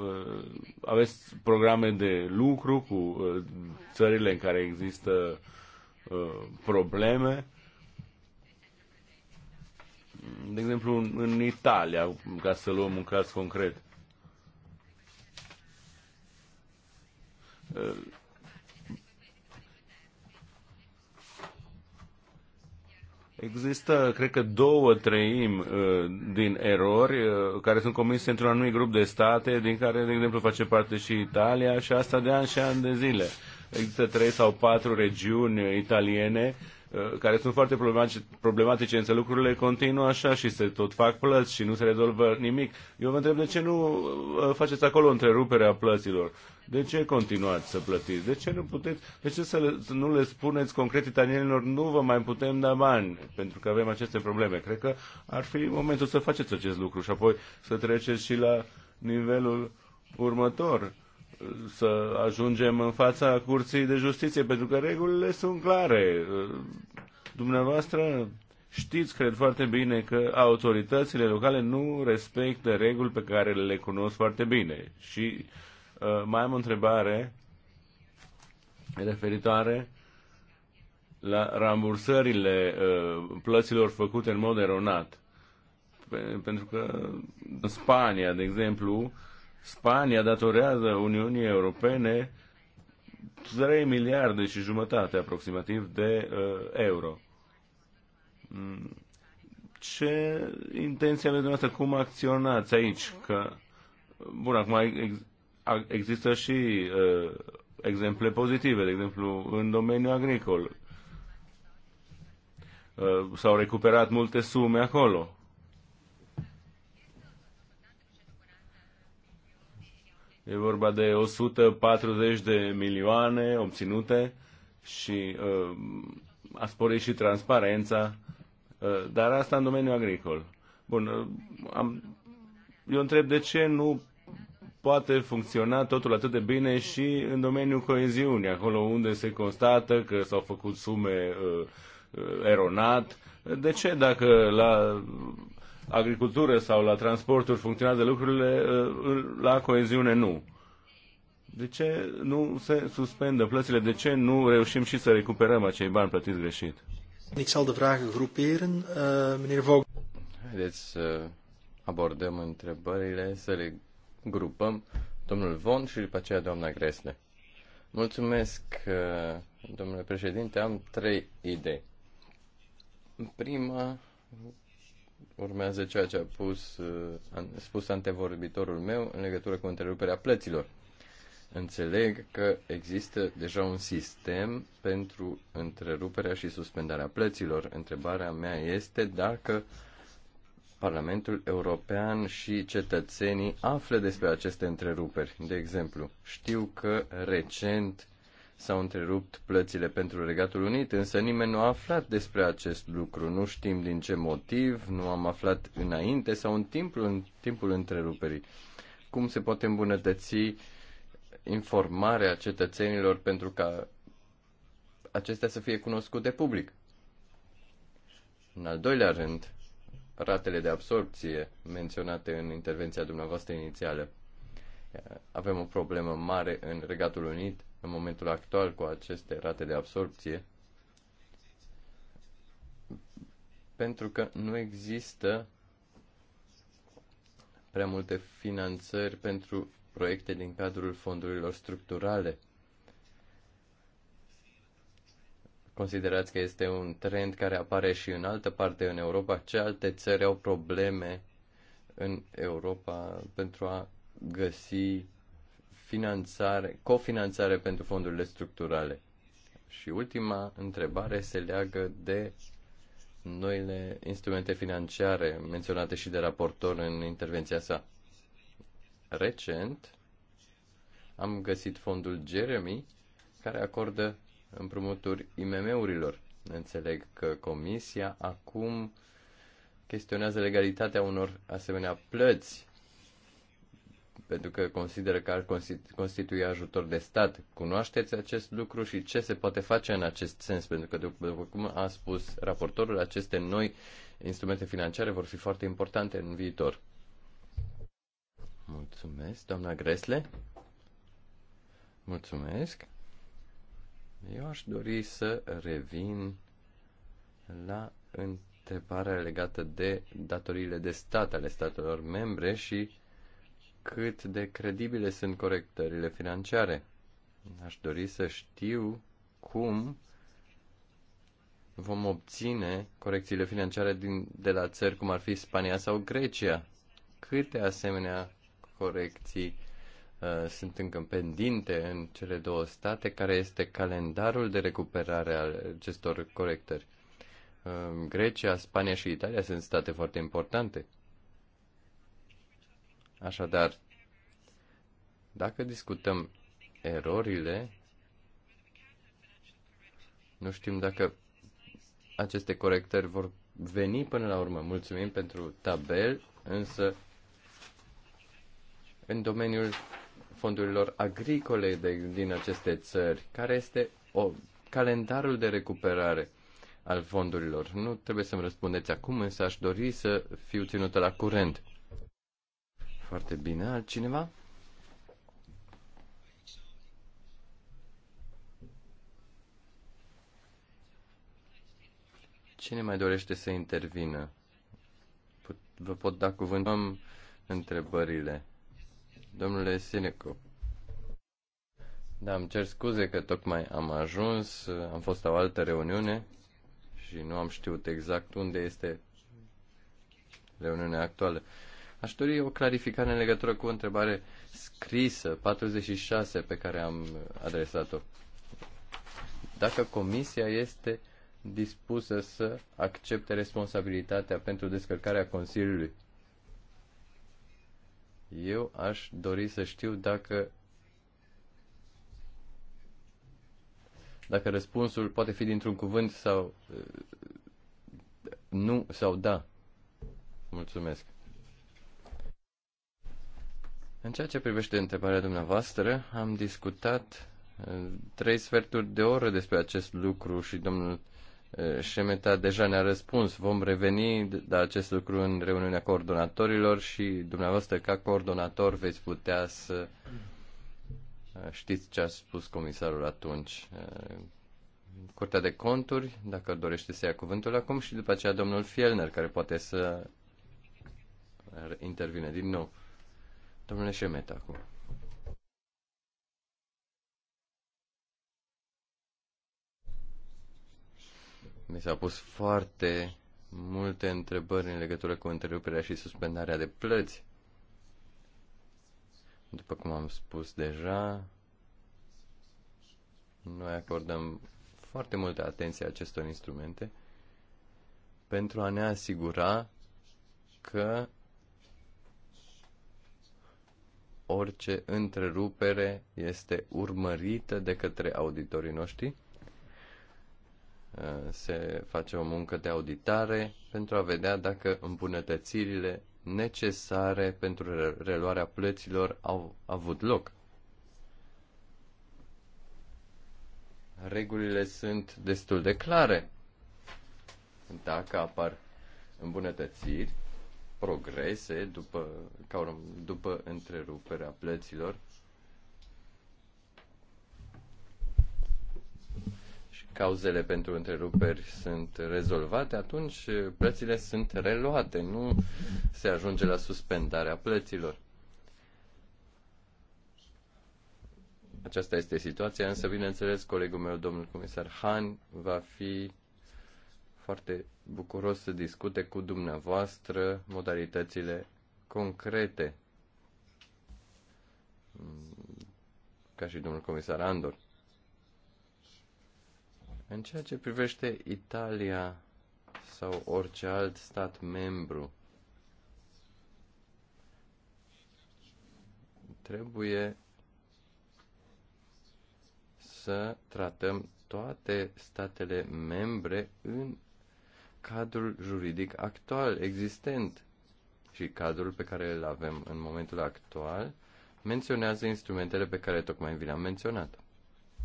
aveți programe de lucru cu țările în care există Uh, probleme. De exemplu, în Italia, ca să luăm un caz concret. Uh, există, cred că, două treimi uh, din erori care sunt comise într-un anumit grup de state, din care, de exemplu, face parte și Italia și asta de ani și ani de zile. Există trei sau patru regiuni italiene uh, care sunt foarte problematice, însă lucrurile continuă așa și se tot fac plăți și nu se rezolvă nimic. Eu vă întreb de ce nu uh, faceți acolo întreruperea plăților? De ce continuați să plătiți? De ce nu puteți? De ce să, le, să nu le spuneți concret italienilor nu vă mai putem da bani pentru că avem aceste probleme? Cred că ar fi momentul să faceți acest lucru și apoi să treceți și la nivelul următor să ajungem în fața Curții de Justiție, pentru că regulile sunt clare. Dumneavoastră știți, cred foarte bine, că autoritățile locale nu respectă reguli pe care le cunosc foarte bine. Și uh, mai am o întrebare referitoare la rambursările uh, plăților făcute în mod eronat. pentru că în Spania, de exemplu, Spania datorează Uniunii Europene 3 miliarde și jumătate aproximativ de uh, euro. Mm. Ce intenția aveți dumneavoastră? Cum acționați aici? Că, bun, acum ex, există și uh, exemple pozitive, de exemplu, în domeniul agricol. Uh, s-au recuperat multe sume acolo. E vorba de 140 de milioane obținute și uh, a sporit și transparența, uh, dar asta în domeniul agricol. Bun, uh, am, eu întreb de ce nu poate funcționa totul atât de bine și în domeniul coeziunii, acolo unde se constată că s-au făcut sume uh, uh eronat. De ce dacă la agricultură sau la transporturi funcționează lucrurile, uh, la coeziune nu. De ce nu se suspendă plățile? De ce nu reușim și să recuperăm acei bani plătiți greșit? Ik zal de vragen groeperen, eh, meneer Vogel. Haideți să abordăm întrebările, să le grupăm. Domnul Von și după aceea doamna Gresle. Mulțumesc, eh, domnule președinte. Am trei idei. Prima urmează ceea ce a pus, uh, spus antevorbitorul meu în legătură cu întreruperea plăților. Înțeleg că există deja un sistem pentru întreruperea și suspendarea plăților. Întrebarea mea este dacă Parlamentul European și cetățenii află despre aceste întreruperi. De exemplu, știu că recent S-au întrerupt plățile pentru Regatul Unit, însă nimeni nu a aflat despre acest lucru. Nu știm din ce motiv, nu am aflat înainte sau în timpul, în timpul întreruperii. Cum se poate îmbunătăți informarea cetățenilor pentru ca acestea să fie cunoscute public? În al doilea rând, ratele de absorpție menționate în intervenția dumneavoastră inițială. Avem o problemă mare în Regatul Unit în momentul actual cu aceste rate de absorpție, pentru că nu există prea multe finanțări pentru proiecte din cadrul fondurilor structurale. Considerați că este un trend care apare și în altă parte în Europa? Ce alte țări au probleme în Europa pentru a găsi finanțare, cofinanțare pentru fondurile structurale. Și ultima întrebare se leagă de noile instrumente financiare menționate și de raportor în intervenția sa. Recent am găsit fondul Jeremy care acordă împrumuturi IMM-urilor. Înțeleg că comisia acum chestionează legalitatea unor asemenea plăți pentru că consideră că ar constitui ajutor de stat. Cunoașteți acest lucru și ce se poate face în acest sens? Pentru că, după cum a spus raportorul, aceste noi instrumente financiare vor fi foarte importante în viitor. Mulțumesc, doamna Gresle. Mulțumesc. Eu aș dori să revin la întrebarea legată de datoriile de stat ale statelor membre și cât de credibile sunt corectările financiare. Aș dori să știu cum vom obține corecțiile financiare din, de la țări cum ar fi Spania sau Grecia. Câte asemenea corecții uh, sunt încă pendinte în cele două state? Care este calendarul de recuperare al acestor corectări? Uh, Grecia, Spania și Italia sunt state foarte importante. Așadar, dacă discutăm erorile, nu știm dacă aceste corectări vor veni până la urmă. Mulțumim pentru tabel, însă în domeniul fondurilor agricole de, din aceste țări, care este o, calendarul de recuperare al fondurilor. Nu trebuie să-mi răspundeți acum, însă aș dori să fiu ținută la curent. Foarte bine. Altcineva? Cine mai dorește să intervină? Vă pot da cuvântul. Am întrebările. Domnule Sinecu. Da, îmi cer scuze că tocmai am ajuns, am fost la o altă reuniune și nu am știut exact unde este reuniunea actuală. Aș dori o clarificare în legătură cu o întrebare scrisă, 46, pe care am adresat-o. Dacă comisia este dispusă să accepte responsabilitatea pentru descărcarea Consiliului, eu aș dori să știu dacă dacă răspunsul poate fi dintr-un cuvânt sau uh, nu sau da. Mulțumesc. În ceea ce privește întrebarea dumneavoastră, am discutat uh, trei sferturi de oră despre acest lucru și domnul uh, Șemeta deja ne-a răspuns. Vom reveni la acest lucru în reuniunea coordonatorilor și dumneavoastră ca coordonator veți putea să uh, știți ce a spus comisarul atunci. Curtea de conturi, dacă dorește să ia cuvântul acum și după aceea domnul Fielner, care poate să intervine din nou. Domnule Șemet, acum. Mi s-a pus foarte multe întrebări în legătură cu întreruperea și suspendarea de plăți. După cum am spus deja, noi acordăm foarte multă atenție acestor instrumente pentru a ne asigura că orice întrerupere este urmărită de către auditorii noștri. Uh, se face o muncă de auditare pentru a vedea dacă îmbunătățirile necesare pentru reluarea plăților au avut loc. Regulile sunt destul de clare. Dacă apar îmbunătățiri, progrese după, ca urm, după întreruperea plăților. Și cauzele pentru întreruperi sunt rezolvate, atunci plățile sunt reluate, nu se ajunge la suspendarea plăților. Aceasta este situația, însă, bineînțeles, colegul meu, domnul comisar Han, va fi foarte bucuros să discute cu dumneavoastră modalitățile concrete, mm, ca și domnul comisar Andor. În ceea ce privește Italia sau orice alt stat membru, trebuie să tratăm toate statele membre în cadrul juridic actual, existent. Și cadrul pe care îl avem în momentul actual menționează instrumentele pe care tocmai vi le-am menționat.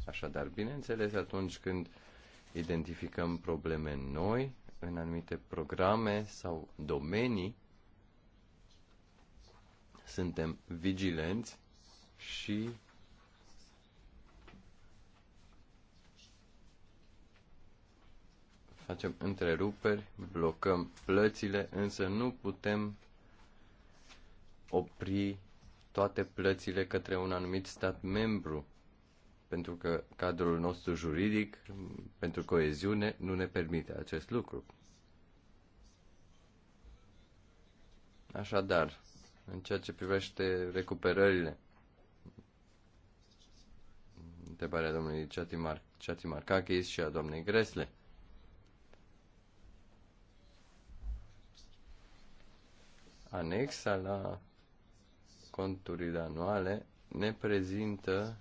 Așadar, bineînțeles, atunci când identificăm probleme noi în anumite programe sau domenii, suntem vigilenți și facem întreruperi, blocăm plățile, însă nu putem opri toate plățile către un anumit stat membru, pentru că cadrul nostru juridic pentru coeziune nu ne permite acest lucru. Așadar, în ceea ce privește recuperările, întrebarea domnului Ceatimar, Ceatimarcachis și a doamnei Gresle, anexa la conturile anuale ne prezintă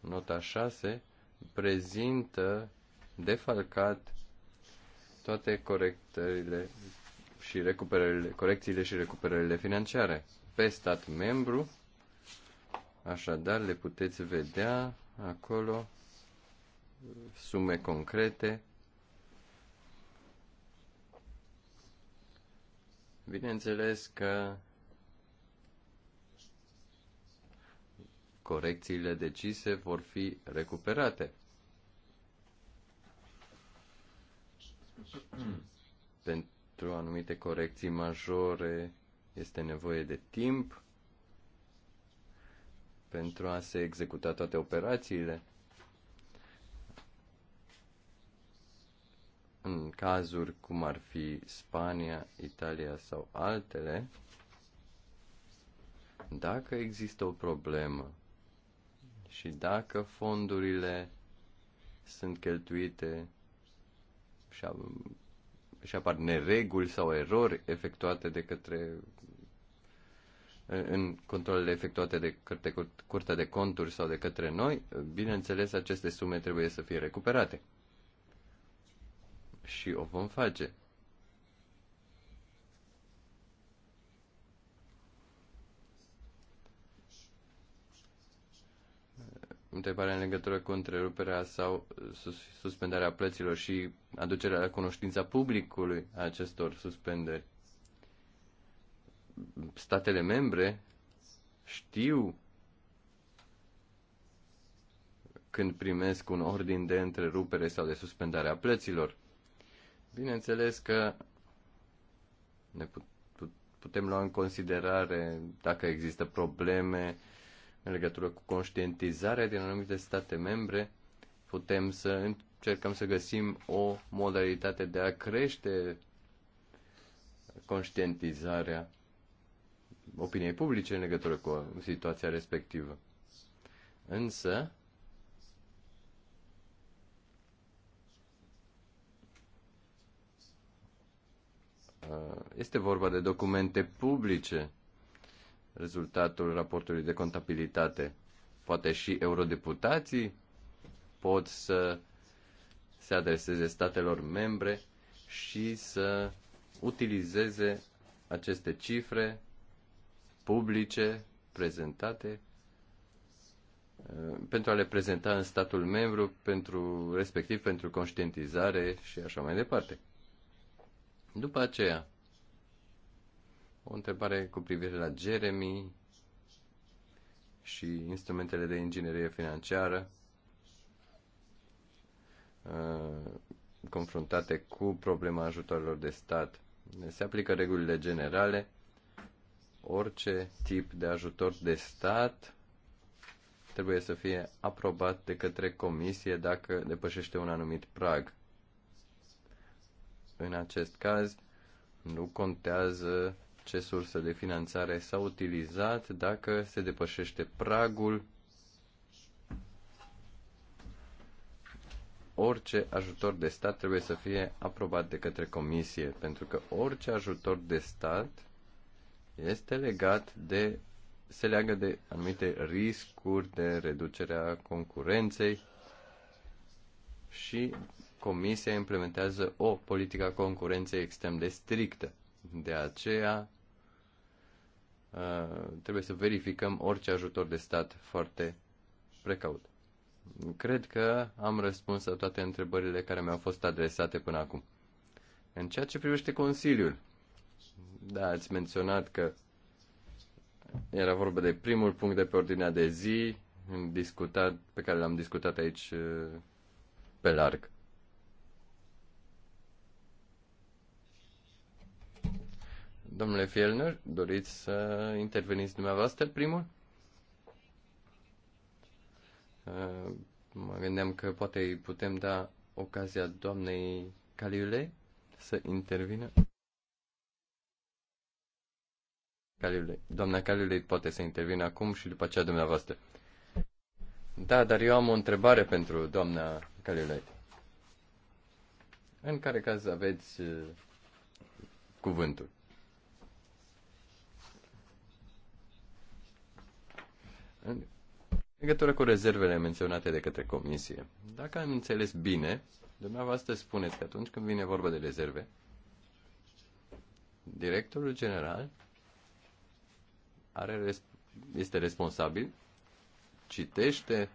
nota 6 prezintă defalcat toate corectările și recuperările, corecțiile și recuperările financiare pe stat membru. Așadar, le puteți vedea acolo sume concrete Bineînțeles că corecțiile decise vor fi recuperate. [CLEARS THROAT] Pentru anumite corecții majore este nevoie de timp pentru a se executa toate operațiile. în cazuri cum ar fi Spania, Italia sau altele, dacă există o problemă și dacă fondurile sunt cheltuite și, a, și apar nereguli sau erori efectuate de către în controlele efectuate de către Curtea de Conturi sau de către noi, bineînțeles, aceste sume trebuie să fie recuperate și o vom face. Întrebarea în legătură cu întreruperea sau suspendarea plăților și aducerea la cunoștința publicului a acestor suspendări. Statele membre știu când primesc un ordin de întrerupere sau de suspendare a plăților. Bineînțeles că ne putem lua în considerare dacă există probleme în legătură cu conștientizarea din anumite state membre, putem să încercăm să găsim o modalitate de a crește conștientizarea opiniei publice în legătură cu situația respectivă. Însă, Uh, este vorba de documente publice, rezultatul raportului de contabilitate. Poate și eurodeputații pot să se adreseze statelor membre și să utilizeze aceste cifre publice prezentate uh, pentru a le prezenta în statul membru, pentru, respectiv pentru conștientizare și așa mai departe. După aceea, o întrebare cu privire la Jeremy și instrumentele de inginerie financiară uh, confruntate cu problema ajutoarelor de stat. Se aplică regulile generale. Orice tip de ajutor de stat trebuie să fie aprobat de către comisie dacă depășește un anumit prag. În acest caz, nu contează ce sursă de finanțare s-a utilizat dacă se depășește pragul orice ajutor de stat trebuie să fie aprobat de către comisie, pentru că orice ajutor de stat este legat de se leagă de anumite riscuri de reducerea concurenței și Comisia implementează o politică a concurenței extrem de strictă. De aceea uh, trebuie să verificăm orice ajutor de stat foarte precaut. Cred că am răspuns la toate întrebările care mi-au fost adresate până acum. În ceea ce privește Consiliul, da, ați menționat că era vorba de primul punct de pe ordinea de zi discutat, pe care l-am discutat aici uh, pe larg. Domnule Fielner, doriți să interveniți dumneavoastră primul? Mă gândeam că poate îi putem da ocazia doamnei Caliule să intervină. Caliule. Doamna Caliule poate să intervină acum și după aceea dumneavoastră. Da, dar eu am o întrebare pentru doamna Caliule. În care caz aveți uh, cuvântul. În legătură cu rezervele menționate de către Comisie, dacă am înțeles bine, dumneavoastră spuneți că atunci când vine vorba de rezerve, directorul general are, este responsabil, citește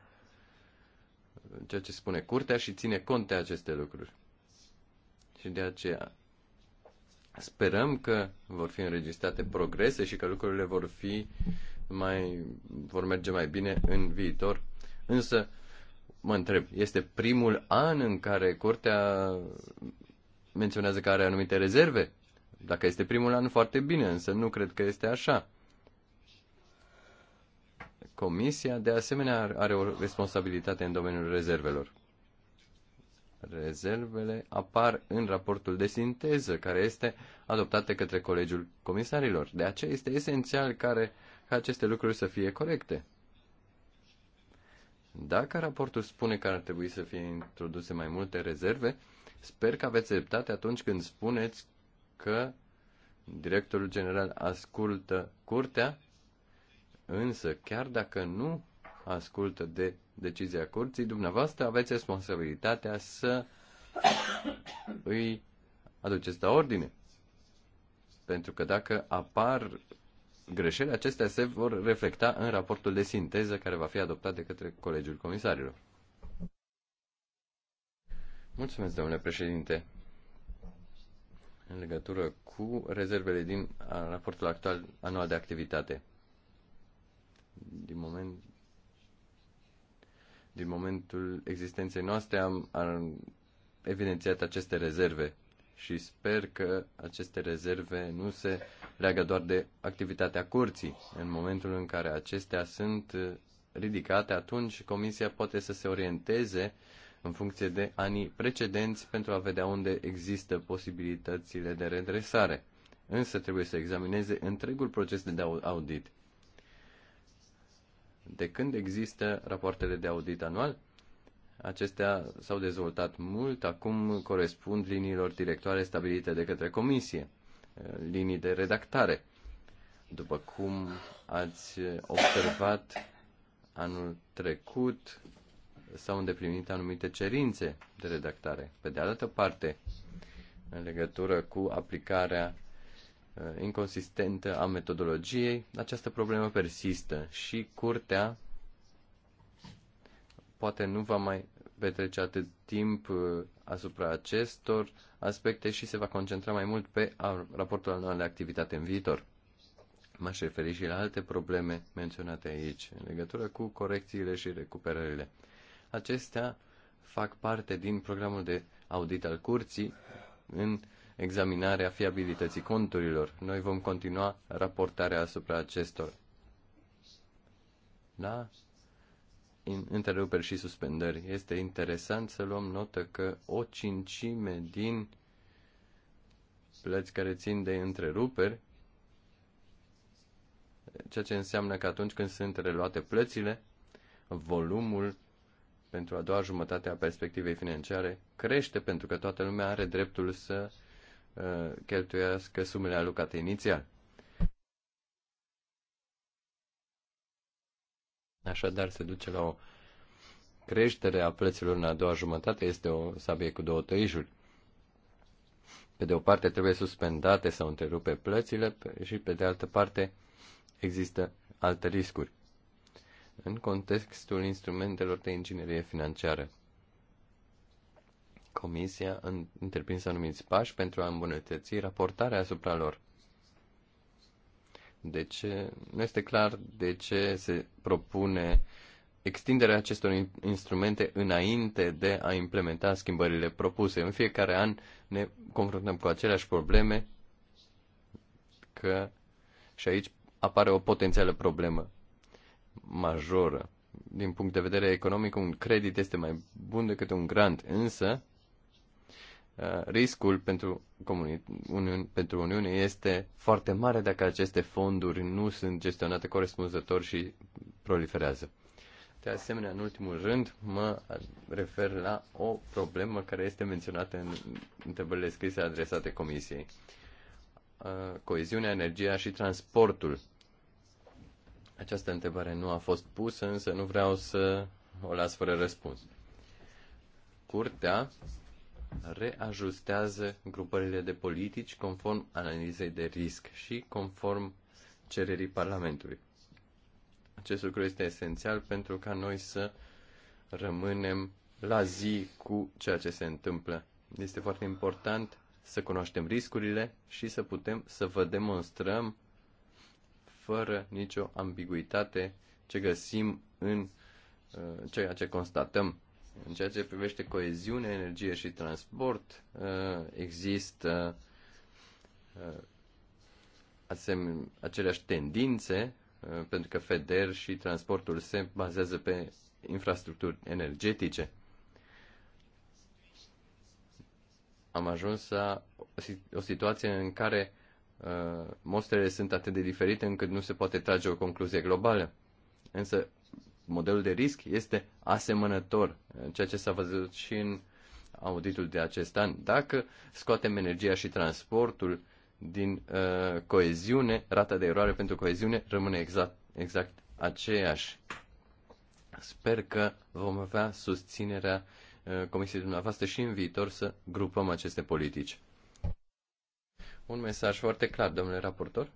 uh, ceea ce spune curtea și ține cont de aceste lucruri. Și de aceea sperăm că vor fi înregistrate progrese și că lucrurile vor fi mai, vor merge mai bine în viitor. Însă, mă întreb, este primul an în care Curtea menționează că are anumite rezerve? Dacă este primul an, foarte bine, însă nu cred că este așa. Comisia, de asemenea, are o responsabilitate în domeniul rezervelor. Rezervele apar în raportul de sinteză care este adoptat de către Colegiul Comisarilor. De aceea este esențial care ca aceste lucruri să fie corecte. Dacă raportul spune că ar trebui să fie introduse mai multe rezerve, sper că aveți dreptate atunci când spuneți că directorul general ascultă curtea, însă chiar dacă nu ascultă de decizia curții, dumneavoastră aveți responsabilitatea să îi aduceți la ordine. Pentru că dacă apar greșeli, acestea se vor reflecta în raportul de sinteză care va fi adoptat de către Colegiul Comisarilor. Mulțumesc, domnule președinte. În legătură cu rezervele din raportul actual anual de activitate. Din moment din momentul existenței noastre am, am evidențiat aceste rezerve și sper că aceste rezerve nu se leagă doar de activitatea curții. În momentul în care acestea sunt uh, ridicate, atunci comisia poate să se orienteze în funcție de anii precedenți pentru a vedea unde există posibilitățile de redresare. Însă trebuie să examineze întregul proces de audit. De când există rapoartele de audit anual, Acestea s-au dezvoltat mult, acum corespund liniilor directoare stabilite de către comisie, linii de redactare. După cum ați observat, anul trecut s-au îndeplinit anumite cerințe de redactare. Pe de altă parte, în legătură cu aplicarea uh, inconsistentă a metodologiei, această problemă persistă și curtea poate nu va mai petrece atât timp uh, asupra acestor aspecte și se va concentra mai mult pe raportul anual de activitate în viitor. M-aș referi și la alte probleme menționate aici, în legătură cu corecțiile și recuperările. Acestea fac parte din programul de audit al curții în examinarea fiabilității conturilor. Noi vom continua raportarea asupra acestor. La da? întreruperi și suspendări. Este interesant să luăm notă că o cincime din plăți care țin de întreruperi, ceea ce înseamnă că atunci când sunt reluate plățile, volumul pentru a doua jumătate a perspectivei financiare crește pentru că toată lumea are dreptul să uh, cheltuiască sumele alocate inițial. Așadar, se duce la o creștere a plăților în a doua jumătate. Este o sabie cu două tăișuri. Pe de o parte trebuie suspendate sau întrerupe plățile și pe de altă parte există alte riscuri în contextul instrumentelor de inginerie financiară. Comisia a întreprins anumiți pași pentru a îmbunătăți raportarea asupra lor de ce, nu este clar de ce se propune extinderea acestor instrumente înainte de a implementa schimbările propuse. În fiecare an ne confruntăm cu aceleași probleme că și aici apare o potențială problemă majoră. Din punct de vedere economic, un credit este mai bun decât un grant, însă Uh, riscul pentru, Uniune, pentru Uniune este foarte mare dacă aceste fonduri nu sunt gestionate corespunzător și proliferează. De asemenea, în ultimul rând, mă refer la o problemă care este menționată în întrebările scrise adresate Comisiei. Uh, coeziunea, energia și transportul. Această întrebare nu a fost pusă, însă nu vreau să o las fără răspuns. Curtea reajustează grupările de politici conform analizei de risc și conform cererii Parlamentului. Acest lucru este esențial pentru ca noi să rămânem la zi cu ceea ce se întâmplă. Este foarte important să cunoaștem riscurile și să putem să vă demonstrăm fără nicio ambiguitate ce găsim în uh, ceea ce constatăm în ceea ce privește coeziune, energie și transport, uh, există uh, aceleași tendințe, uh, pentru că FEDER și transportul se bazează pe infrastructuri energetice. Am ajuns la o situație în care mostrele sunt atât de diferite încât nu se poate trage o concluzie globală. Însă modelul de risc este asemănător, ceea ce s-a văzut și în auditul de acest an. Dacă scoatem energia și transportul din uh, coeziune, rata de eroare pentru coeziune rămâne exact, exact aceeași. Sper că vom avea susținerea uh, Comisiei dumneavoastră și în viitor să grupăm aceste politici. Un mesaj foarte clar, domnule raportor.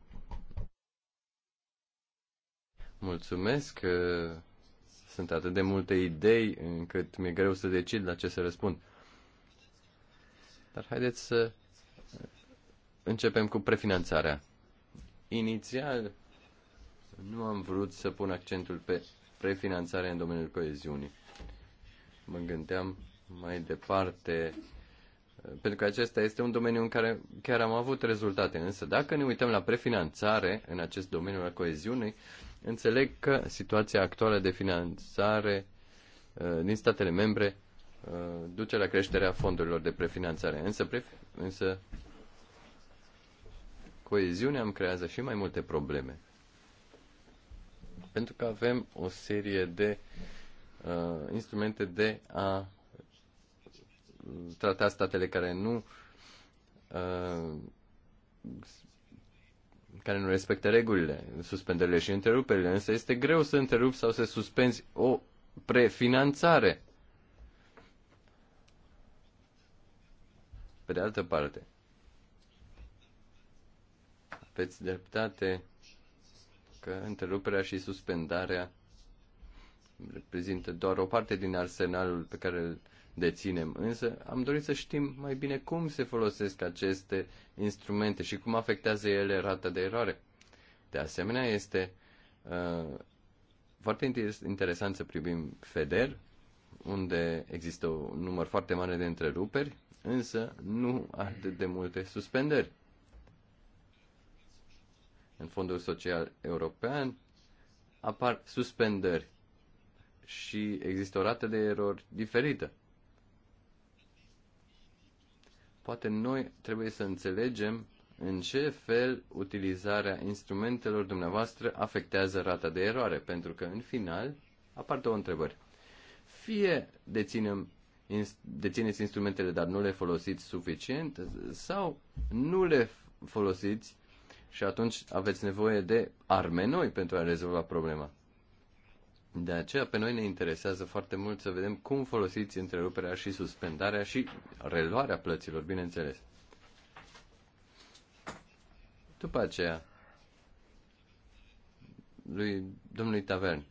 Mulțumesc. Uh, sunt atât de multe idei încât mi-e greu să decid la ce să răspund. Dar haideți să începem cu prefinanțarea. Inițial, nu am vrut să pun accentul pe prefinanțarea în domeniul coeziunii. Mă gândeam mai departe, pentru că acesta este un domeniu în care chiar am avut rezultate. Însă, dacă ne uităm la prefinanțare în acest domeniu al coeziunii, Înțeleg că situația actuală de finanțare uh, din statele membre uh, duce la creșterea fondurilor de prefinanțare, însă, pref, însă coeziunea îmi creează și mai multe probleme. Pentru că avem o serie de uh, instrumente de a uh, trata statele care nu uh, care nu respectă regulile, suspenderile și întreruperile, însă este greu să întrerupi sau să suspenzi o prefinanțare. Pe de altă parte, aveți dreptate că întreruperea și suspendarea reprezintă doar o parte din arsenalul pe care îl deținem, însă am dorit să știm mai bine cum se folosesc aceste instrumente și cum afectează ele rata de eroare. De asemenea, este uh, foarte interesant să privim FEDER, unde există un număr foarte mare de întreruperi, însă nu atât de multe suspendări. În Fondul Social European apar suspendări și există o rată de erori diferită. Poate noi trebuie să înțelegem în ce fel utilizarea instrumentelor dumneavoastră afectează rata de eroare, pentru că în final apar două întrebări. Fie deținem dețineți instrumentele, dar nu le folosiți suficient sau nu le folosiți și atunci aveți nevoie de arme noi pentru a rezolva problema. De aceea pe noi ne interesează foarte mult să vedem cum folosiți întreruperea și suspendarea și reluarea plăților, bineînțeles. După aceea, lui domnului Tavern.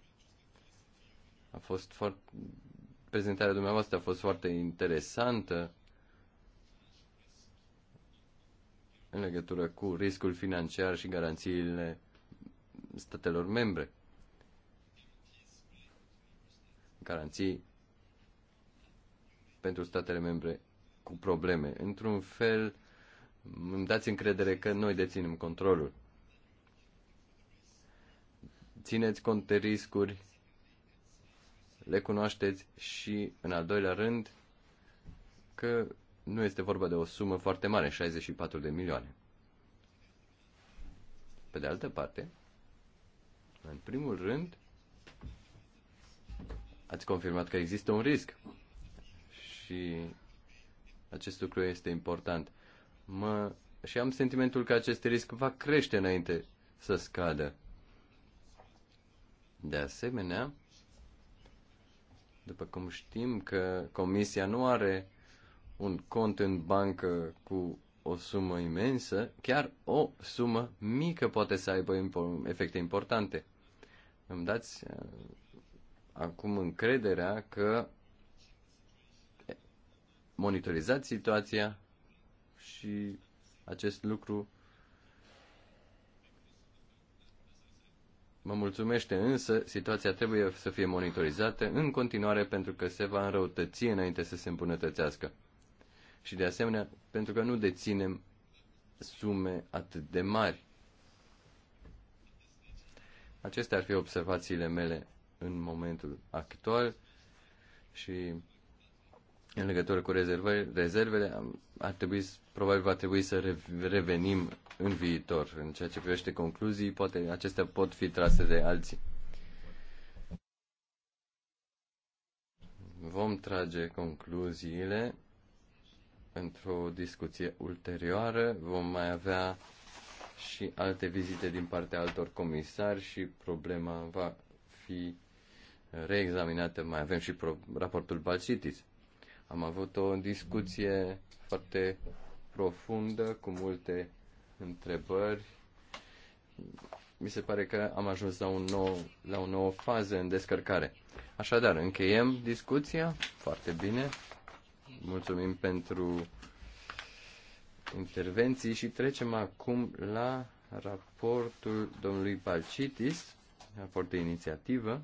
A fost foarte... Prezentarea dumneavoastră a fost foarte interesantă în legătură cu riscul financiar și garanțiile statelor membre garanții pentru statele membre cu probleme. Într-un fel, îmi dați încredere că noi deținem controlul. Țineți cont de riscuri, le cunoașteți și, în al doilea rând, că nu este vorba de o sumă foarte mare, 64 de milioane. Pe de altă parte, în primul rând, ați confirmat că există un risc și acest lucru este important. Mă, și am sentimentul că acest risc va crește înainte să scadă. De asemenea, după cum știm că comisia nu are un cont în bancă cu o sumă imensă, chiar o sumă mică poate să aibă efecte importante. Îmi dați acum încrederea că monitorizați situația și acest lucru mă mulțumește, însă situația trebuie să fie monitorizată în continuare pentru că se va înrăutăți înainte să se îmbunătățească. Și de asemenea, pentru că nu deținem sume atât de mari. Acestea ar fi observațiile mele în momentul actual și în legătură cu rezervări, rezervele, ar trebui, probabil va trebui să revenim în viitor. În ceea ce privește concluzii, poate acestea pot fi trase de alții. Vom trage concluziile într-o discuție ulterioară. Vom mai avea și alte vizite din partea altor comisari și problema va fi reexaminată. Mai avem și raportul Balcitis. Am avut o discuție foarte profundă, cu multe întrebări. Mi se pare că am ajuns la, un nou, la o nouă fază în descărcare. Așadar, încheiem discuția. Foarte bine. Mulțumim pentru intervenții și trecem acum la raportul domnului Balcitis, raport de inițiativă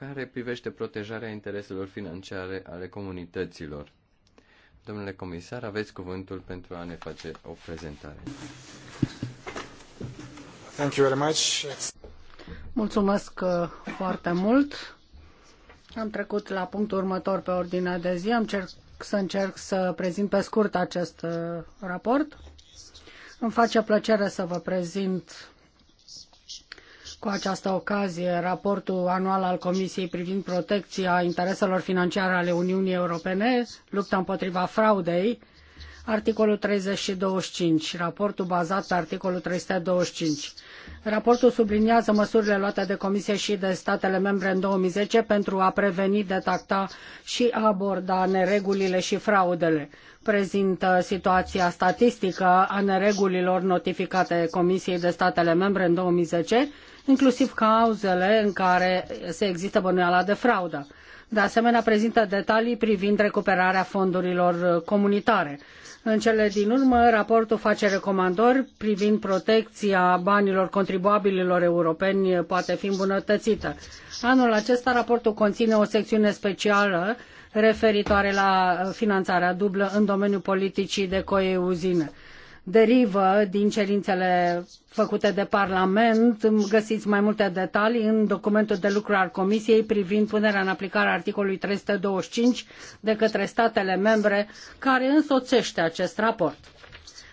care privește protejarea intereselor financiare ale comunităților. Domnule comisar, aveți cuvântul pentru a ne face o prezentare. Thank you very much. Mulțumesc uh, foarte mult. Am trecut la punctul următor pe ordinea de zi. Am cer- să încerc să prezint pe scurt acest uh, raport. Îmi face plăcere să vă prezint cu această ocazie raportul anual al Comisiei privind protecția intereselor financiare ale Uniunii Europene, lupta împotriva fraudei, articolul 30 și 25, raportul bazat pe articolul 325. Raportul subliniază măsurile luate de Comisie și de statele membre în 2010 pentru a preveni, detecta și aborda neregulile și fraudele. Prezintă situația statistică a neregulilor notificate Comisiei de statele membre în 2010 inclusiv cauzele în care se există bănuiala de fraudă. De asemenea, prezintă detalii privind recuperarea fondurilor comunitare. În cele din urmă, raportul face recomandări privind protecția banilor contribuabililor europeni poate fi îmbunătățită. Anul acesta, raportul conține o secțiune specială referitoare la finanțarea dublă în domeniul politicii de coeziune derivă din cerințele făcute de Parlament. Găsiți mai multe detalii în documentul de lucru al Comisiei privind punerea în aplicare a articolului 325 de către statele membre care însoțește acest raport.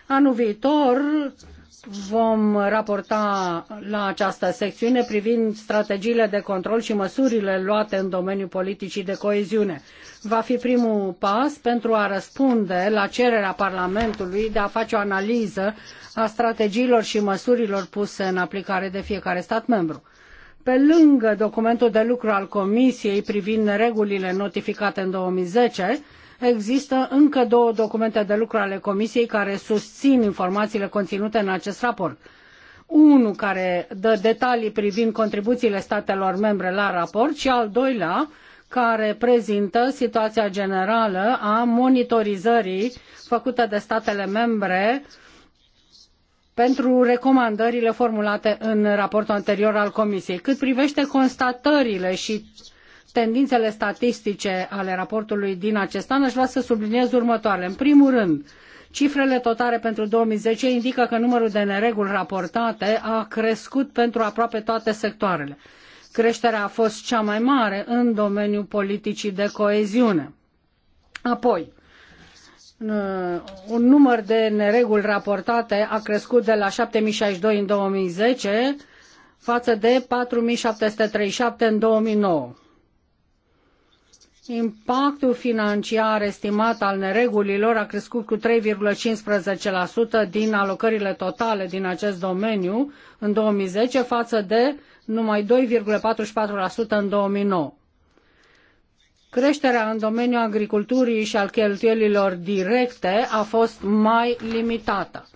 Anul viitor vom raporta la această secțiune privind strategiile de control și măsurile luate în domeniul politicii de coeziune. Va fi primul pas pentru a răspunde la cererea Parlamentului de a face o analiză a strategiilor și măsurilor puse în aplicare de fiecare stat membru. Pe lângă documentul de lucru al Comisiei privind regulile notificate în 2010, Există încă două documente de lucru ale Comisiei care susțin informațiile conținute în acest raport. Unul care dă detalii privind contribuțiile statelor membre la raport și al doilea care prezintă situația generală a monitorizării făcută de statele membre pentru recomandările formulate în raportul anterior al Comisiei. Cât privește constatările și tendințele statistice ale raportului din acest an, aș vrea să subliniez următoarele. În primul rând, Cifrele totale pentru 2010 indică că numărul de nereguli raportate a crescut pentru aproape toate sectoarele. Creșterea a fost cea mai mare în domeniul politicii de coeziune. Apoi, uh, un număr de nereguli raportate a crescut de la 7062 în 2010 față de 4737 în 2009. Impactul financiar estimat al neregulilor a crescut cu 3,15% din alocările totale din acest domeniu în 2010 față de numai 2,44% în 2009. Creșterea în domeniul agriculturii și al cheltuielilor directe a fost mai limitată.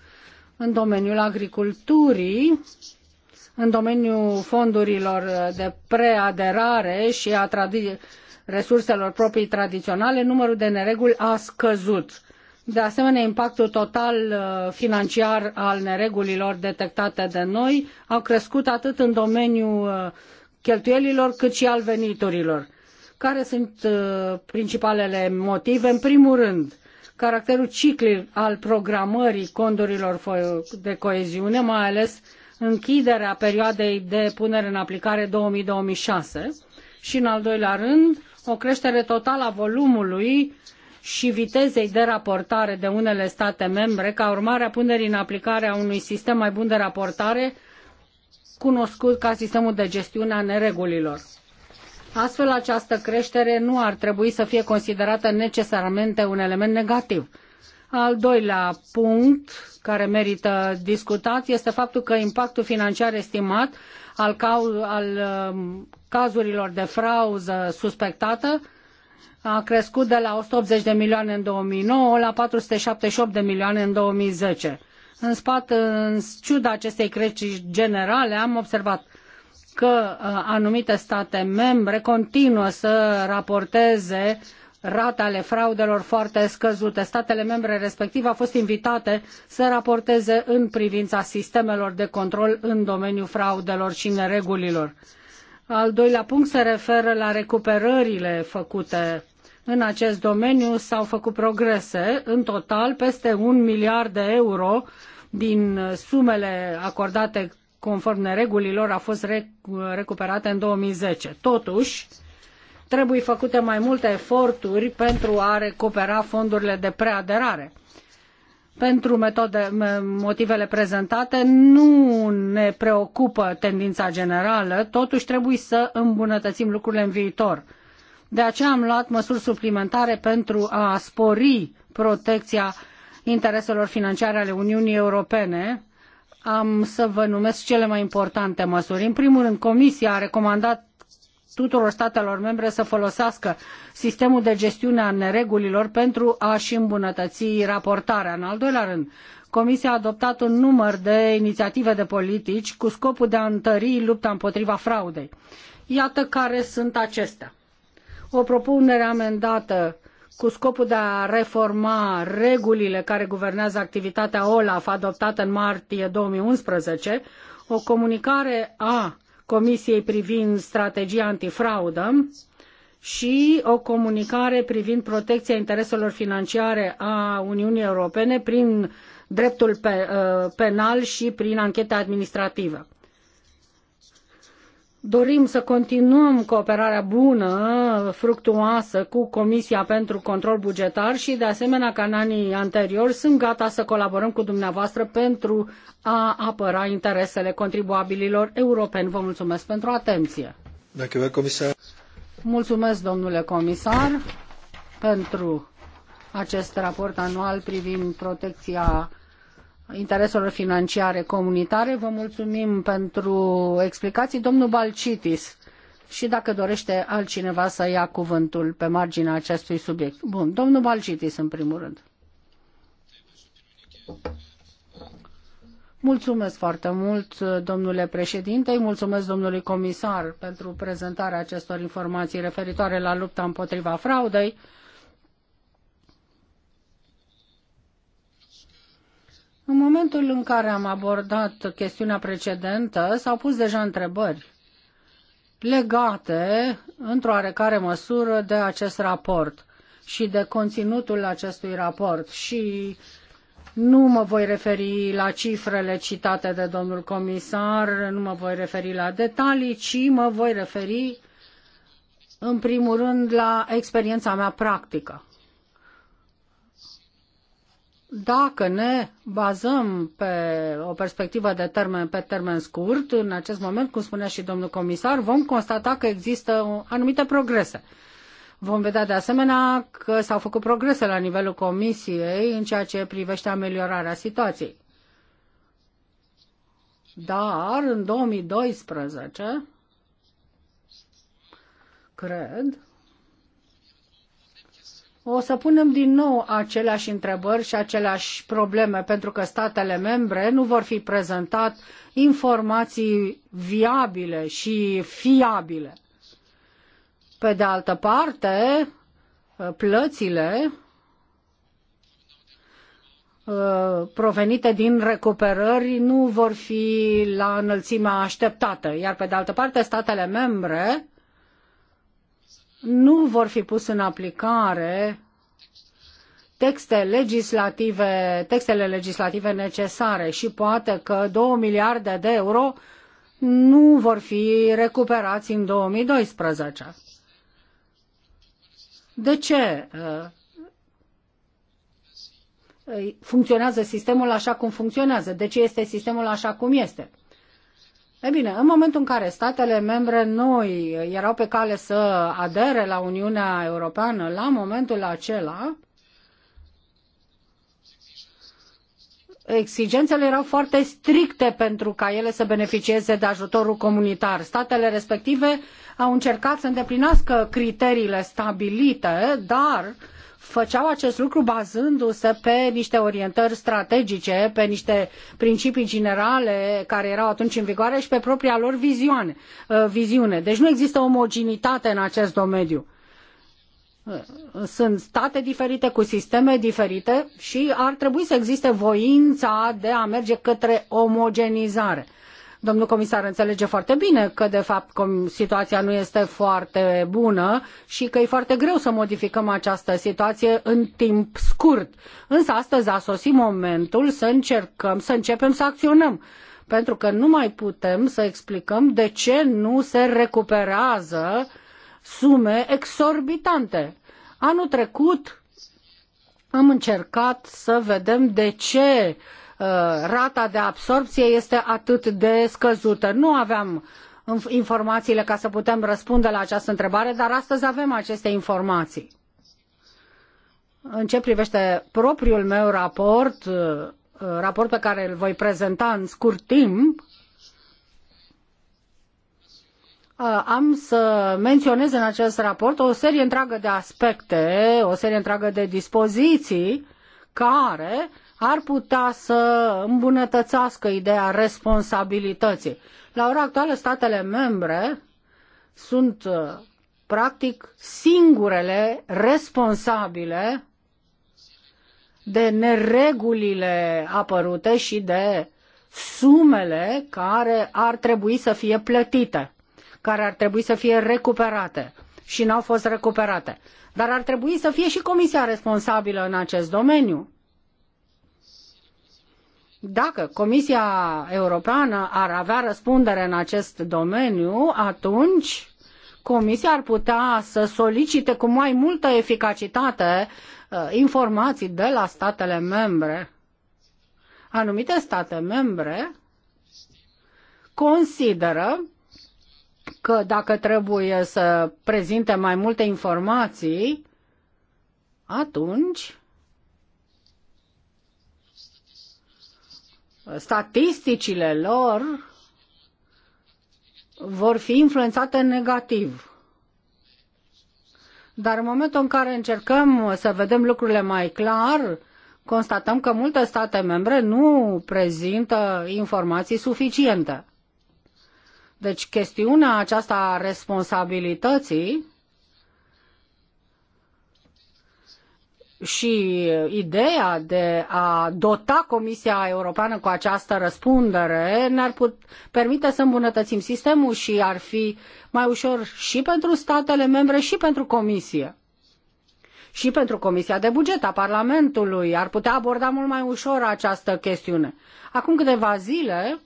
În domeniul agriculturii, în domeniul fondurilor de preaderare și a tradiției resurselor proprii tradiționale, numărul de nereguli a scăzut. De asemenea, impactul total uh, financiar al neregulilor detectate de noi a crescut atât în domeniul uh, cheltuielilor cât și al veniturilor. Care sunt uh, principalele motive? În primul rând, caracterul ciclic al programării condurilor de coeziune, mai ales închiderea perioadei de punere în aplicare 2000-2006 și, în al doilea rând, o creștere totală a volumului și vitezei de raportare de unele state membre ca urmare a punerii în aplicare a unui sistem mai bun de raportare cunoscut ca sistemul de gestiune a neregulilor. Astfel, această creștere nu ar trebui să fie considerată necesaramente un element negativ. Al doilea punct care merită discutat este faptul că impactul financiar estimat al, al um, cazurilor de frauză suspectată a crescut de la 180 de milioane în 2009 la 478 de milioane în 2010. În spate, în ciuda acestei creșteri generale, am observat că uh, anumite state membre continuă să raporteze rate ale fraudelor foarte scăzute. Statele membre respective au fost invitate să raporteze în privința sistemelor de control în domeniul fraudelor și neregulilor. Al doilea punct se referă la recuperările făcute în acest domeniu. S-au făcut progrese, în total peste un miliard de euro din sumele acordate conform neregulilor a fost recuperate în 2010. Totuși, trebuie făcute mai multe eforturi pentru a recupera fondurile de preaderare pentru metode, motivele prezentate nu ne preocupă tendința generală, totuși trebuie să îmbunătățim lucrurile în viitor. De aceea am luat măsuri suplimentare pentru a spori protecția intereselor financiare ale Uniunii Europene. Am să vă numesc cele mai importante măsuri. În primul rând, Comisia a recomandat tuturor statelor membre să folosească sistemul de gestiune a neregulilor pentru a-și îmbunătăți raportarea. În al doilea rând, Comisia a adoptat un număr de inițiative de politici cu scopul de a întări lupta împotriva fraudei. Iată care sunt acestea. O propunere amendată cu scopul de a reforma regulile care guvernează activitatea OLAF adoptată în martie 2011, o comunicare a Comisiei privind strategia antifraudă și o comunicare privind protecția intereselor financiare a Uniunii Europene prin dreptul uh, penal și prin ancheta administrativă. Dorim să continuăm cooperarea bună, fructuoasă cu Comisia pentru Control Bugetar și, de asemenea, ca în anii anteriori, sunt gata să colaborăm cu dumneavoastră pentru a apăra interesele contribuabililor europeni. Vă mulțumesc pentru atenție. Mulțumesc, domnule comisar, pentru acest raport anual privind protecția intereselor financiare comunitare. Vă mulțumim pentru explicații. Domnul Balcitis și dacă dorește altcineva să ia cuvântul pe marginea acestui subiect. Bun, domnul Balcitis în primul rând. Mulțumesc foarte mult, domnule președinte, mulțumesc domnului comisar pentru prezentarea acestor informații referitoare la lupta împotriva fraudei. În momentul în care am abordat chestiunea precedentă, s-au pus deja întrebări legate, într-o oarecare măsură, de acest raport și de conținutul acestui raport și nu mă voi referi la cifrele citate de domnul comisar, nu mă voi referi la detalii, ci mă voi referi în primul rând la experiența mea practică. Dacă ne bazăm pe o perspectivă de termen, pe termen scurt, în acest moment, cum spunea și domnul comisar, vom constata că există anumite progrese. Vom vedea de asemenea că s-au făcut progrese la nivelul Comisiei în ceea ce privește ameliorarea situației. Dar în 2012, cred, o să punem din nou aceleași întrebări și aceleași probleme, pentru că statele membre nu vor fi prezentat informații viabile și fiabile. Pe de altă parte, plățile uh, provenite din recuperări nu vor fi la înălțimea așteptată, iar pe de altă parte statele membre nu vor fi pus în aplicare texte legislative, textele legislative necesare și poate că 2 miliarde de euro nu vor fi recuperați în 2012. De ce uh, funcționează sistemul așa cum funcționează? De ce este sistemul așa cum este? E bine, în momentul în care statele membre noi erau pe cale să adere la Uniunea Europeană, la momentul acela, exigențele erau foarte stricte pentru ca ele să beneficieze de ajutorul comunitar. Statele respective au încercat să îndeplinească criteriile stabilite, dar făceau acest lucru bazându-se pe niște orientări strategice, pe niște principii generale care erau atunci în vigoare și pe propria lor viziune. Deci nu există omogenitate în acest domeniu sunt state diferite, cu sisteme diferite și ar trebui să existe voința de a merge către omogenizare. Domnul comisar înțelege foarte bine că, de fapt, situația nu este foarte bună și că e foarte greu să modificăm această situație în timp scurt. Însă astăzi a sosit momentul să încercăm, să începem să acționăm pentru că nu mai putem să explicăm de ce nu se recuperează uh, sume exorbitante. Anul trecut am încercat să vedem de ce uh, rata de absorpție este atât de scăzută. Nu aveam informațiile ca să putem răspunde la această întrebare, dar astăzi avem aceste informații. În ce privește propriul meu raport, uh, raport pe care îl voi prezenta în scurt timp, Uh, am să menționez în acest raport o serie întreagă de aspecte, o serie întreagă de dispoziții care ar putea să îmbunătățească ideea responsabilității. La ora actuală, statele membre sunt uh, practic singurele responsabile de neregulile apărute și de sumele care ar trebui să fie plătite care ar trebui să fie recuperate și n-au fost recuperate. Dar ar trebui să fie și comisia responsabilă în acest domeniu. Dacă Comisia Europeană ar avea răspundere în acest domeniu, atunci Comisia ar putea să solicite cu mai multă eficacitate uh, informații de la statele membre. Anumite state membre consideră că dacă trebuie să prezinte mai multe informații, atunci statisticile lor vor fi influențate negativ. Dar în momentul în care încercăm să vedem lucrurile mai clar, constatăm că multe state membre nu prezintă informații suficiente. Deci chestiunea aceasta a responsabilității și ideea de a dota Comisia Europeană cu această răspundere ne-ar permite să îmbunătățim sistemul și ar fi mai ușor și pentru statele membre și pentru Comisie. Și pentru Comisia de Buget a Parlamentului ar putea aborda mult mai ușor această chestiune. Acum câteva zile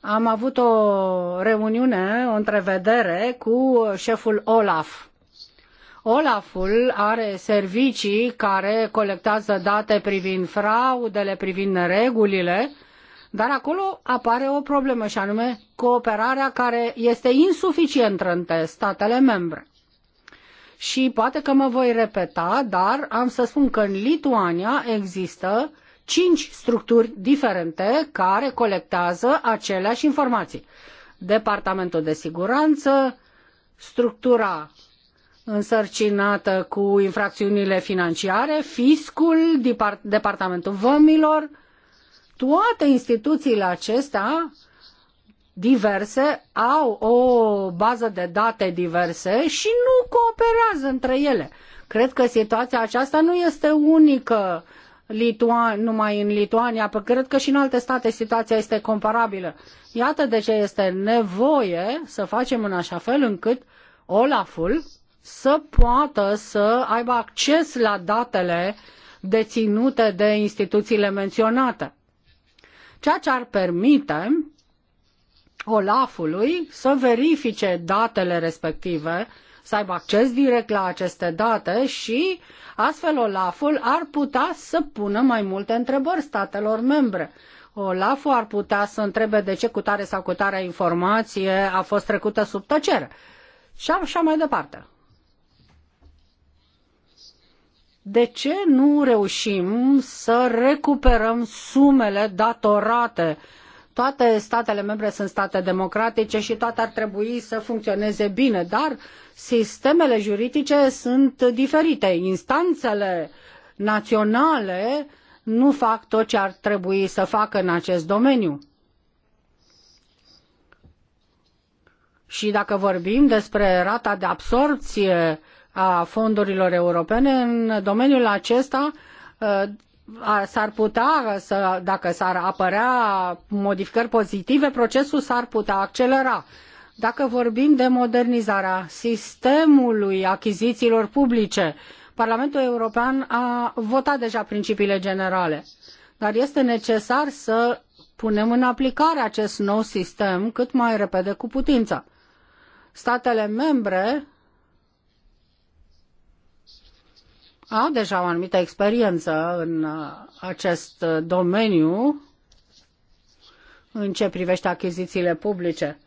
am avut o reuniune, o întrevedere cu șeful Olaf. Olaful are servicii care colectează date privind fraudele, privind neregulile, dar acolo apare o problemă și anume cooperarea care este insuficientă între statele membre. Și poate că mă voi repeta, dar am să spun că în Lituania există cinci structuri diferente care colectează aceleași informații. Departamentul de Siguranță, structura însărcinată cu infracțiunile financiare, fiscul, departamentul vămilor, toate instituțiile acestea diverse au o bază de date diverse și nu cooperează între ele. Cred că situația aceasta nu este unică Litua- numai în Lituania, cred că și în alte state situația este comparabilă. Iată de ce este nevoie să facem în așa fel încât Olaful să poată să aibă acces la datele deținute de instituțiile menționate. Ceea ce ar permite Olafului să verifice datele respective să aibă acces direct la aceste date și astfel OLAF-ul ar putea să pună mai multe întrebări statelor membre. Olaf ar putea să întrebe de ce cutare sau cutare tare informație a fost trecută sub tăcere. Și așa mai departe. De ce nu reușim să recuperăm sumele datorate uh, toate statele membre sunt state democratice și toate ar trebui să funcționeze bine, dar sistemele juridice sunt diferite. Instanțele naționale nu fac tot ce ar trebui să facă în acest domeniu. Și dacă vorbim despre rata de absorpție a fondurilor europene, în domeniul acesta s-ar putea, să, dacă s-ar apărea modificări pozitive, procesul s-ar putea accelera. Dacă vorbim de modernizarea sistemului achizițiilor publice, Parlamentul European a votat deja principiile generale, dar este necesar să punem în aplicare acest nou sistem cât mai repede cu putință. Statele membre au deja o anumită experiență în uh, acest uh, domeniu în ce privește achizițiile publice.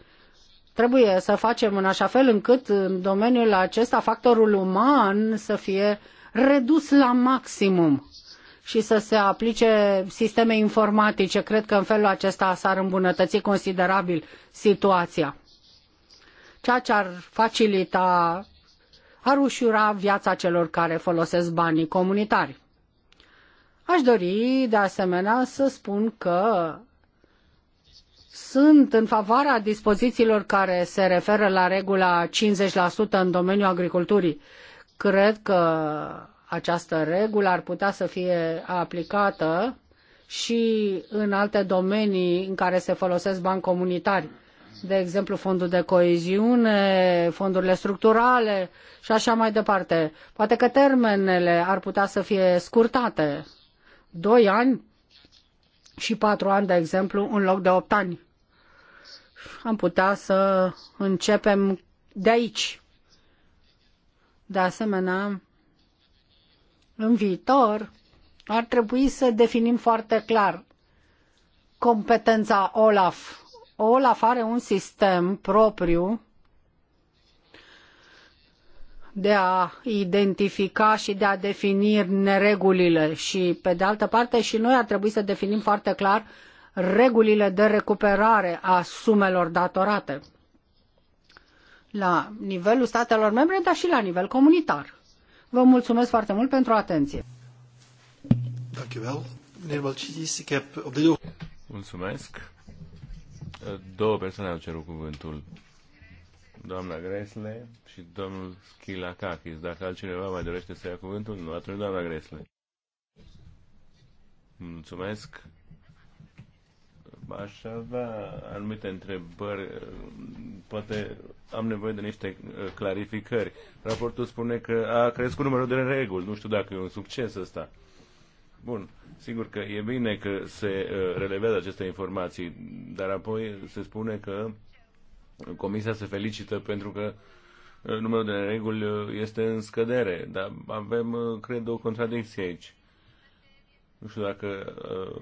Trebuie să facem în așa fel încât în domeniul acesta factorul uman să fie redus la maximum și să se aplice sisteme informatice. Cred că în felul acesta s-ar îmbunătăți considerabil situația. Ceea ce ar facilita ar ușura viața celor care folosesc banii comunitari. Aș dori, de asemenea, să spun că sunt în favoarea dispozițiilor care se referă la regula 50% în domeniul agriculturii. Cred că această regulă ar putea să fie aplicată și în alte domenii în care se folosesc bani comunitari de exemplu fondul de coeziune, fondurile structurale și așa mai departe. Poate că termenele ar putea să fie scurtate. Doi ani și patru ani, de exemplu, în loc de opt ani. Am putea să începem de aici. De asemenea, în viitor ar trebui să definim foarte clar competența OLAF Olaf are un sistem propriu de a identifica și de a defini neregulile și, pe de altă parte, și noi ar trebui să definim foarte clar regulile de recuperare a sumelor datorate la nivelul statelor membre, dar și la nivel comunitar. Vă mulțumesc foarte mult pentru atenție. Mulțumesc. Două persoane au cerut cuvântul. Doamna Gresle și domnul Schilacakis. Dacă altcineva mai dorește să ia cuvântul, nu atunci doamna Gresle. Mulțumesc. Aș avea anumite întrebări, poate am nevoie de niște uh, clarificări. Raportul spune că a crescut numărul de reguli, nu știu dacă e un succes ăsta. Bun, sigur că e bine că se uh, relevează aceste informații, dar apoi se spune că Comisia se felicită pentru că uh, numărul de reguli uh, este în scădere, dar avem, cred, o contradicție aici. Nu știu dacă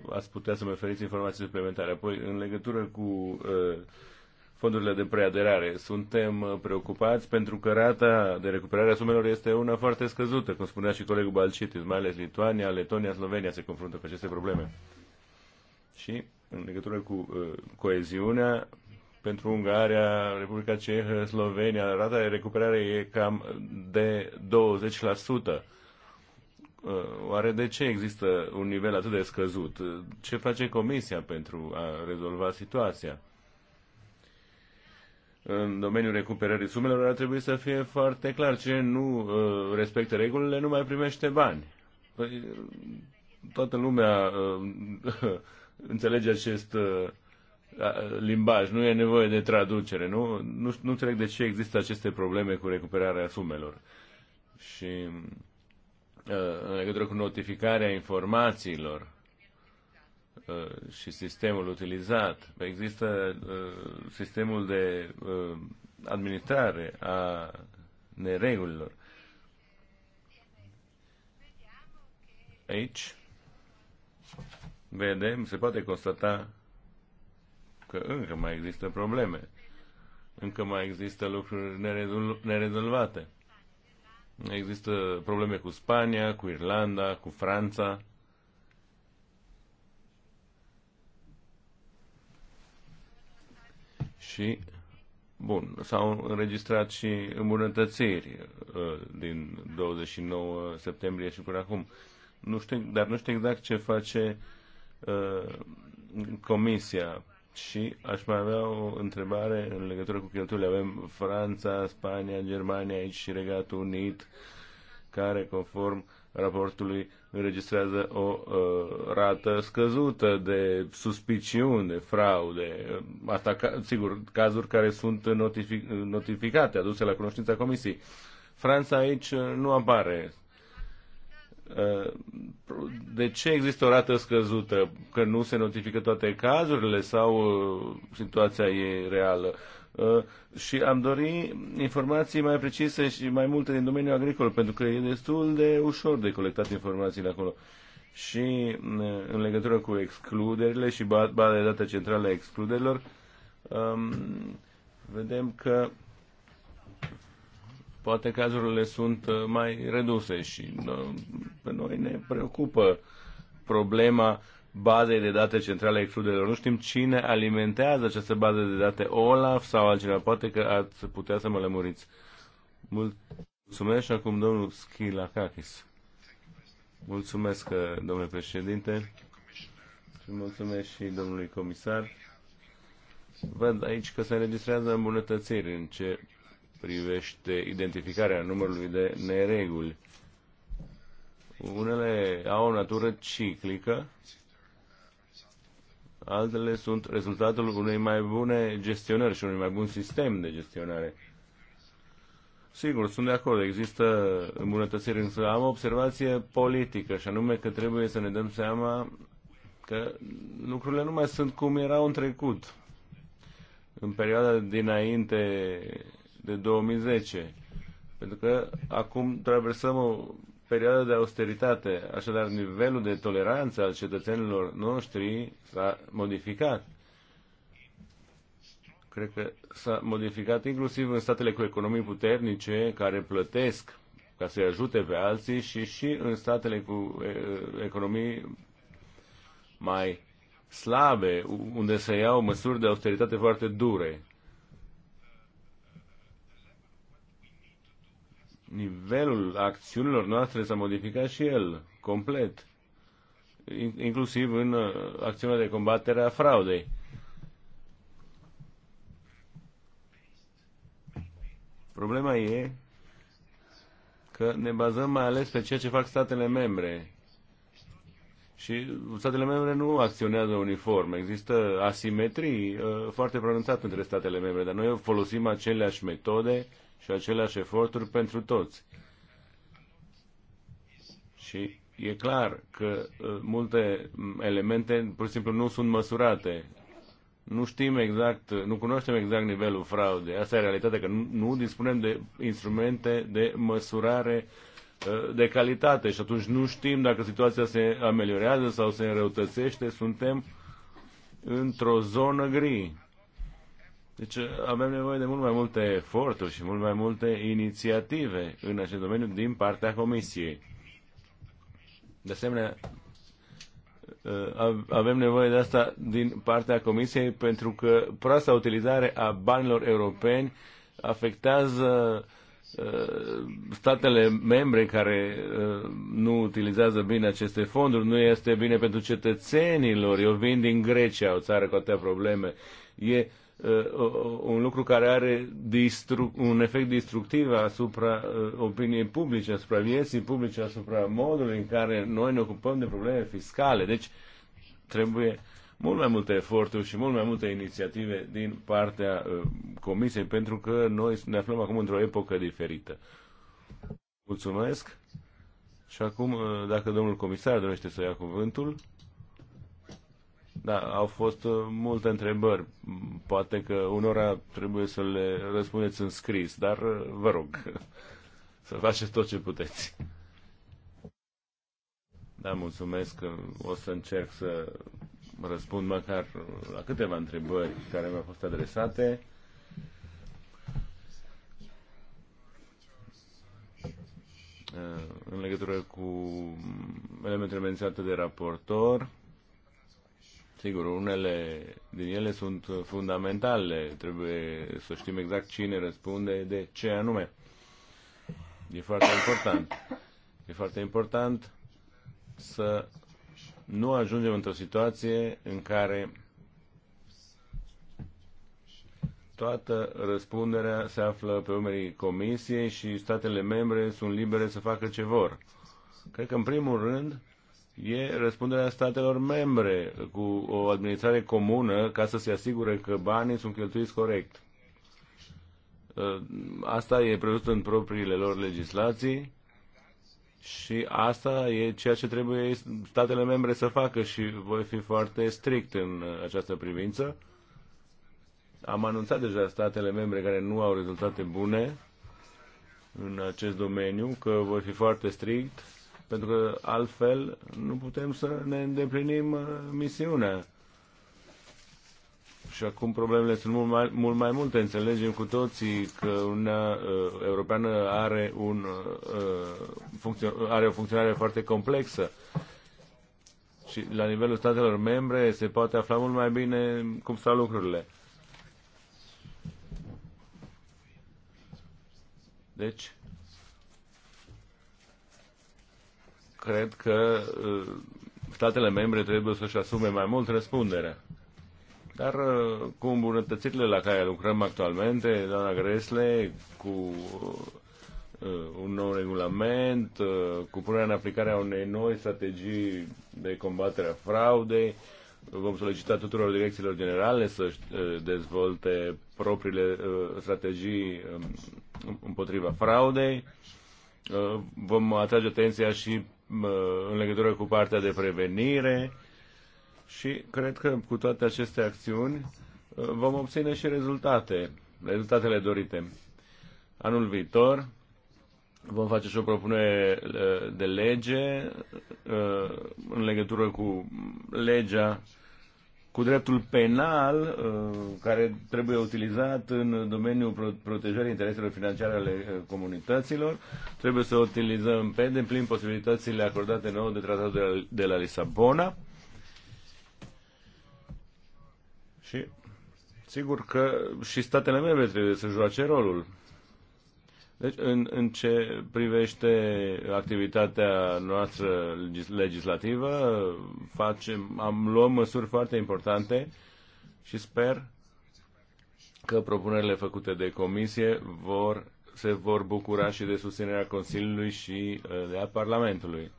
ați putea să-mi oferiți informații suplimentare. Apoi, în legătură cu uh, fondurile de preaderare. Suntem uh, preocupați pentru că rata de recuperare a sumelor este una foarte scăzută, cum spunea și colegul Balcitis, mai ales Lituania, Letonia, Slovenia se confruntă cu aceste probleme. Și în legătură cu uh, coeziunea, pentru Ungaria, Republica Cehă, Slovenia, rata de recuperare e cam de 20%. Uh, oare de ce există un nivel atât de scăzut? Ce face Comisia pentru a rezolva situația? în domeniul recuperării sumelor ar trebui să fie foarte clar. Cine nu uh, respectă regulile nu mai primește bani. Păi, toată lumea uh, [LAUGHS] înțelege acest uh, limbaj, nu e nevoie de traducere, nu? Nu, nu înțeleg de ce există aceste probleme cu recuperarea sumelor. Și în legătură cu notificarea informațiilor, Uh, și sistemul utilizat. Există uh, sistemul de uh, administrare a neregulilor. Aici vedem, se poate constata că încă mai există probleme, încă mai există lucruri nerezol nerezolvate. Există probleme cu Spania, cu Irlanda, cu Franța. și, bun, s-au înregistrat și îmbunătățiri uh, din 29 septembrie și până acum. Nu știu, dar nu știu exact ce face uh, comisia și aș mai avea o întrebare în legătură cu cheltuielile. Avem Franța, Spania, Germania aici și Regatul Unit, care conform raportului înregistrează o uh, rată scăzută de suspiciuni, de fraude. Asta, ca, sigur, cazuri care sunt notific, notificate, aduse la cunoștința comisiei. Franța aici uh, nu apare. Uh, de ce există o rată scăzută? Că nu se notifică toate cazurile sau uh, situația e reală? Uh, și am dori informații mai precise și mai multe din domeniul agricol, pentru că e destul de ușor de colectat informațiile acolo. Și uh, în legătură cu excluderile și baza de date centrale a excluderilor, um, vedem că poate cazurile sunt uh, mai reduse și pe noi ne preocupă problema bazei de date centrale a excluderilor. Nu știm cine alimentează această bază de date, OLAF sau altcineva. Poate că ați putea să mă lămuriți. Mulțumesc și acum domnul Schilakakis. Mulțumesc, uh, domnule președinte. Și mulțumesc și domnului comisar. Văd aici că se înregistrează îmbunătățiri în ce privește identificarea numărului de nereguli. Unele au o natură ciclică altele sunt rezultatul unei mai bune gestionări și unui mai bun sistem de gestionare. Sigur, sunt de acord, există îmbunătățiri, însă am o observație politică, și anume că trebuie să ne dăm seama că lucrurile nu mai sunt cum erau în trecut, în perioada dinainte de 2010. Pentru că acum traversăm o perioadă de austeritate. Așadar, nivelul de toleranță al cetățenilor noștri s-a modificat. Cred că s-a modificat inclusiv în statele cu economii puternice care plătesc ca să-i ajute pe alții și și în statele cu economii mai slabe, unde se iau măsuri de austeritate foarte dure. nivelul acțiunilor noastre s-a modificat și el, complet, inclusiv în uh, acțiunea de combatere a fraudei. Problema e că ne bazăm mai ales pe ceea ce fac statele membre. Și statele membre nu acționează uniform. Există asimetrii uh, foarte pronunțate între statele membre, dar noi folosim aceleași metode și aceleași eforturi pentru toți. Și e clar că uh, multe elemente pur și simplu nu sunt măsurate. Nu știm exact, uh, nu cunoaștem exact nivelul fraudei. Asta e realitatea, că nu, nu dispunem de instrumente de măsurare uh, de calitate și atunci nu știm dacă situația se ameliorează sau se înrăutățește, suntem într-o zonă gri deci uh, avem nevoie de mult mai multe eforturi și mult mai multe inițiative în acest domeniu din partea Comisiei. De asemenea, uh, avem nevoie de asta din partea Comisiei pentru că proasta utilizare a banilor europeni afectează uh, statele membre care nu utilizează bine aceste fonduri, nu este bine pentru cetățenilor. Eu vin din Grecia, o țară cu atâtea probleme. E Uh, un lucru care are un efect destructiv asupra uh, opiniei publice, asupra vieții publice, asupra modului în care noi ne ocupăm de probleme fiscale. Deci trebuie mult mai multe eforturi și mult mai multe inițiative din partea uh, Comisiei, pentru că noi ne aflăm acum într-o epocă diferită. Mulțumesc! Și acum, dacă domnul comisar dorește să ia cuvântul, da, au fost uh, multe întrebări. Poate că unora trebuie să le răspundeți în scris, dar uh, vă rog [LAUGHS] să faceți tot ce puteți. Da, mulțumesc. O să încerc să răspund măcar la câteva întrebări care mi-au fost adresate. Uh, în legătură cu elementele menționate de raportor, Sigur, unele din ele sunt fundamentale, trebuie să știm exact cine răspunde de ce anume. E foarte important. E foarte important să nu ajungem într-o situație în care toată răspunderea se află pe umerii Comisiei și statele membre sunt libere să facă ce vor. Cred că, în primul rând, e răspunderea statelor membre cu o administrare comună ca să se asigure că banii sunt cheltuiți corect. Ă, asta e prevăzut în propriile lor legislații și asta e ceea ce trebuie statele membre să facă și voi fi foarte strict în această privință. Am anunțat deja statele membre care nu au rezultate bune în acest domeniu că voi fi foarte strict pentru că altfel nu putem să ne îndeplinim uh, misiunea. Și acum problemele sunt mult mai, mult mai multe. Înțelegem cu toții că Uniunea uh, Europeană are, un, uh, uh are o funcționare foarte complexă. Și la nivelul statelor membre se poate afla mult mai bine cum stau lucrurile. Deci, cred că uh, statele membre trebuie să-și asume mai mult răspunderea. Dar uh, cu îmbunătățirile la care lucrăm actualmente, doamna Gresle, cu uh, un nou regulament, cu punerea în aplicare a unei noi strategii de combatere a fraudei. Vom solicita tuturor direcțiilor generale să dezvolte propriile strategii um, împotriva fraudei. Vom atrage atenția și în legătură cu partea de prevenire și cred că cu toate aceste acțiuni uh, vom obține și rezultate, rezultatele dorite. Anul viitor vom face și o propunere uh, de lege uh, în legătură cu legea cu dreptul penal uh, care trebuie utilizat în domeniul protejării intereselor financiare ale uh, comunităților. Trebuie să utilizăm pe deplin posibilitățile acordate nou de tratatul de la Lisabona. Și sigur că și statele membre trebuie să joace rolul deci, în, în ce privește activitatea noastră legislativă, facem, am luăm măsuri foarte importante și sper că propunerile făcute de comisie vor, se vor bucura și de susținerea Consiliului și uh, de a Parlamentului.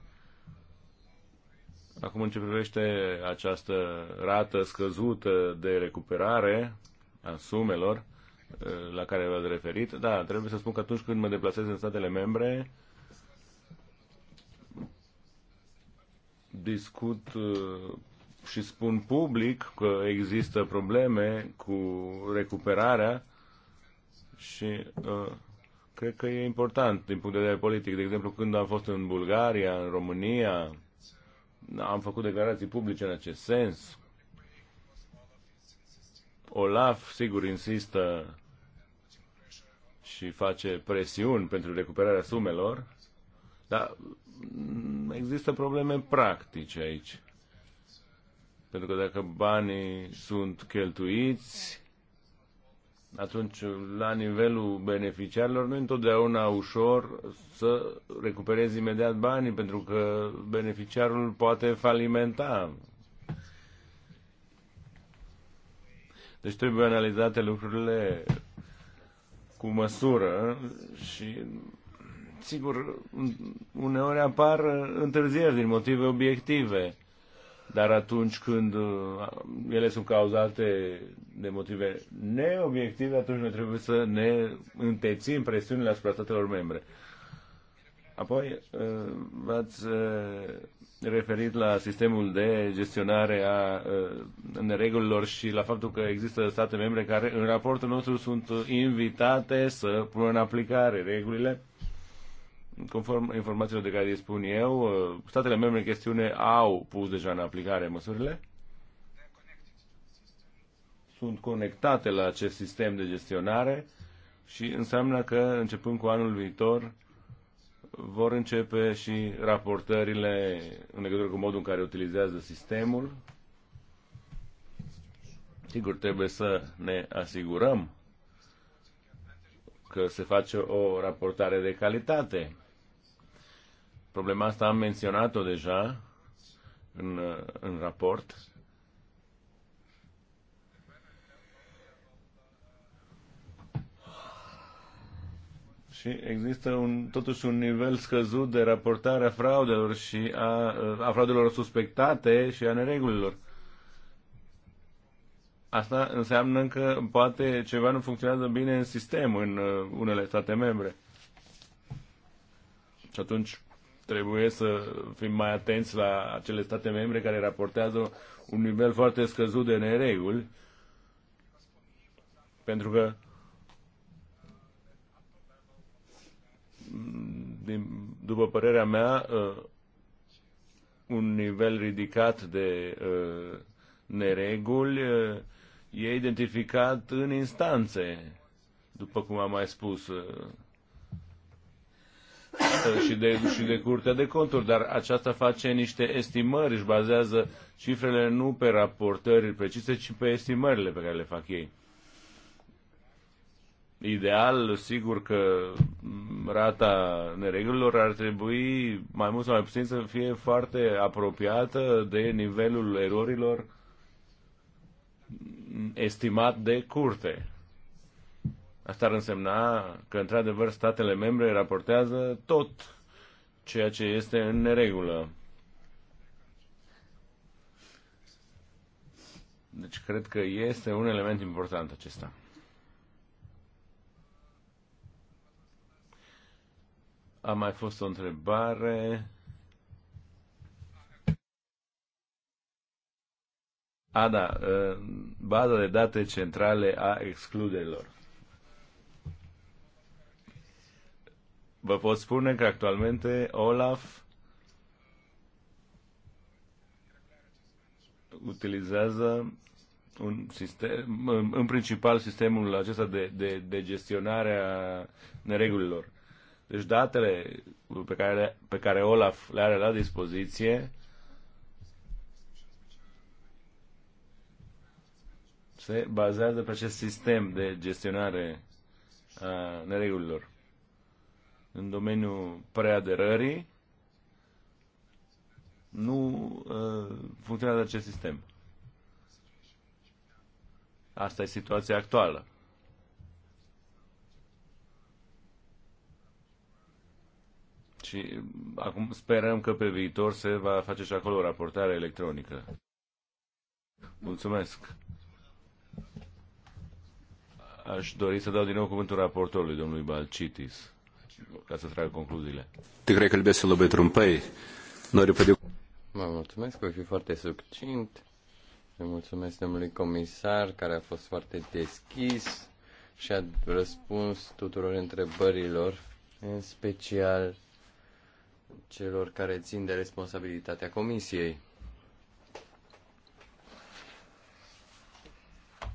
Acum, în ce privește această rată scăzută de recuperare a sumelor, Eh, la care v-ați referit. Da, trebuie să spun că atunci când mă deplasez în statele membre, discut eh, și spun public că există probleme cu recuperarea și eh, cred că e important din punct de vedere politic. De exemplu, când am fost în Bulgaria, în România, am făcut declarații publice în acest sens. Olaf, sigur, insistă și face presiuni pentru recuperarea sumelor, dar există probleme practice aici. Pentru că dacă banii sunt cheltuiți, atunci la nivelul beneficiarilor nu întotdeauna ușor să recuperezi imediat banii, pentru că beneficiarul poate falimenta. Deci trebuie analizate lucrurile cu măsură și sigur, uneori apar întârzieri din motive obiective, dar atunci când uh, ele sunt cauzate de motive neobiective, atunci noi trebuie să ne întețim presiunile asupra statelor membre. Apoi, uh, v-ați uh, referit la sistemul de gestionare a uh, neregulilor și la faptul că există state membre care în raportul nostru sunt invitate să pună în aplicare regulile. Conform informațiilor de care dispun eu, uh, statele membre în chestiune au pus deja în aplicare măsurile. Sunt conectate la acest sistem de gestionare și înseamnă că începând cu anul viitor vor începe și raportările în legătură cu modul în care utilizează sistemul. Sigur, trebuie să ne asigurăm că se face o raportare de calitate. Problema asta am menționat-o deja în, în raport Și există un, totuși un nivel scăzut de raportare a fraudelor și a, a fraudelor suspectate și a neregulilor. Asta înseamnă că poate ceva nu funcționează bine în sistem în uh, unele state membre. Și atunci trebuie să fim mai atenți la acele state membre care raportează un nivel foarte scăzut de nereguli, pentru că din, după părerea mea, uh, un nivel ridicat de uh, nereguli uh, e identificat în instanțe, după cum am mai spus, și de, și de Curtea de Conturi, dar aceasta face niște estimări, își bazează cifrele nu pe raportări precise, ci pe estimările pe care le fac ei ideal, sigur că rata neregulilor ar trebui mai mult sau mai puțin să fie foarte apropiată de nivelul erorilor estimat de curte. Asta ar însemna că, într-adevăr, statele membre raportează tot ceea ce este în neregulă. Deci cred că este un element important acesta. A mai fost o întrebare. A, da, baza de date centrale a excluderilor. Vă pot spune că actualmente Olaf utilizează un sistem, în principal sistemul acesta de, de, de gestionare a neregulilor. Deci datele pe care, pe care Olaf le are la dispoziție se bazează pe acest sistem de gestionare a neregulilor. În domeniul preaderării nu uh, funcționează acest sistem. Asta e situația actuală. și mm, acum sperăm că pe viitor se va face și acolo o raportare electronică. Mulțumesc. Aș dori să dau din nou cuvântul raportorului, domnului Balcitis, ca să trag concluziile. Te cred că îl să labai trumpai. Mă mulțumesc, voi fi foarte succint. Îi mulțumesc domnului comisar care a fost foarte deschis și a răspuns tuturor întrebărilor, în special celor care țin de responsabilitatea Comisiei.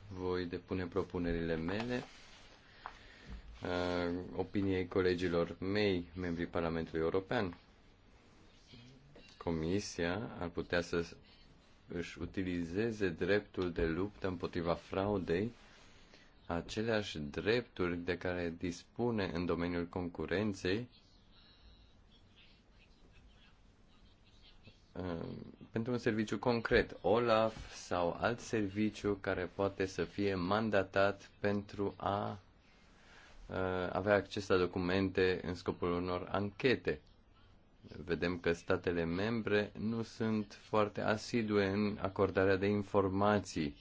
Voi depune propunerile mele uh, opiniei colegilor mei, membrii Parlamentului European. Comisia ar putea să își utilizeze dreptul de luptă împotriva fraudei, aceleași drepturi de care dispune în domeniul concurenței Um, pentru un serviciu concret, OLAF sau alt serviciu care poate să fie mandatat pentru a uh, avea acces la documente în scopul unor anchete. Vedem că statele membre nu sunt foarte asidue în acordarea de informații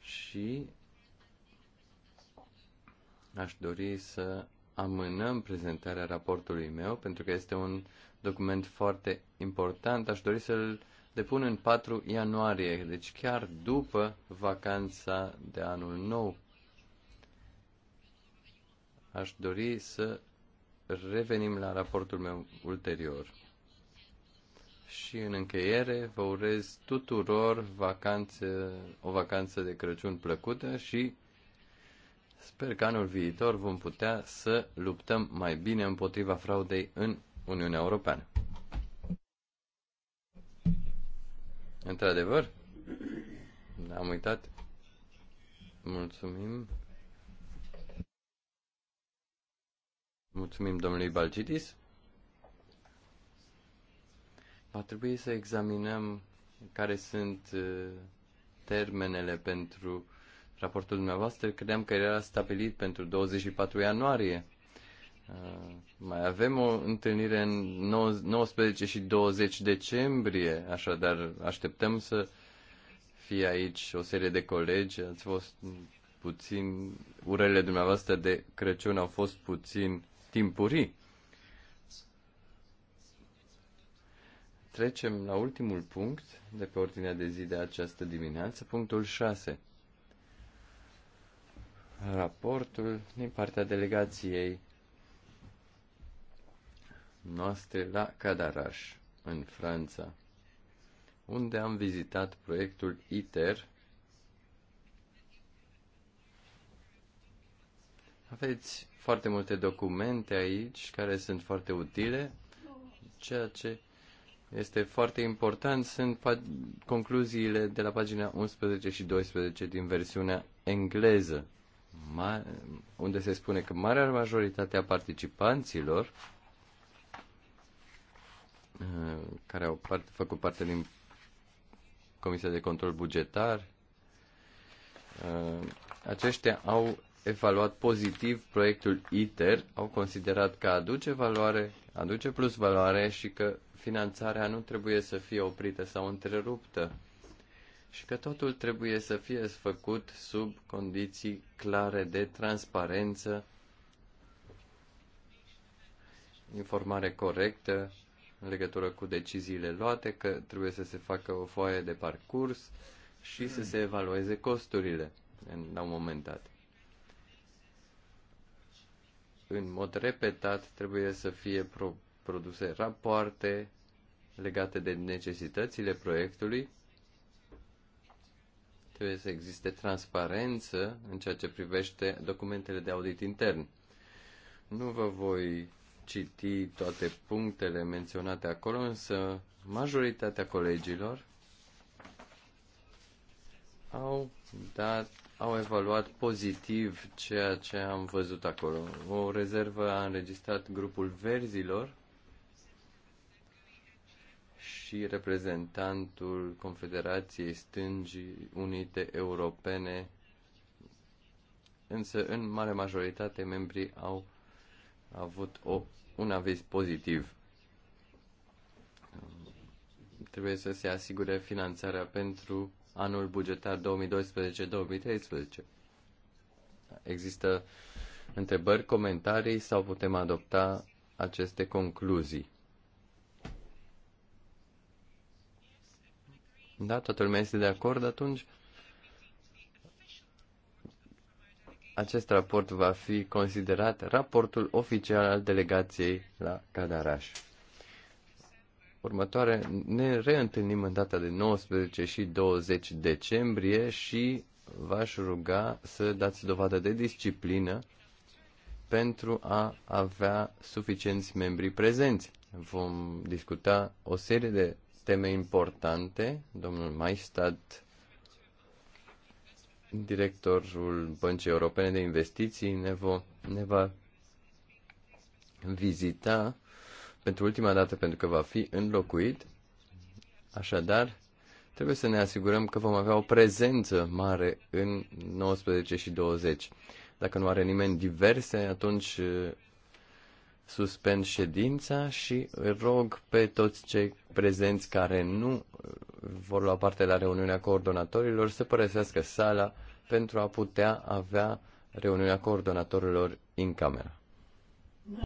și aș dori să amânăm prezentarea raportului meu pentru că este un document foarte important. Aș dori să-l depun în 4 ianuarie, deci chiar după vacanța de anul nou. Aș dori să revenim la raportul meu ulterior. Și în încheiere vă urez tuturor vacanțe, o vacanță de Crăciun plăcută și sper că anul viitor vom putea să luptăm mai bine împotriva fraudei în Uniunea Europeană. Într-adevăr, am uitat. Mulțumim. Mulțumim domnului Balcitis. Va trebui să examinăm care sunt uh, termenele pentru raportul dumneavoastră. Credeam că era stabilit pentru 24 ianuarie. Uh, mai avem o întâlnire în 19 și 20 decembrie, așadar așteptăm să fie aici o serie de colegi. Ați fost puțin, urele dumneavoastră de Crăciun au fost puțin timpurii. Trecem la ultimul punct de pe ordinea de zi de această dimineață, punctul 6. Raportul din partea delegației noastre la Cadaraș, în Franța, unde am vizitat proiectul ITER. Aveți foarte multe documente aici care sunt foarte utile, ceea ce este foarte important sunt concluziile de la pagina 11 și 12 din versiunea engleză, unde se spune că marea majoritate a participanților Uh, care au part, făcut parte din Comisia de Control Bugetar. Uh, aceștia au evaluat pozitiv proiectul ITER, au considerat că aduce valoare, aduce plus valoare și că finanțarea nu trebuie să fie oprită sau întreruptă și că totul trebuie să fie făcut sub condiții clare de transparență, informare corectă în legătură cu deciziile luate, că trebuie să se facă o foaie de parcurs și să se evalueze costurile în, la un moment dat. În mod repetat trebuie să fie pro- produse rapoarte legate de necesitățile proiectului. Trebuie să existe transparență în ceea ce privește documentele de audit intern. Nu vă voi citi toate punctele menționate acolo, însă majoritatea colegilor au dat, au evaluat pozitiv ceea ce am văzut acolo. O rezervă a înregistrat grupul verzilor și reprezentantul Confederației Stângii Unite Europene, însă în mare majoritate membrii au avut o un aviz pozitiv. Trebuie să se asigure finanțarea pentru anul bugetar 2012-2013. Există întrebări, comentarii sau putem adopta aceste concluzii? Da, toată lumea este de acord atunci? acest raport va fi considerat raportul oficial al delegației la Cadaraș. Următoare, ne reîntâlnim în data de 19 și 20 decembrie și v-aș ruga să dați dovadă de disciplină pentru a avea suficienți membri prezenți. Vom discuta o serie de teme importante. Domnul Maistad directorul Băncii Europene de Investiții ne, vo, ne va vizita pentru ultima dată pentru că va fi înlocuit. Așadar, trebuie să ne asigurăm că vom avea o prezență mare în 19 și 20. Dacă nu are nimeni diverse, atunci suspend ședința și rog pe toți cei prezenți care nu vor lua parte la reuniunea coordonatorilor să părăsească sala pentru a putea avea reuniunea coordonatorilor în camera.